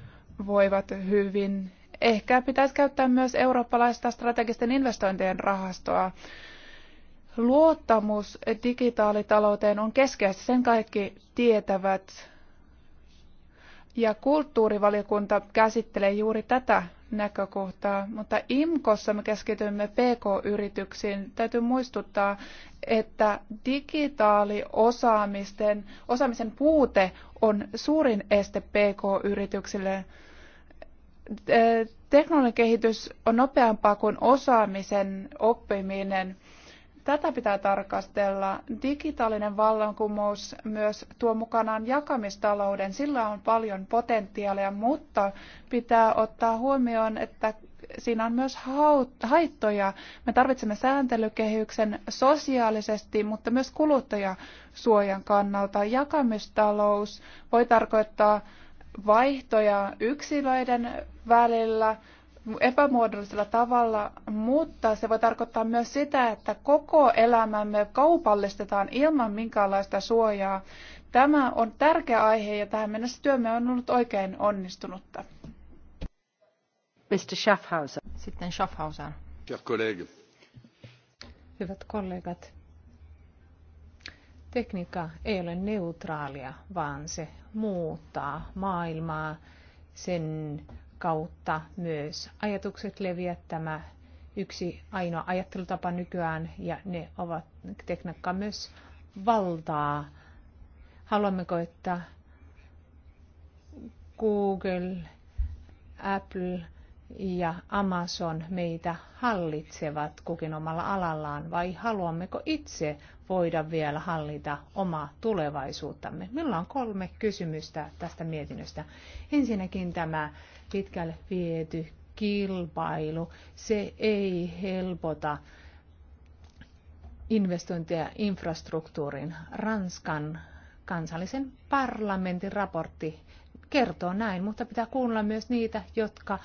voivat hyvin. Ehkä pitäisi käyttää myös eurooppalaista strategisten investointien rahastoa. Luottamus digitaalitalouteen on keskeistä, sen kaikki tietävät. Ja kulttuurivaliokunta käsittelee juuri tätä näkökohtaa, mutta IMKossa me keskitymme PK-yrityksiin. Täytyy muistuttaa, että digitaaliosaamisten osaamisen puute on suurin este PK-yrityksille. Teknologian kehitys on nopeampaa kuin osaamisen oppiminen – Tätä pitää tarkastella. Digitaalinen vallankumous myös tuo mukanaan jakamistalouden. Sillä on paljon potentiaalia, mutta pitää ottaa huomioon, että siinä on myös haittoja. Me tarvitsemme sääntelykehyksen sosiaalisesti, mutta myös kuluttajasuojan kannalta. Jakamistalous voi tarkoittaa vaihtoja yksilöiden välillä – epämuodollisella tavalla, mutta se voi tarkoittaa myös sitä, että koko elämämme kaupallistetaan ilman minkäänlaista suojaa. Tämä on tärkeä aihe ja tähän mennessä työmme on ollut oikein onnistunutta. Mr. Schaffhauser. Sitten Schaffhauser. Hyvät kollegat, tekniikka ei ole neutraalia, vaan se muuttaa maailmaa, sen kautta myös ajatukset leviä tämä yksi ainoa ajattelutapa nykyään ja ne ovat tekniikka myös valtaa. Haluammeko, että Google, Apple ja Amazon meitä hallitsevat kukin omalla alallaan vai haluammeko itse voida vielä hallita omaa tulevaisuuttamme? Meillä on kolme kysymystä tästä mietinnöstä. Ensinnäkin tämä pitkälle viety kilpailu, se ei helpota investointeja infrastruktuurin Ranskan kansallisen parlamentin raportti kertoo näin, mutta pitää kuunnella myös niitä, jotka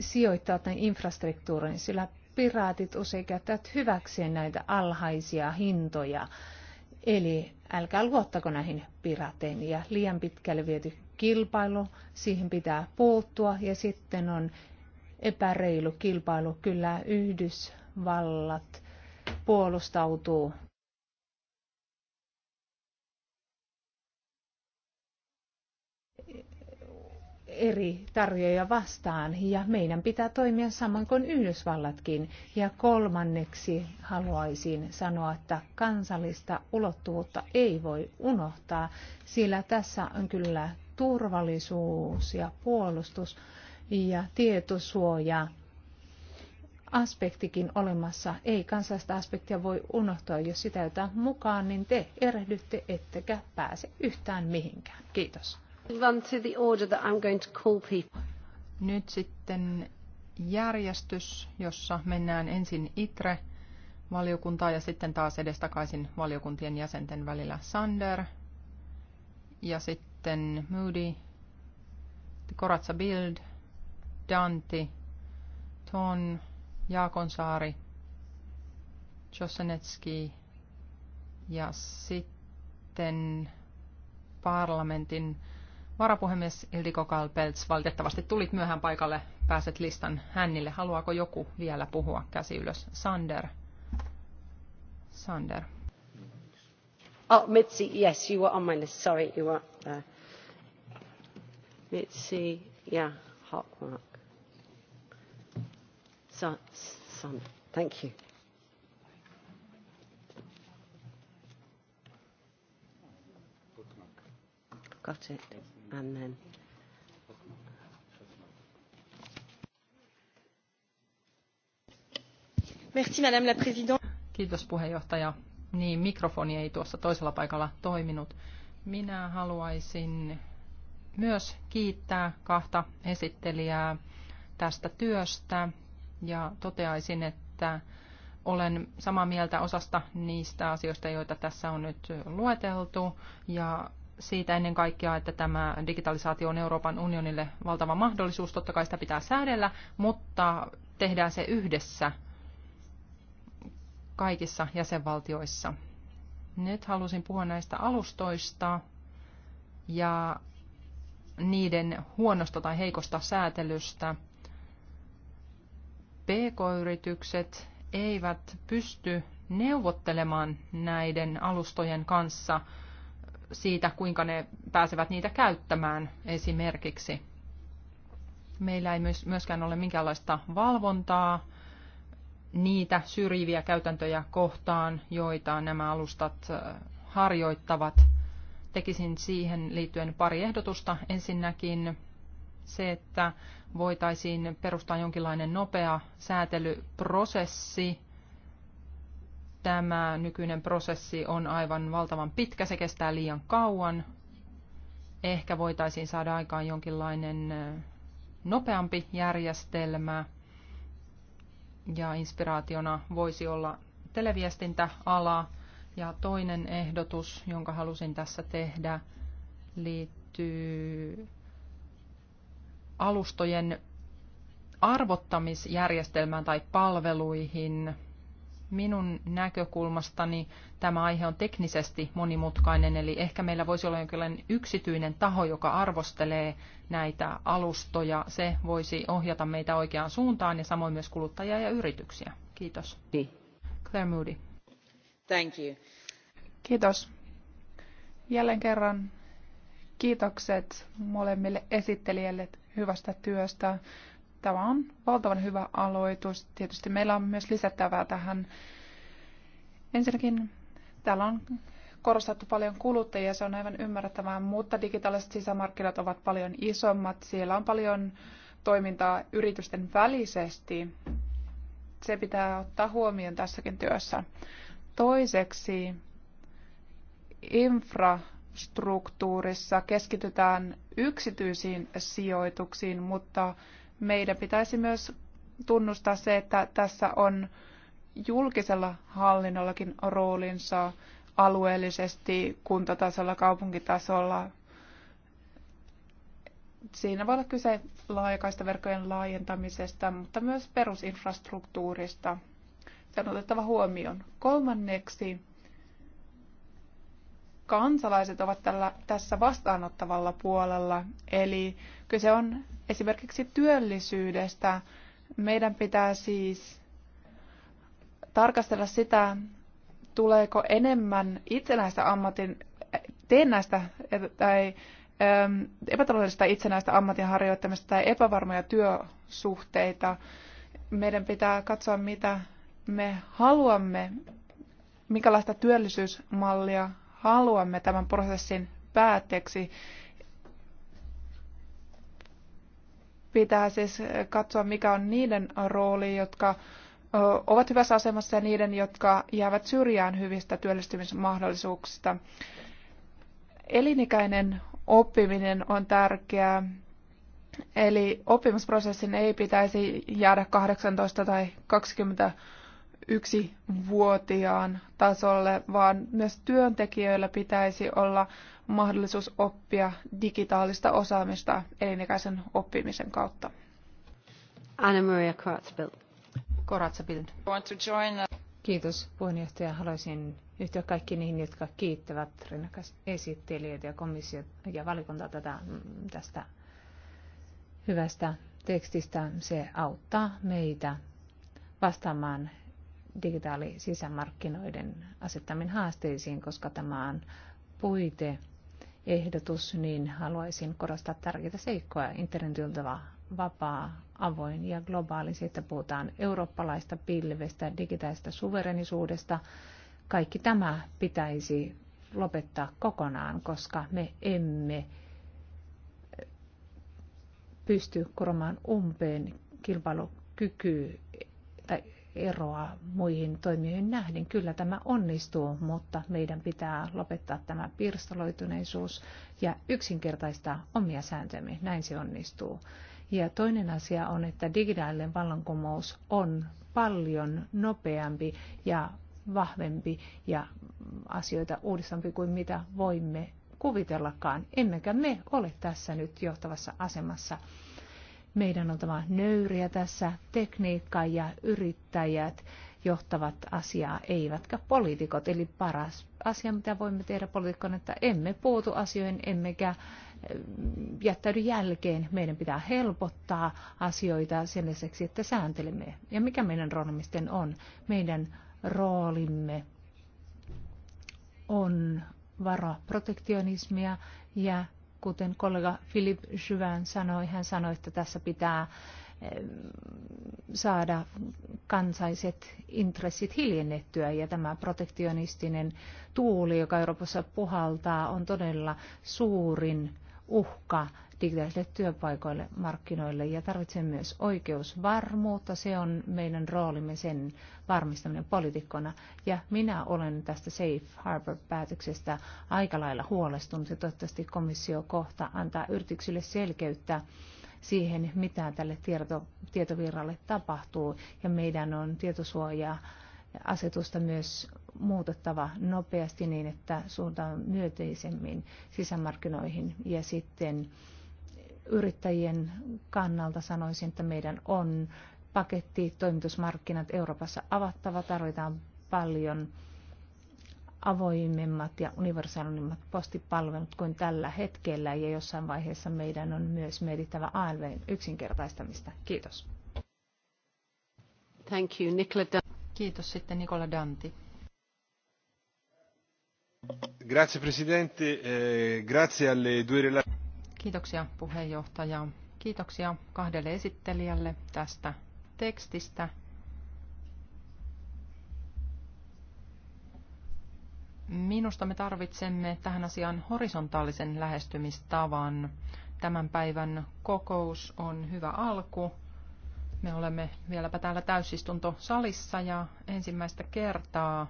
sijoittaa tämän infrastruktuurin, sillä piraatit usein käyttävät hyväkseen näitä alhaisia hintoja. Eli älkää luottako näihin pirateihin ja liian pitkälle viety kilpailu, siihen pitää puuttua ja sitten on epäreilu kilpailu. Kyllä Yhdysvallat puolustautuu eri tarjoja vastaan ja meidän pitää toimia samoin kuin Yhdysvallatkin. Ja kolmanneksi haluaisin sanoa, että kansallista ulottuvuutta ei voi unohtaa, sillä tässä on kyllä turvallisuus ja puolustus ja tietosuoja aspektikin olemassa. Ei kansallista aspektia voi unohtaa. Jos sitä jotain mukaan, niin te erehdytte ettekä pääse yhtään mihinkään. Kiitos. Nyt sitten järjestys, jossa mennään ensin ITRE valiokuntaa ja sitten taas edestakaisin valiokuntien jäsenten välillä Sander ja sitten Moody, Koratsa Bild, Danti, Ton, Jaakonsaari, Josenetski ja sitten parlamentin Varapuhemies Ildiko Kalpelts, valitettavasti tulit myöhään paikalle, pääset listan hännille. Haluaako joku vielä puhua? Käsi ylös. Sander. Sander. Oh, Mitzi, yes, you were on my list. Sorry, you were there. Uh, Mitzi, yeah, Hawkmark. So, Sander, thank you. got it. And then. Merci, Madame la Présidente. Kiitos puheenjohtaja. Niin, mikrofoni ei tuossa toisella paikalla toiminut. Minä haluaisin myös kiittää kahta esittelijää tästä työstä ja toteaisin, että olen samaa mieltä osasta niistä asioista, joita tässä on nyt lueteltu ja siitä ennen kaikkea, että tämä digitalisaatio on Euroopan unionille valtava mahdollisuus. Totta kai sitä pitää säädellä, mutta tehdään se yhdessä kaikissa jäsenvaltioissa. Nyt halusin puhua näistä alustoista ja niiden huonosta tai heikosta säätelystä. PK-yritykset eivät pysty neuvottelemaan näiden alustojen kanssa – siitä, kuinka ne pääsevät niitä käyttämään esimerkiksi. Meillä ei myöskään ole minkäänlaista valvontaa niitä syrjiviä käytäntöjä kohtaan, joita nämä alustat harjoittavat. Tekisin siihen liittyen pari ehdotusta. Ensinnäkin se, että voitaisiin perustaa jonkinlainen nopea säätelyprosessi tämä nykyinen prosessi on aivan valtavan pitkä, se kestää liian kauan. Ehkä voitaisiin saada aikaan jonkinlainen nopeampi järjestelmä. Ja inspiraationa voisi olla televiestintäala. Ja toinen ehdotus, jonka halusin tässä tehdä, liittyy alustojen arvottamisjärjestelmään tai palveluihin – minun näkökulmastani tämä aihe on teknisesti monimutkainen, eli ehkä meillä voisi olla jonkinlainen yksityinen taho, joka arvostelee näitä alustoja. Se voisi ohjata meitä oikeaan suuntaan ja samoin myös kuluttajia ja yrityksiä. Kiitos. Niin. Claire Moody. Thank you. Kiitos. Jälleen kerran kiitokset molemmille esittelijälle hyvästä työstä. Tämä on valtavan hyvä aloitus. Tietysti meillä on myös lisättävää tähän. Ensinnäkin täällä on korostettu paljon kuluttajia, se on aivan ymmärrettävää, mutta digitaaliset sisämarkkinat ovat paljon isommat. Siellä on paljon toimintaa yritysten välisesti. Se pitää ottaa huomioon tässäkin työssä. Toiseksi infrastruktuurissa keskitytään yksityisiin sijoituksiin, mutta meidän pitäisi myös tunnustaa se, että tässä on julkisella hallinnollakin roolinsa alueellisesti, kuntatasolla, kaupunkitasolla. Siinä voi olla kyse laajakaistaverkkojen laajentamisesta, mutta myös perusinfrastruktuurista. Se on otettava huomioon. Kolmanneksi kansalaiset ovat tällä, tässä vastaanottavalla puolella. Eli kyse on esimerkiksi työllisyydestä. Meidän pitää siis tarkastella sitä, tuleeko enemmän itsenäistä ammatin, teennäistä tai ähm, epätaloudellista itsenäistä ammatinharjoittamista tai epävarmoja työsuhteita. Meidän pitää katsoa, mitä me haluamme, minkälaista työllisyysmallia haluamme tämän prosessin päätteeksi. Pitää siis katsoa, mikä on niiden rooli, jotka ovat hyvässä asemassa ja niiden, jotka jäävät syrjään hyvistä työllistymismahdollisuuksista. Elinikäinen oppiminen on tärkeää. Eli oppimisprosessin ei pitäisi jäädä 18 tai 20 yksi vuotiaan tasolle, vaan myös työntekijöillä pitäisi olla mahdollisuus oppia digitaalista osaamista elinikäisen oppimisen kautta. Anna-Maria Koratsabild. Kiitos puheenjohtaja. Haluaisin yhtyä kaikki niihin, jotka kiittävät rinnakas esittelijöitä ja komissio ja valikuntaa tätä, mm, tästä hyvästä tekstistä. Se auttaa meitä vastaamaan digitaalisisämarkkinoiden asettamiin haasteisiin, koska tämä on puite ehdotus, niin haluaisin korostaa tärkeitä seikkoja. Internet on vapaa, avoin ja globaali. Siitä puhutaan eurooppalaista pilvestä, digitaalista suverenisuudesta. Kaikki tämä pitäisi lopettaa kokonaan, koska me emme pysty kuromaan umpeen kilpailukykyä. tai eroa muihin toimijoihin nähden. Kyllä tämä onnistuu, mutta meidän pitää lopettaa tämä pirstaloituneisuus ja yksinkertaistaa omia sääntöjämme. Näin se onnistuu. Ja toinen asia on, että digitaalinen vallankumous on paljon nopeampi ja vahvempi ja asioita uudistampi kuin mitä voimme kuvitellakaan. Emmekä me ole tässä nyt johtavassa asemassa meidän on tämä nöyriä tässä. Tekniikka ja yrittäjät johtavat asiaa, eivätkä poliitikot. Eli paras asia, mitä voimme tehdä poliitikkoon, että emme puutu asioihin, emmekä eh, jättäydy jälkeen. Meidän pitää helpottaa asioita sen lisäksi, että sääntelemme. Ja mikä meidän roolimisten on? Meidän roolimme on varoa protektionismia ja kuten kollega Philip Jyvän sanoi, hän sanoi, että tässä pitää eh, saada kansaiset intressit hiljennettyä ja tämä protektionistinen tuuli, joka Euroopassa puhaltaa, on todella suurin uhka digitaalisille työpaikoille, markkinoille ja tarvitsemme myös oikeusvarmuutta. Se on meidän roolimme sen varmistaminen poliitikkona. Ja minä olen tästä Safe Harbor-päätöksestä aika lailla huolestunut ja toivottavasti komissio kohta antaa yrityksille selkeyttä siihen, mitä tälle tieto, tietovirralle tapahtuu. Ja meidän on tietosuojaa asetusta myös muutettava nopeasti niin, että suuntaan myöteisemmin sisämarkkinoihin ja sitten yrittäjien kannalta sanoisin, että meidän on paketti toimitusmarkkinat Euroopassa avattava. Tarvitaan paljon avoimemmat ja universaalimmat postipalvelut kuin tällä hetkellä ja jossain vaiheessa meidän on myös mietittävä ALVn yksinkertaistamista. Kiitos. Thank you, Nicola Kiitos sitten Nikola Danti. Grazie presidente, eh, grazie alle due Kiitoksia puheenjohtaja. Kiitoksia kahdelle esittelijälle tästä tekstistä. Minusta me tarvitsemme tähän asiaan horisontaalisen lähestymistavan. Tämän päivän kokous on hyvä alku. Me olemme vieläpä täällä täysistuntosalissa ja ensimmäistä kertaa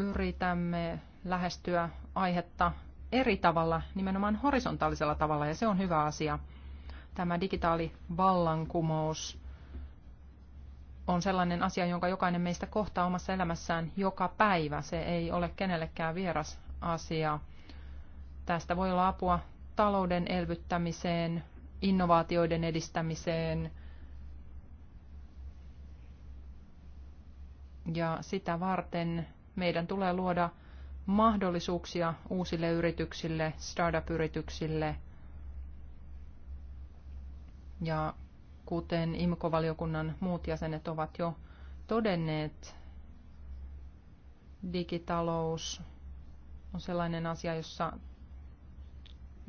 yritämme lähestyä aihetta eri tavalla, nimenomaan horisontaalisella tavalla, ja se on hyvä asia. Tämä digitaalivallankumous on sellainen asia, jonka jokainen meistä kohtaa omassa elämässään joka päivä. Se ei ole kenellekään vieras asia. Tästä voi olla apua talouden elvyttämiseen, innovaatioiden edistämiseen ja sitä varten meidän tulee luoda mahdollisuuksia uusille yrityksille, startup-yrityksille. Ja kuten IMKO-valiokunnan muut jäsenet ovat jo todenneet, digitalous on sellainen asia, jossa,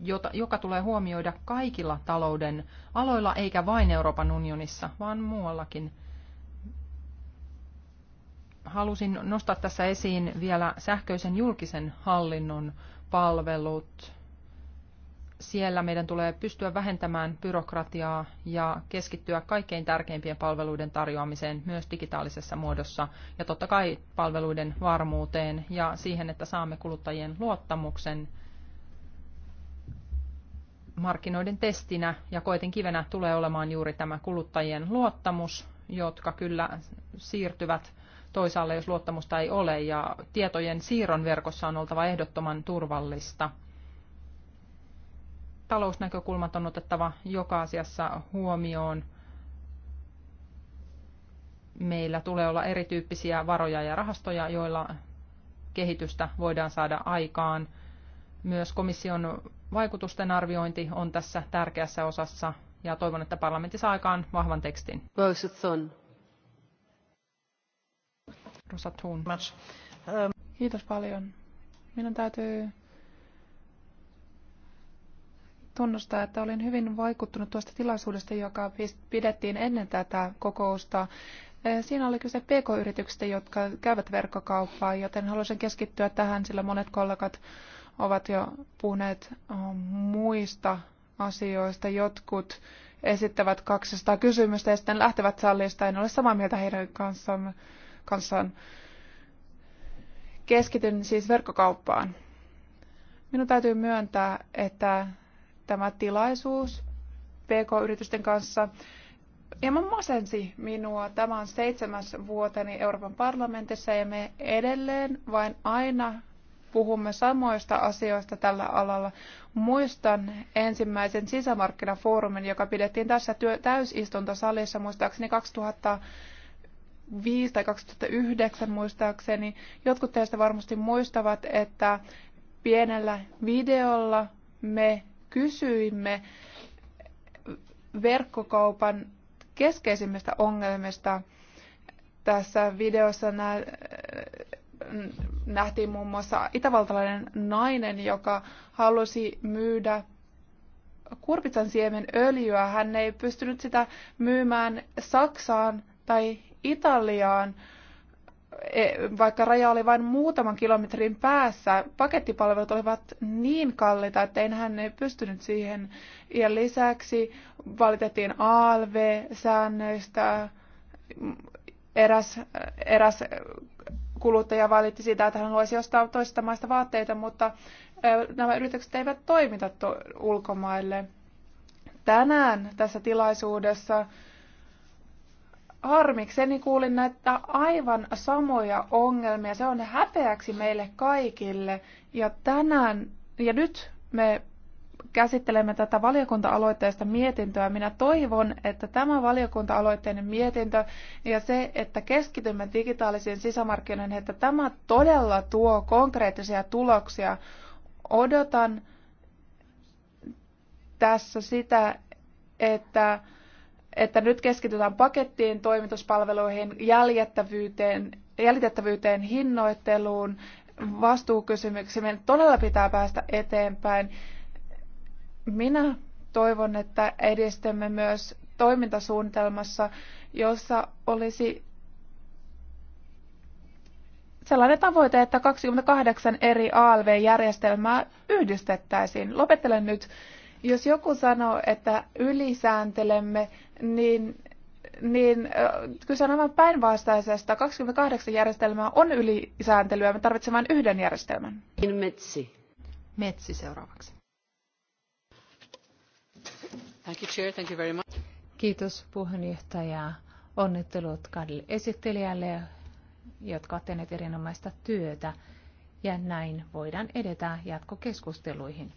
jota, joka tulee huomioida kaikilla talouden aloilla, eikä vain Euroopan unionissa, vaan muuallakin – halusin nostaa tässä esiin vielä sähköisen julkisen hallinnon palvelut. Siellä meidän tulee pystyä vähentämään byrokratiaa ja keskittyä kaikkein tärkeimpien palveluiden tarjoamiseen myös digitaalisessa muodossa ja totta kai palveluiden varmuuteen ja siihen, että saamme kuluttajien luottamuksen markkinoiden testinä ja koetin kivenä tulee olemaan juuri tämä kuluttajien luottamus, jotka kyllä siirtyvät toisaalle, jos luottamusta ei ole, ja tietojen siirron verkossa on oltava ehdottoman turvallista. Talousnäkökulmat on otettava joka asiassa huomioon. Meillä tulee olla erityyppisiä varoja ja rahastoja, joilla kehitystä voidaan saada aikaan. Myös komission vaikutusten arviointi on tässä tärkeässä osassa ja toivon, että parlamentti saa aikaan vahvan tekstin. Rosa Thun. Kiitos paljon. Minun täytyy tunnustaa, että olin hyvin vaikuttunut tuosta tilaisuudesta, joka pidettiin ennen tätä kokousta. Eh, siinä oli kyse pk-yrityksistä, jotka käyvät verkkokauppaa, joten haluaisin keskittyä tähän, sillä monet kollegat ovat jo puhuneet eh, muista asioista. Jotkut esittävät 200 kysymystä ja sitten lähtevät sallista. En ole samaa mieltä heidän kanssaan kanssaan. Keskityn siis verkkokauppaan. Minun täytyy myöntää, että tämä tilaisuus PK-yritysten kanssa hieman masensi minua. Tämä on seitsemäs vuoteni Euroopan parlamentissa ja me edelleen vain aina puhumme samoista asioista tällä alalla. Muistan ensimmäisen sisämarkkinafoorumin, joka pidettiin tässä täysistuntosalissa muistaakseni 2000 2005 tai 2009 muistaakseni. Jotkut teistä varmasti muistavat, että pienellä videolla me kysyimme verkkokaupan keskeisimmistä ongelmista. Tässä videossa nä- nähtiin muun muassa itävaltalainen nainen, joka halusi myydä kurpitsan siemen öljyä. Hän ei pystynyt sitä myymään Saksaan tai Italiaan, e, vaikka raja oli vain muutaman kilometrin päässä, pakettipalvelut olivat niin kalliita, että hän ei pystynyt siihen. Ja lisäksi valitettiin ALV-säännöistä. Eräs, eräs kuluttaja valitti sitä, että hän voisi ostaa toisesta maista vaatteita, mutta e, nämä yritykset eivät toimita ulkomaille. Tänään tässä tilaisuudessa harmikseni kuulin näitä aivan samoja ongelmia. Se on häpeäksi meille kaikille. Ja tänään, ja nyt me käsittelemme tätä valiokunta-aloitteesta mietintöä. Minä toivon, että tämä valiokunta-aloitteinen mietintö ja se, että keskitymme digitaalisiin sisämarkkinoihin, että tämä todella tuo konkreettisia tuloksia. Odotan tässä sitä, että että nyt keskitytään pakettiin, toimituspalveluihin, jäljettävyyteen, jäljitettävyyteen, hinnoitteluun, vastuukysymyksiin. Meidän todella pitää päästä eteenpäin. Minä toivon, että edistämme myös toimintasuunnitelmassa, jossa olisi sellainen tavoite, että 28 eri ALV-järjestelmää yhdistettäisiin. Lopettelen nyt. Jos joku sanoo, että ylisääntelemme, niin, niin kyse on aivan päinvastaisesta. 28 järjestelmää on ylisääntelyä, me tarvitsemme vain yhden järjestelmän. Niin, Metsi. Metsi seuraavaksi. Thank you, Chair. Thank you very much. Kiitos puheenjohtaja. Onnittelut kahdelle esittelijälle, jotka ovat tehneet erinomaista työtä. Ja näin voidaan edetä jatkokeskusteluihin.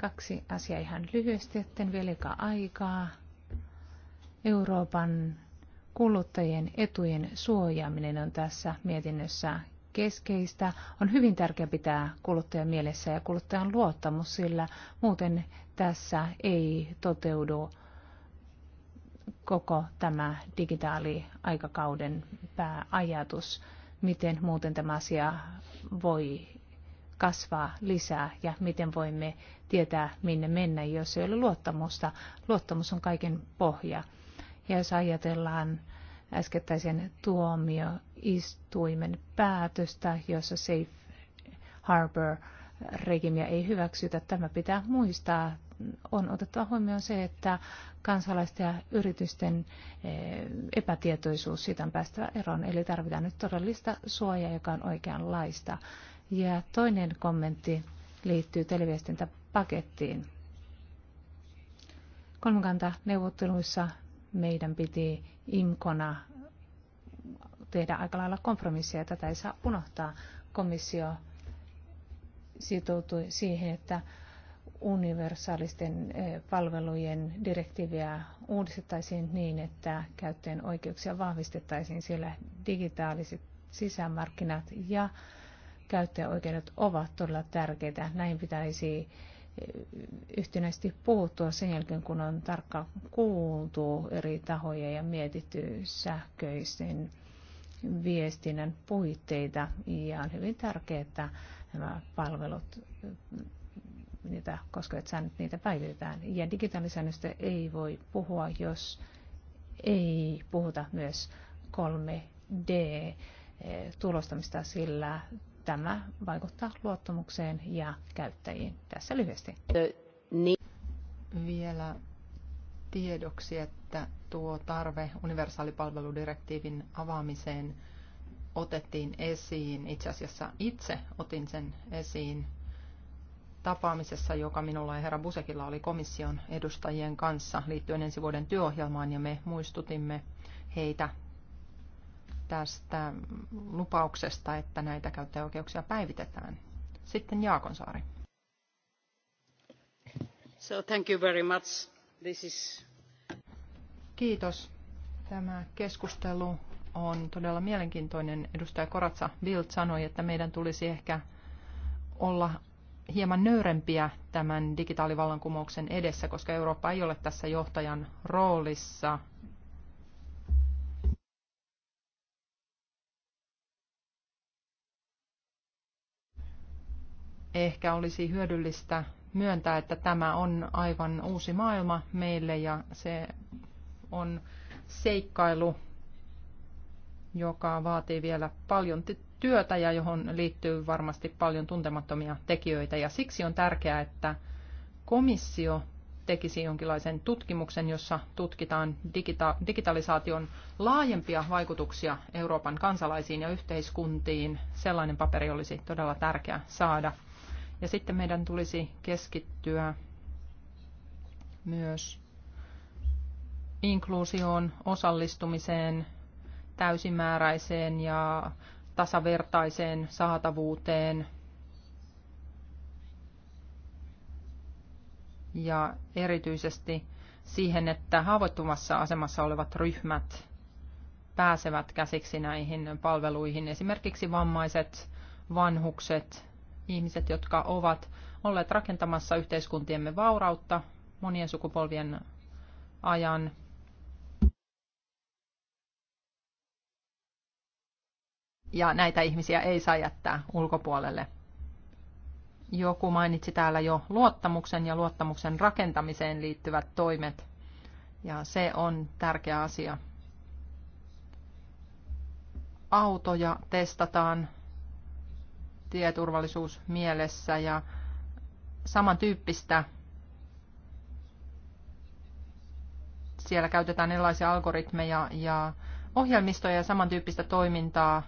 Kaksi asiaa ihan lyhyesti, etten vielä aikaa. Euroopan kuluttajien etujen suojaaminen on tässä mietinnössä keskeistä. On hyvin tärkeää pitää kuluttajan mielessä ja kuluttajan luottamus, sillä muuten tässä ei toteudu koko tämä digitaaliaikakauden pääajatus, miten muuten tämä asia voi kasvaa lisää ja miten voimme tietää, minne mennä, jos ei ole luottamusta. Luottamus on kaiken pohja. Ja jos ajatellaan äskettäisen tuomioistuimen päätöstä, jossa Safe Harbor regimiä ei hyväksytä. Tämä pitää muistaa. On otettava huomioon se, että kansalaisten ja yritysten eh, epätietoisuus siitä on päästävä eroon. Eli tarvitaan nyt todellista suojaa, joka on oikeanlaista. Ja toinen kommentti liittyy televiestintäpakettiin. Kolmikanta neuvotteluissa meidän piti imkona tehdä aika lailla kompromissia. Tätä ei saa unohtaa. Komissio sitoutui siihen, että universaalisten eh, palvelujen direktiiviä uudistettaisiin niin, että käyttäjän oikeuksia vahvistettaisiin, siellä digitaaliset sisämarkkinat ja käyttäjäoikeudet ovat todella tärkeitä. Näin pitäisi yhtenäisesti puhuttua sen jälkeen, kun on tarkkaan kuultu eri tahoja ja mietitty sähköisen viestinnän puitteita ja on hyvin tärkeää, että nämä palvelut, niitä koskevat säännöt, niitä päivitetään. Ja digitaalisäännöstä ei voi puhua, jos ei puhuta myös 3D eh, tulostamista, sillä tämä vaikuttaa luottamukseen ja käyttäjiin. Tässä lyhyesti. Vielä tiedoksi, että tuo tarve universaalipalveludirektiivin avaamiseen otettiin esiin. Itse asiassa itse otin sen esiin tapaamisessa, joka minulla ja herra Busekilla oli komission edustajien kanssa liittyen ensi vuoden työohjelmaan, ja me muistutimme heitä tästä lupauksesta, että näitä käyttäjäoikeuksia päivitetään. Sitten Jaakonsaari. So thank you very much. This is... Kiitos. Tämä keskustelu on todella mielenkiintoinen. Edustaja Koratsa Bild sanoi, että meidän tulisi ehkä olla hieman nöyrempiä tämän digitaalivallankumouksen edessä, koska Eurooppa ei ole tässä johtajan roolissa ehkä olisi hyödyllistä myöntää, että tämä on aivan uusi maailma meille ja se on seikkailu, joka vaatii vielä paljon työtä ja johon liittyy varmasti paljon tuntemattomia tekijöitä. Ja siksi on tärkeää, että komissio tekisi jonkinlaisen tutkimuksen, jossa tutkitaan digita- digitalisaation laajempia vaikutuksia Euroopan kansalaisiin ja yhteiskuntiin. Sellainen paperi olisi todella tärkeä saada. Ja sitten meidän tulisi keskittyä myös inkluusioon, osallistumiseen, täysimääräiseen ja tasavertaiseen saatavuuteen ja erityisesti siihen, että haavoittuvassa asemassa olevat ryhmät pääsevät käsiksi näihin palveluihin, esimerkiksi vammaiset, vanhukset ihmiset, jotka ovat olleet rakentamassa yhteiskuntiemme vaurautta monien sukupolvien ajan. Ja näitä ihmisiä ei saa jättää ulkopuolelle. Joku mainitsi täällä jo luottamuksen ja luottamuksen rakentamiseen liittyvät toimet. Ja se on tärkeä asia. Autoja testataan tieturvallisuus mielessä ja samantyyppistä siellä käytetään erilaisia algoritmeja ja ohjelmistoja ja samantyyppistä toimintaa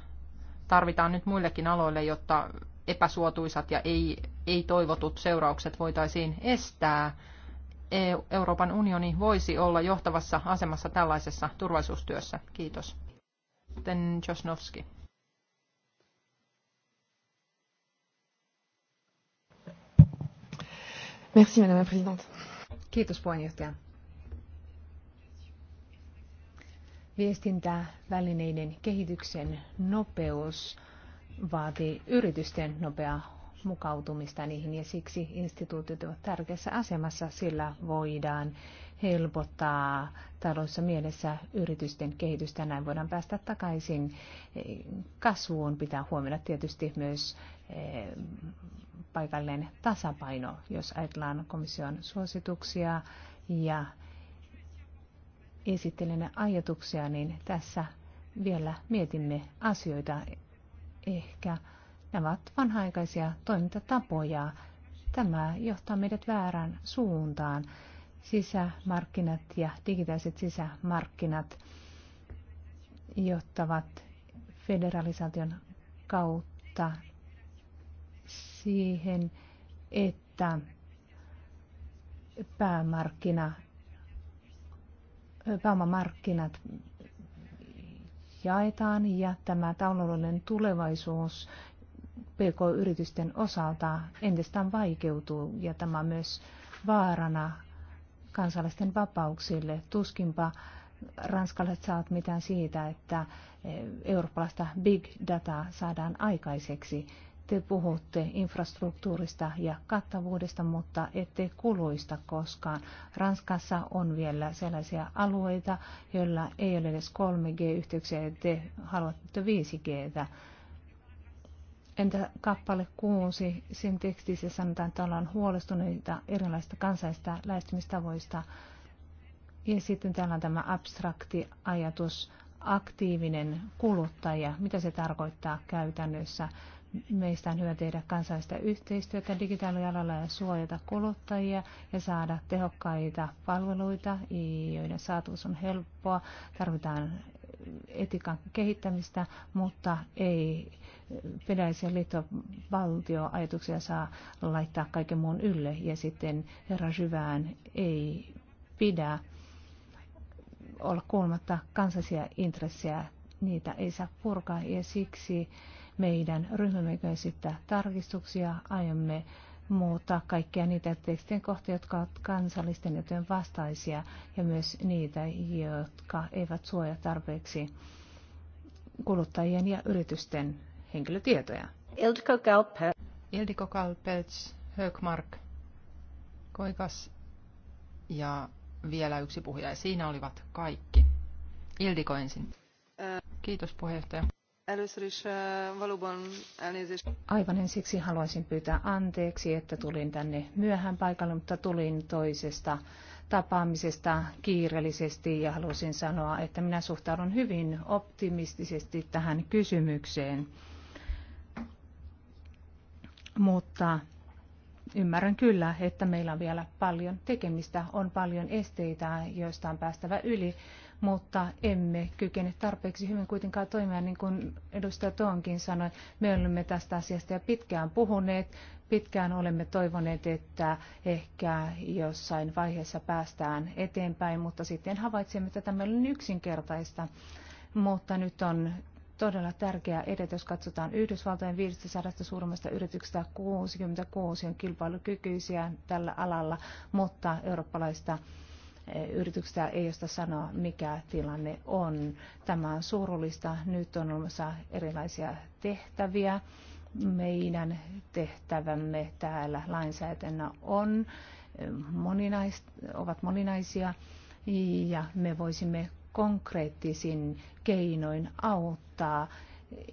tarvitaan nyt muillekin aloille, jotta epäsuotuisat ja ei, ei toivotut seuraukset voitaisiin estää. E- Euroopan unioni voisi olla johtavassa asemassa tällaisessa turvallisuustyössä. Kiitos. Sitten Josnowski. Merci, Madame la Présidente. Kiitos puheenjohtaja. Viestintävälineiden kehityksen nopeus vaatii yritysten nopeaa mukautumista niihin ja siksi instituutit ovat tärkeässä asemassa, sillä voidaan helpottaa taloudessa mielessä yritysten kehitystä. Näin voidaan päästä takaisin kasvuun. Pitää huomioida tietysti myös eh, paikallinen tasapaino, jos ajatellaan komission suosituksia ja esittelen ajatuksia, niin tässä vielä mietimme asioita. Ehkä nämä ovat vanhaikaisia toimintatapoja. Tämä johtaa meidät väärään suuntaan. Sisämarkkinat ja digitaaliset sisämarkkinat johtavat federalisaation kautta siihen, että päämarkkina, pääomamarkkinat jaetaan ja tämä taloudellinen tulevaisuus PK-yritysten osalta entistään vaikeutuu ja tämä myös vaarana kansalaisten vapauksille. Tuskinpa ranskalaiset saavat mitään siitä, että eh, eurooppalaista big dataa saadaan aikaiseksi te puhutte infrastruktuurista ja kattavuudesta, mutta ette kuluista koskaan. Ranskassa on vielä sellaisia alueita, joilla ei ole edes 3G-yhteyksiä ja te haluatte 5Gtä. Entä kappale 6, sen tekstissä sanotaan, että ollaan huolestuneita erilaisista kansaista lähestymistavoista. Ja sitten täällä on tämä abstrakti ajatus, aktiivinen kuluttaja. Mitä se tarkoittaa käytännössä? meistä on hyvä tehdä kansallista yhteistyötä digitaalialalla ja suojata kuluttajia ja saada tehokkaita palveluita, joiden saatavuus on helppoa. Tarvitaan etikan kehittämistä, mutta ei pidäisi liittovaltioajatuksia saa laittaa kaiken muun ylle ja sitten herra syvään ei pidä olla kuulmatta kansallisia intressejä, niitä ei saa purkaa ja siksi meidän ryhmämme sitten tarkistuksia. Aiomme muuttaa kaikkia niitä tekstien kohtia, jotka ovat kansallisten etujen vastaisia ja myös niitä, jotka eivät suojaa tarpeeksi kuluttajien ja yritysten henkilötietoja. Ildiko Kalpelts, Ildiko Kalpelts Högmark, Koikas ja vielä yksi puhuja. Ja siinä olivat kaikki. Ildiko ensin. Kiitos puheenjohtaja. Eh, Aivan ensiksi haluaisin pyytää anteeksi, että tulin tänne myöhään paikalle, mutta tulin toisesta tapaamisesta kiireellisesti ja halusin sanoa, että minä suhtaudun hyvin optimistisesti tähän kysymykseen. Mutta ymmärrän kyllä, että meillä on vielä paljon tekemistä, on paljon esteitä, joista on päästävä yli mutta emme kykene tarpeeksi hyvin kuitenkaan toimimaan, niin kuin edustaja Toonkin sanoi. Me olemme tästä asiasta jo pitkään puhuneet, pitkään olemme toivoneet, että ehkä jossain vaiheessa päästään eteenpäin, mutta sitten havaitsemme, että tämä on niin yksinkertaista. Mutta nyt on todella tärkeää edetä, jos katsotaan Yhdysvaltojen 500 suurimmasta yrityksestä 66 on kilpailukykyisiä tällä alalla, mutta eurooppalaista Eh, yrityksestä ei josta sanoa, mikä tilanne on. Tämä on surullista. Nyt on olemassa erilaisia tehtäviä. Meidän tehtävämme täällä lainsäätänä on eh, moninais, ovat moninaisia ja me voisimme konkreettisin keinoin auttaa,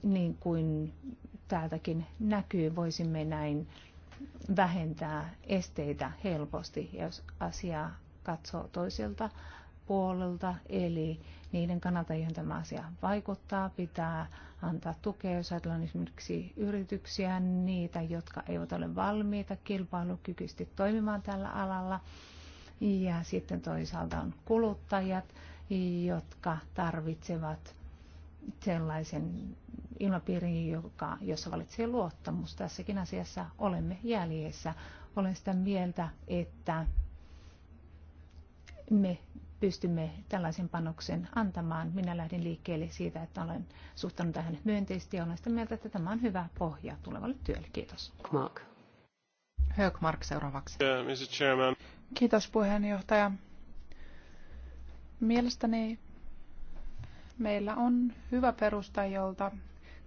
niin kuin täältäkin näkyy, voisimme näin vähentää esteitä helposti. jos asiaa katsoo toiselta puolelta, eli niiden kannalta, joihin tämä asia vaikuttaa, pitää antaa tukea, jos ajatellaan esimerkiksi yrityksiä, niitä, jotka eivät ole valmiita kilpailukykyisesti toimimaan tällä alalla. Ja sitten toisaalta on kuluttajat, jotka tarvitsevat sellaisen ilmapiirin, joka, jossa valitsee luottamus. Tässäkin asiassa olemme jäljessä. Olen sitä mieltä, että me pystymme tällaisen panoksen antamaan. Minä lähdin liikkeelle siitä, että olen suhtanut tähän myönteisesti ja olen sitä mieltä, että tämä on hyvä pohja tulevalle työlle. Kiitos. Mark. Mark seuraavaksi. Yeah, uh, Mr. Chairman. Kiitos puheenjohtaja. Mielestäni meillä on hyvä perusta, jolta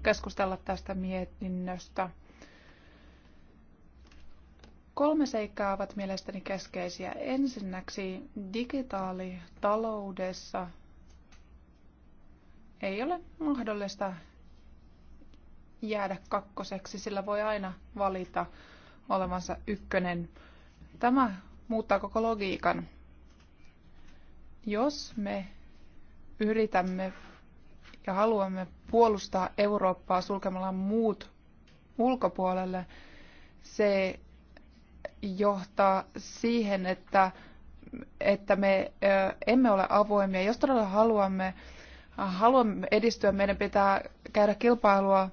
keskustella tästä mietinnöstä – Kolme seikkaa ovat mielestäni keskeisiä. Ensinnäksi digitaalitaloudessa ei ole mahdollista jäädä kakkoseksi, sillä voi aina valita olemansa ykkönen. Tämä muuttaa koko logiikan. Jos me yritämme ja haluamme puolustaa Eurooppaa sulkemalla muut ulkopuolelle, se johtaa siihen, että, että me emme ole avoimia. Jos todella haluamme, haluamme edistyä, meidän pitää käydä kilpailua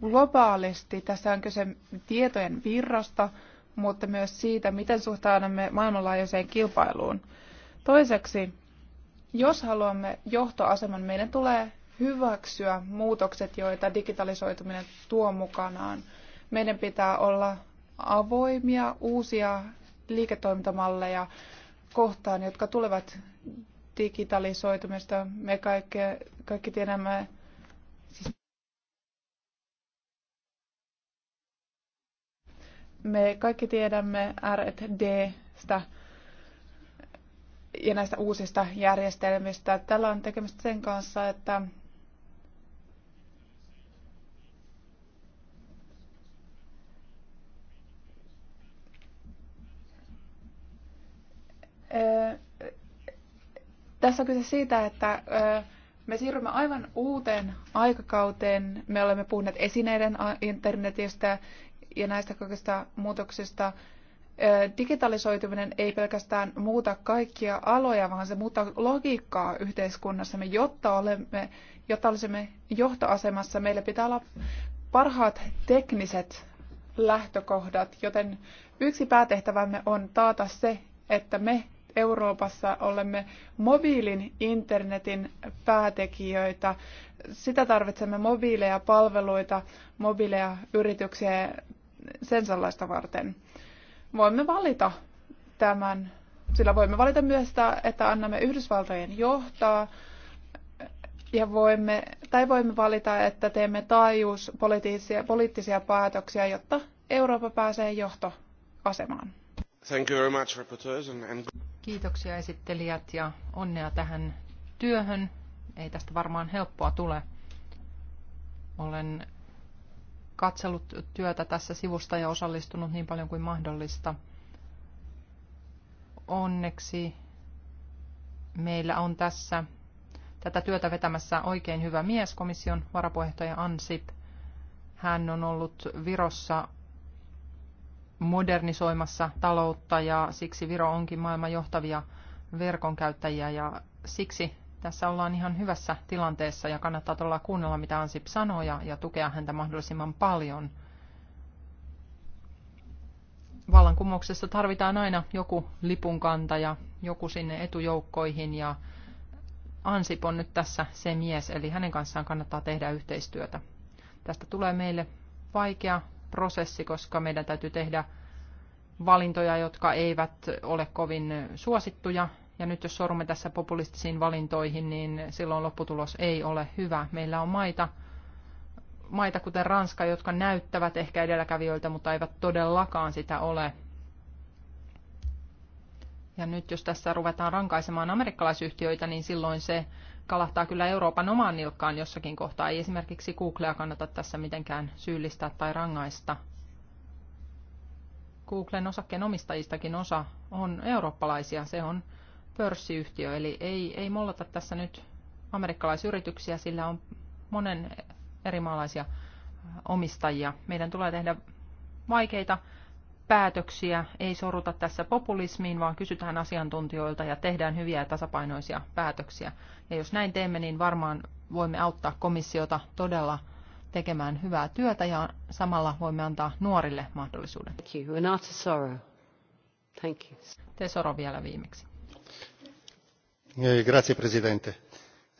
globaalisti. Tässä on kyse tietojen virrasta, mutta myös siitä, miten suhtaudumme maailmanlaajuiseen kilpailuun. Toiseksi, jos haluamme johtoaseman, meidän tulee hyväksyä muutokset, joita digitalisoituminen tuo mukanaan. Meidän pitää olla avoimia uusia liiketoimintamalleja kohtaan, jotka tulevat digitalisoitumista. Me kaikki, kaikki tiedämme, siis me kaikki tiedämme RDstä ja näistä uusista järjestelmistä. Tällä on tekemistä sen kanssa, että tässä on kyse siitä, että me siirrymme aivan uuteen aikakauteen. Me olemme puhuneet esineiden internetistä ja näistä kaikista muutoksista. Digitalisoituminen ei pelkästään muuta kaikkia aloja, vaan se muuttaa logiikkaa yhteiskunnassamme, jotta, olemme, jotta olisimme johtoasemassa. Meillä pitää olla parhaat tekniset lähtökohdat, joten yksi päätehtävämme on taata se, että me Euroopassa olemme mobiilin internetin päätekijöitä. Sitä tarvitsemme mobiileja palveluita, mobiileja yrityksiä sen sellaista varten. Voimme valita tämän, sillä voimme valita myös sitä, että annamme Yhdysvaltojen johtaa ja voimme, tai voimme valita, että teemme taajuuspoliittisia poliittisia päätöksiä, jotta Eurooppa pääsee johtoasemaan. Thank you very much, and, and... Kiitoksia esittelijät ja onnea tähän työhön. Ei tästä varmaan helppoa tule. Olen katsellut työtä tässä sivusta ja osallistunut niin paljon kuin mahdollista. Onneksi meillä on tässä tätä työtä vetämässä oikein hyvä mies, komission varapuheenjohtaja Ansip. Hän on ollut Virossa modernisoimassa taloutta ja siksi Viro onkin maailman johtavia käyttäjiä ja siksi tässä ollaan ihan hyvässä tilanteessa ja kannattaa todella kuunnella, mitä Ansip sanoo ja, ja tukea häntä mahdollisimman paljon. Vallankumouksessa tarvitaan aina joku lipunkantaja, joku sinne etujoukkoihin ja Ansip on nyt tässä se mies, eli hänen kanssaan kannattaa tehdä yhteistyötä. Tästä tulee meille vaikea prosessi, koska meidän täytyy tehdä valintoja, jotka eivät ole kovin suosittuja. Ja nyt jos sorumme tässä populistisiin valintoihin, niin silloin lopputulos ei ole hyvä. Meillä on maita, maita kuten Ranska, jotka näyttävät ehkä edelläkävijöiltä, mutta eivät todellakaan sitä ole. Ja nyt jos tässä ruvetaan rankaisemaan amerikkalaisyhtiöitä, niin silloin se kalahtaa kyllä Euroopan omaan nilkkaan jossakin kohtaa. Ei esimerkiksi Googlea kannata tässä mitenkään syyllistää tai rangaista. Googlen osakkeen omistajistakin osa on eurooppalaisia, se on pörssiyhtiö, eli ei, ei mollata tässä nyt amerikkalaisyrityksiä, sillä on monen eri maalaisia omistajia. Meidän tulee tehdä vaikeita päätöksiä ei soruta tässä populismiin, vaan kysytään asiantuntijoilta ja tehdään hyviä ja tasapainoisia päätöksiä. Ja jos näin teemme, niin varmaan voimme auttaa komissiota todella tekemään hyvää työtä ja samalla voimme antaa nuorille mahdollisuuden. Thank you. Thank you. Tesoro vielä viimeksi. Eh, grazie, presidente.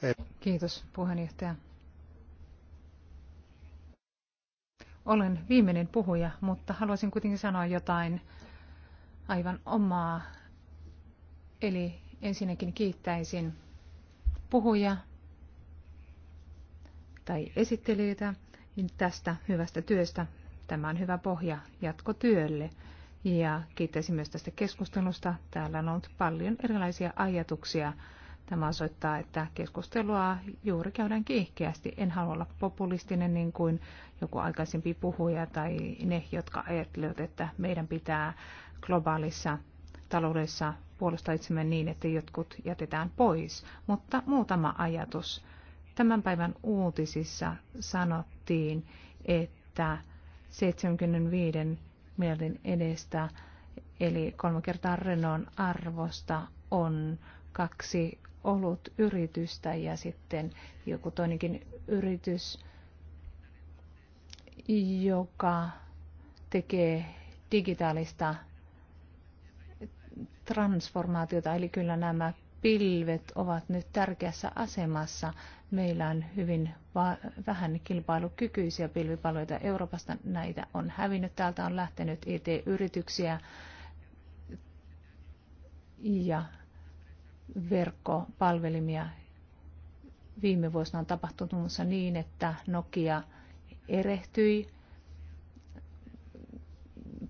Eh. Kiitos puheenjohtaja. Olen viimeinen puhuja, mutta haluaisin kuitenkin sanoa jotain aivan omaa. Eli ensinnäkin kiittäisin puhuja tai esittelijöitä tästä hyvästä työstä. Tämä on hyvä pohja jatkotyölle. Ja kiittäisin myös tästä keskustelusta. Täällä on ollut paljon erilaisia ajatuksia Tämä osoittaa, että keskustelua juuri käydään kiihkeästi. En halua olla populistinen niin kuin joku aikaisempi puhuja tai ne, jotka ajattelevat, että meidän pitää globaalissa taloudessa puolustaa itsemme niin, että jotkut jätetään pois. Mutta muutama ajatus. Tämän päivän uutisissa sanottiin, että 75 miljardin edestä, eli kolme kertaa Renon arvosta, on kaksi ollut yritystä ja sitten joku toinenkin yritys, joka tekee digitaalista transformaatiota, eli kyllä nämä pilvet ovat nyt tärkeässä asemassa. Meillä on hyvin vähän kilpailukykyisiä pilvipalveluita Euroopasta. Näitä on hävinnyt. Täältä on lähtenyt IT-yrityksiä ja verkkopalvelimia. Viime vuosina on tapahtunut muun muassa niin, että Nokia erehtyi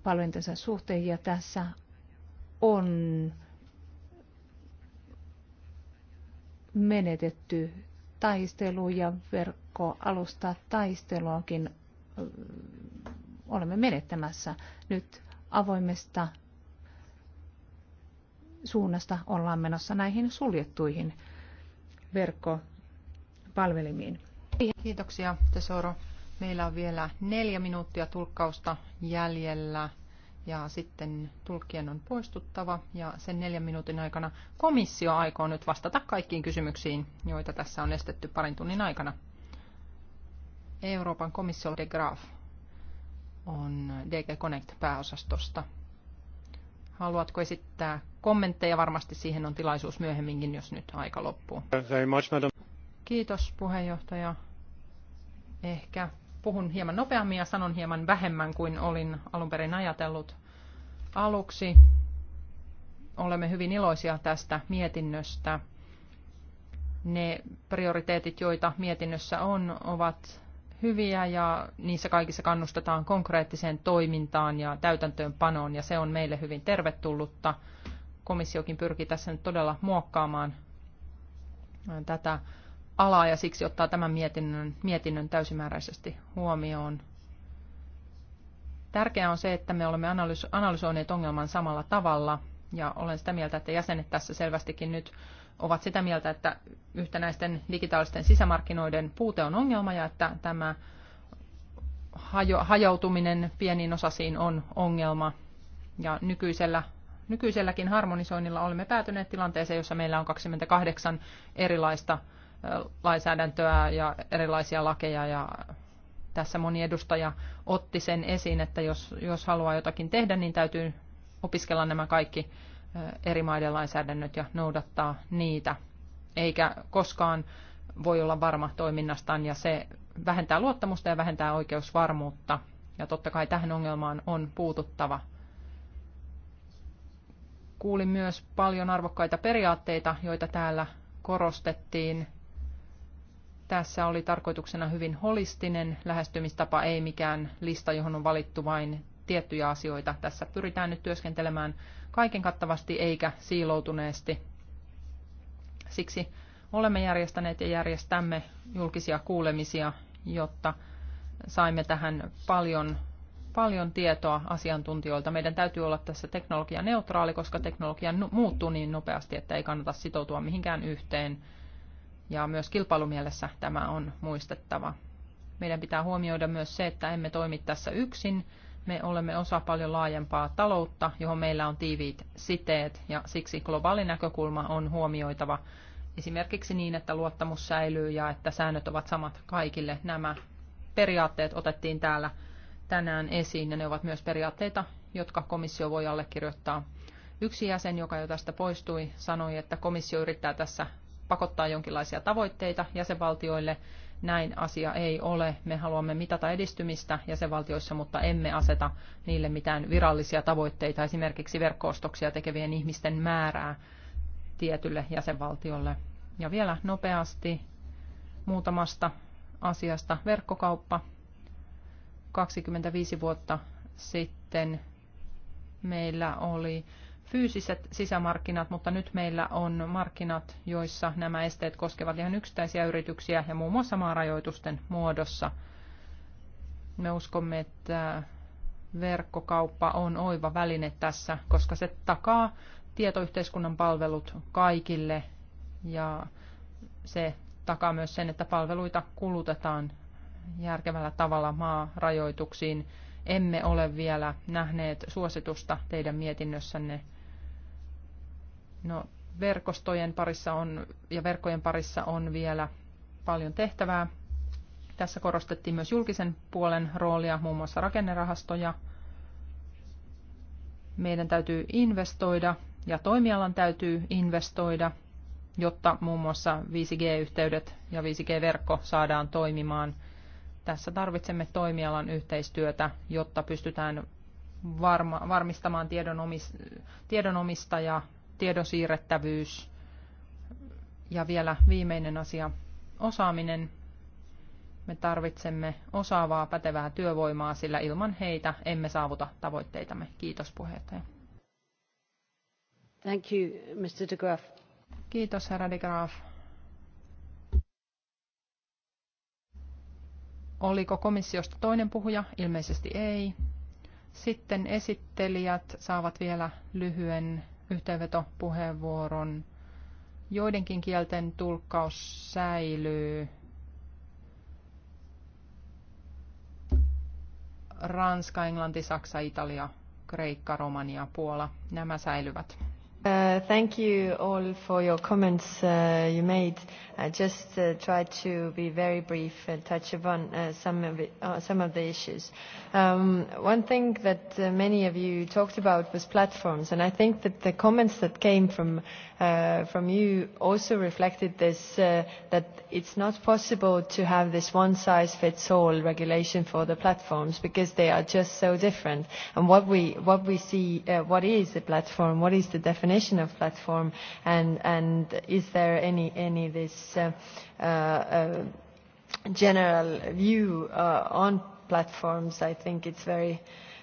palvelintensa suhteen ja tässä on menetetty taistelu ja verkkoalusta taisteluakin olemme menettämässä nyt avoimesta suunnasta ollaan menossa näihin suljettuihin verkkopalvelimiin. Kiitoksia Tesoro. Meillä on vielä neljä minuuttia tulkkausta jäljellä ja sitten tulkkien on poistuttava ja sen neljän minuutin aikana komissio aikoo nyt vastata kaikkiin kysymyksiin, joita tässä on estetty parin tunnin aikana. Euroopan komissio de Graaf on DG Connect pääosastosta. Haluatko esittää kommentteja? Varmasti siihen on tilaisuus myöhemminkin, jos nyt aika loppuu. much, Kiitos puheenjohtaja. Ehkä puhun hieman nopeammin ja sanon hieman vähemmän kuin olin alun perin ajatellut. Aluksi olemme hyvin iloisia tästä mietinnöstä. Ne prioriteetit, joita mietinnössä on, ovat hyviä ja niissä kaikissa kannustetaan konkreettiseen toimintaan ja täytäntöönpanoon ja se on meille hyvin tervetullutta. Komissiokin pyrkii tässä nyt todella muokkaamaan äh, tätä alaa ja siksi ottaa tämän mietinnön, mietinnön täysimääräisesti huomioon. Tärkeää on se, että me olemme analysoineet ongelman samalla tavalla ja olen sitä mieltä, että jäsenet tässä selvästikin nyt ovat sitä mieltä, että yhtenäisten digitaalisten sisämarkkinoiden puute on ongelma ja että tämä hajo, hajautuminen pieniin osasiin on ongelma. Ja nykyisellä, nykyiselläkin harmonisoinnilla olemme päätyneet tilanteeseen, jossa meillä on 28 erilaista lainsäädäntöä ja erilaisia lakeja ja tässä moni edustaja otti sen esiin, että jos, jos haluaa jotakin tehdä, niin täytyy opiskella nämä kaikki eri maiden lainsäädännöt ja noudattaa niitä, eikä koskaan voi olla varma toiminnastaan ja se vähentää luottamusta ja vähentää oikeusvarmuutta. Ja totta kai tähän ongelmaan on puututtava. Kuulin myös paljon arvokkaita periaatteita, joita täällä korostettiin. Tässä oli tarkoituksena hyvin holistinen lähestymistapa, ei mikään lista, johon on valittu vain tiettyjä asioita. Tässä pyritään nyt työskentelemään kaiken kattavasti eikä siiloutuneesti. Siksi olemme järjestäneet ja järjestämme julkisia kuulemisia, jotta saimme tähän paljon, paljon tietoa asiantuntijoilta. Meidän täytyy olla tässä teknologianeutraali, koska teknologia muuttuu niin nopeasti, että ei kannata sitoutua mihinkään yhteen. Ja myös kilpailumielessä tämä on muistettava. Meidän pitää huomioida myös se, että emme toimi tässä yksin. Me olemme osa paljon laajempaa taloutta, johon meillä on tiiviit siteet ja siksi globaali näkökulma on huomioitava esimerkiksi niin, että luottamus säilyy ja että säännöt ovat samat kaikille. Nämä periaatteet otettiin täällä tänään esiin ja ne ovat myös periaatteita, jotka komissio voi allekirjoittaa. Yksi jäsen, joka jo tästä poistui, sanoi, että komissio yrittää tässä pakottaa jonkinlaisia tavoitteita jäsenvaltioille näin asia ei ole. Me haluamme mitata edistymistä jäsenvaltioissa, mutta emme aseta niille mitään virallisia tavoitteita, esimerkiksi verkkoostoksia tekevien ihmisten määrää tietylle jäsenvaltiolle. Ja vielä nopeasti muutamasta asiasta. Verkkokauppa 25 vuotta sitten meillä oli fyysiset sisämarkkinat, mutta nyt meillä on markkinat, joissa nämä esteet koskevat ihan yksittäisiä yrityksiä ja muun muassa maarajoitusten muodossa. Me uskomme, että verkkokauppa on oiva väline tässä, koska se takaa tietoyhteiskunnan palvelut kaikille ja se takaa myös sen, että palveluita kulutetaan järkevällä tavalla maarajoituksiin. Emme ole vielä nähneet suositusta teidän mietinnössänne No, verkostojen parissa on, ja verkkojen parissa on vielä paljon tehtävää. Tässä korostettiin myös julkisen puolen roolia, muun muassa rakennerahastoja. Meidän täytyy investoida ja toimialan täytyy investoida, jotta muun muassa 5G-yhteydet ja 5G-verkko saadaan toimimaan. Tässä tarvitsemme toimialan yhteistyötä, jotta pystytään varma, varmistamaan tiedonomistaja tiedon siirrettävyys ja vielä viimeinen asia, osaaminen. Me tarvitsemme osaavaa, pätevää työvoimaa, sillä ilman heitä emme saavuta tavoitteitamme. Kiitos puheenjohtaja. Thank you, Mr. De Graaf. Kiitos, herra De Graaf. Oliko komissiosta toinen puhuja? Ilmeisesti ei. Sitten esittelijät saavat vielä lyhyen yhteenvetopuheenvuoron. Joidenkin kielten tulkkaus säilyy. Ranska, Englanti, Saksa, Italia, Kreikka, Romania, Puola, nämä säilyvät. Uh, thank you all for your comments uh, you made. I just uh, tried to be very brief and touch upon uh, some, of it, uh, some of the issues. Um, one thing that uh, many of you talked about was platforms, and I think that the comments that came from, uh, from you also reflected this, uh, that it's not possible to have this one-size-fits-all regulation for the platforms because they are just so different. And what we, what we see, uh, what is a platform, what is the definition definition of platform and, and is there any, any this uh, uh, general view uh, on platforms? I think it's very uh,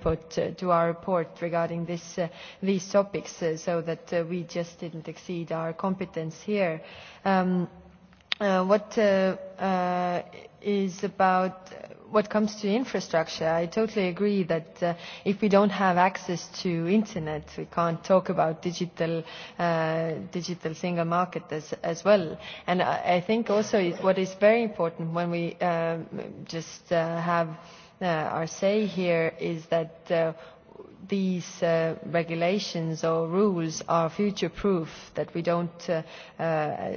input uh, to our report regarding this, uh, these topics uh, so that we just didn't exceed our competence here. Um, what is about what comes to infrastructure, I totally agree that uh, if we don't have access to internet, we can't talk about digital uh, digital single market as, as well. And I, I think also what is very important when we uh, just uh, have Uh, are saying here is that uh, these uh, regulations or rules are future proof that we don't uh, uh,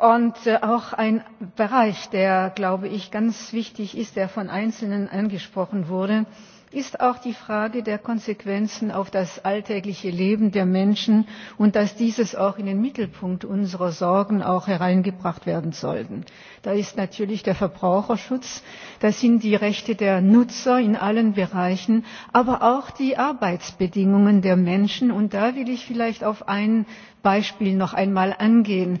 und äh, auch ein bereich der glaube ich ganz wichtig ist der von einzelnen angesprochen wurde ist auch die frage der konsequenzen auf das alltägliche leben der menschen und dass dieses auch in den mittelpunkt unserer sorgen hereingebracht werden sollte. da ist natürlich der verbraucherschutz da sind die rechte der nutzer in allen bereichen aber auch die arbeitsbedingungen der menschen und da will ich vielleicht auf ein beispiel noch einmal eingehen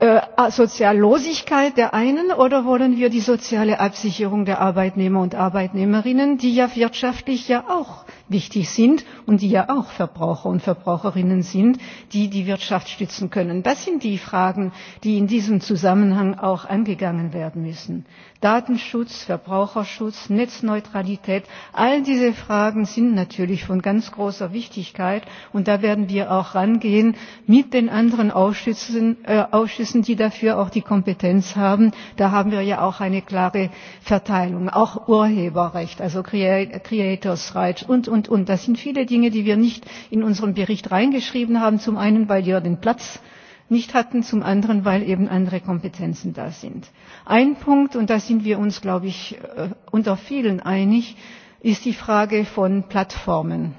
Äh, soziallosigkeit der einen oder wollen wir die soziale absicherung der arbeitnehmer und arbeitnehmerinnen die ja wirtschaftlich auch wichtig sind und die ja auch Verbraucher und Verbraucherinnen sind, die die Wirtschaft stützen können. Das sind die Fragen, die in diesem Zusammenhang auch angegangen werden müssen. Datenschutz, Verbraucherschutz, Netzneutralität, all diese Fragen sind natürlich von ganz großer Wichtigkeit und da werden wir auch rangehen mit den anderen Ausschüssen, äh, Ausschüssen die dafür auch die Kompetenz haben. Da haben wir ja auch eine klare Verteilung, auch Urheberrecht, also Creators Rights und, und und und. das sind viele dinge die wir nicht in unseren bericht reingeschrieben haben zum einen weil wir den platz nicht hatten zum anderen weil eben andere kompetenzen da sind. ein punkt und da sind wir uns glaube ich äh, unter vielen einig ist die frage von plattformen.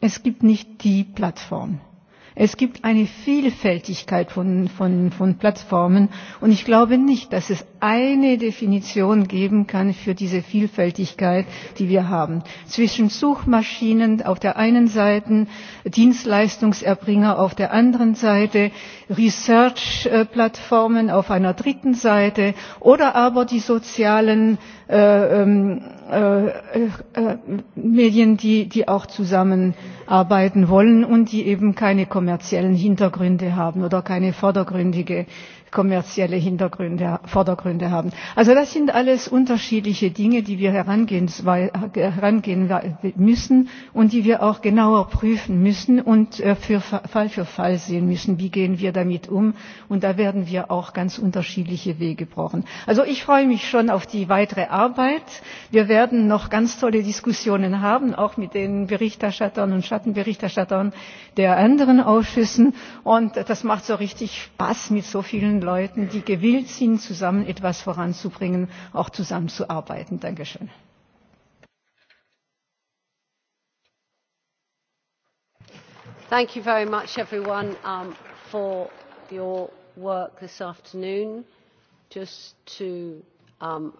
es gibt nicht die plattform. Es gibt eine Vielfältigkeit von, von, von Plattformen und ich glaube nicht, dass es eine Definition geben kann für diese Vielfältigkeit, die wir haben. Zwischen Suchmaschinen auf der einen Seite, Dienstleistungserbringer auf der anderen Seite, Research-Plattformen äh, auf einer dritten Seite oder aber die sozialen äh, Äh, ähm, äh, äh, medien die, die auch zusammenarbeiten wollen und die eben keine kommerziellen hintergründe haben oder keine vordergründige äh, kommerzielle Hintergründe, Vordergründe haben. Also das sind alles unterschiedliche Dinge, die wir herangehen, herangehen müssen und die wir auch genauer prüfen müssen und äh, für Fall für Fall sehen müssen, wie gehen wir damit um. Und da werden wir auch ganz unterschiedliche Wege brauchen. Also ich freue mich schon auf die weitere Arbeit. Wir werden noch ganz tolle Diskussionen haben, auch mit den Berichterstattern und Schattenberichterstattern der anderen Ausschüssen. Und das macht so richtig Spaß, mit so vielen den Leuten, die gewillt sind, zusammen etwas voranzubringen, auch zusammenzuarbeiten. Dankeschön. Thank you very much, everyone, um, for your work this afternoon. Just to um,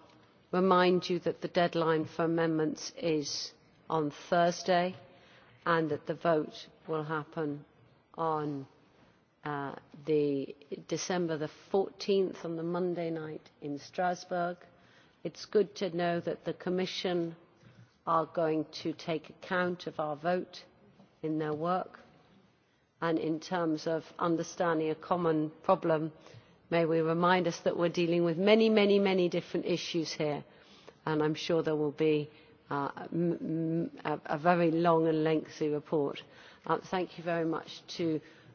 remind you that the deadline for amendments is on Thursday and that the vote will happen on Thursday uh, the December the 14th on the Monday night in Strasbourg. It's good to know that the Commission are going to take account of our vote in their work and in terms of understanding a common problem may we remind us that we are dealing with many many many different issues here and i am sure there will be uh, a very long and lengthy report. Uh, thank you very much to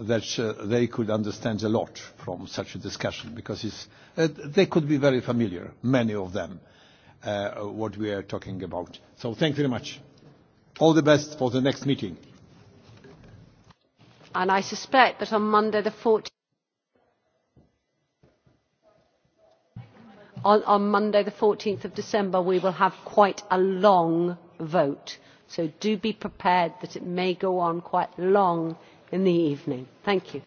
that uh, they could understand a lot from such a discussion because it's, uh, they could be very familiar, many of them, uh, what we are talking about. So thank you very much. All the best for the next meeting. And I suspect that on Monday the 14th, on, on Monday the 14th of December we will have quite a long vote. So do be prepared that it may go on quite long in the evening. thank you.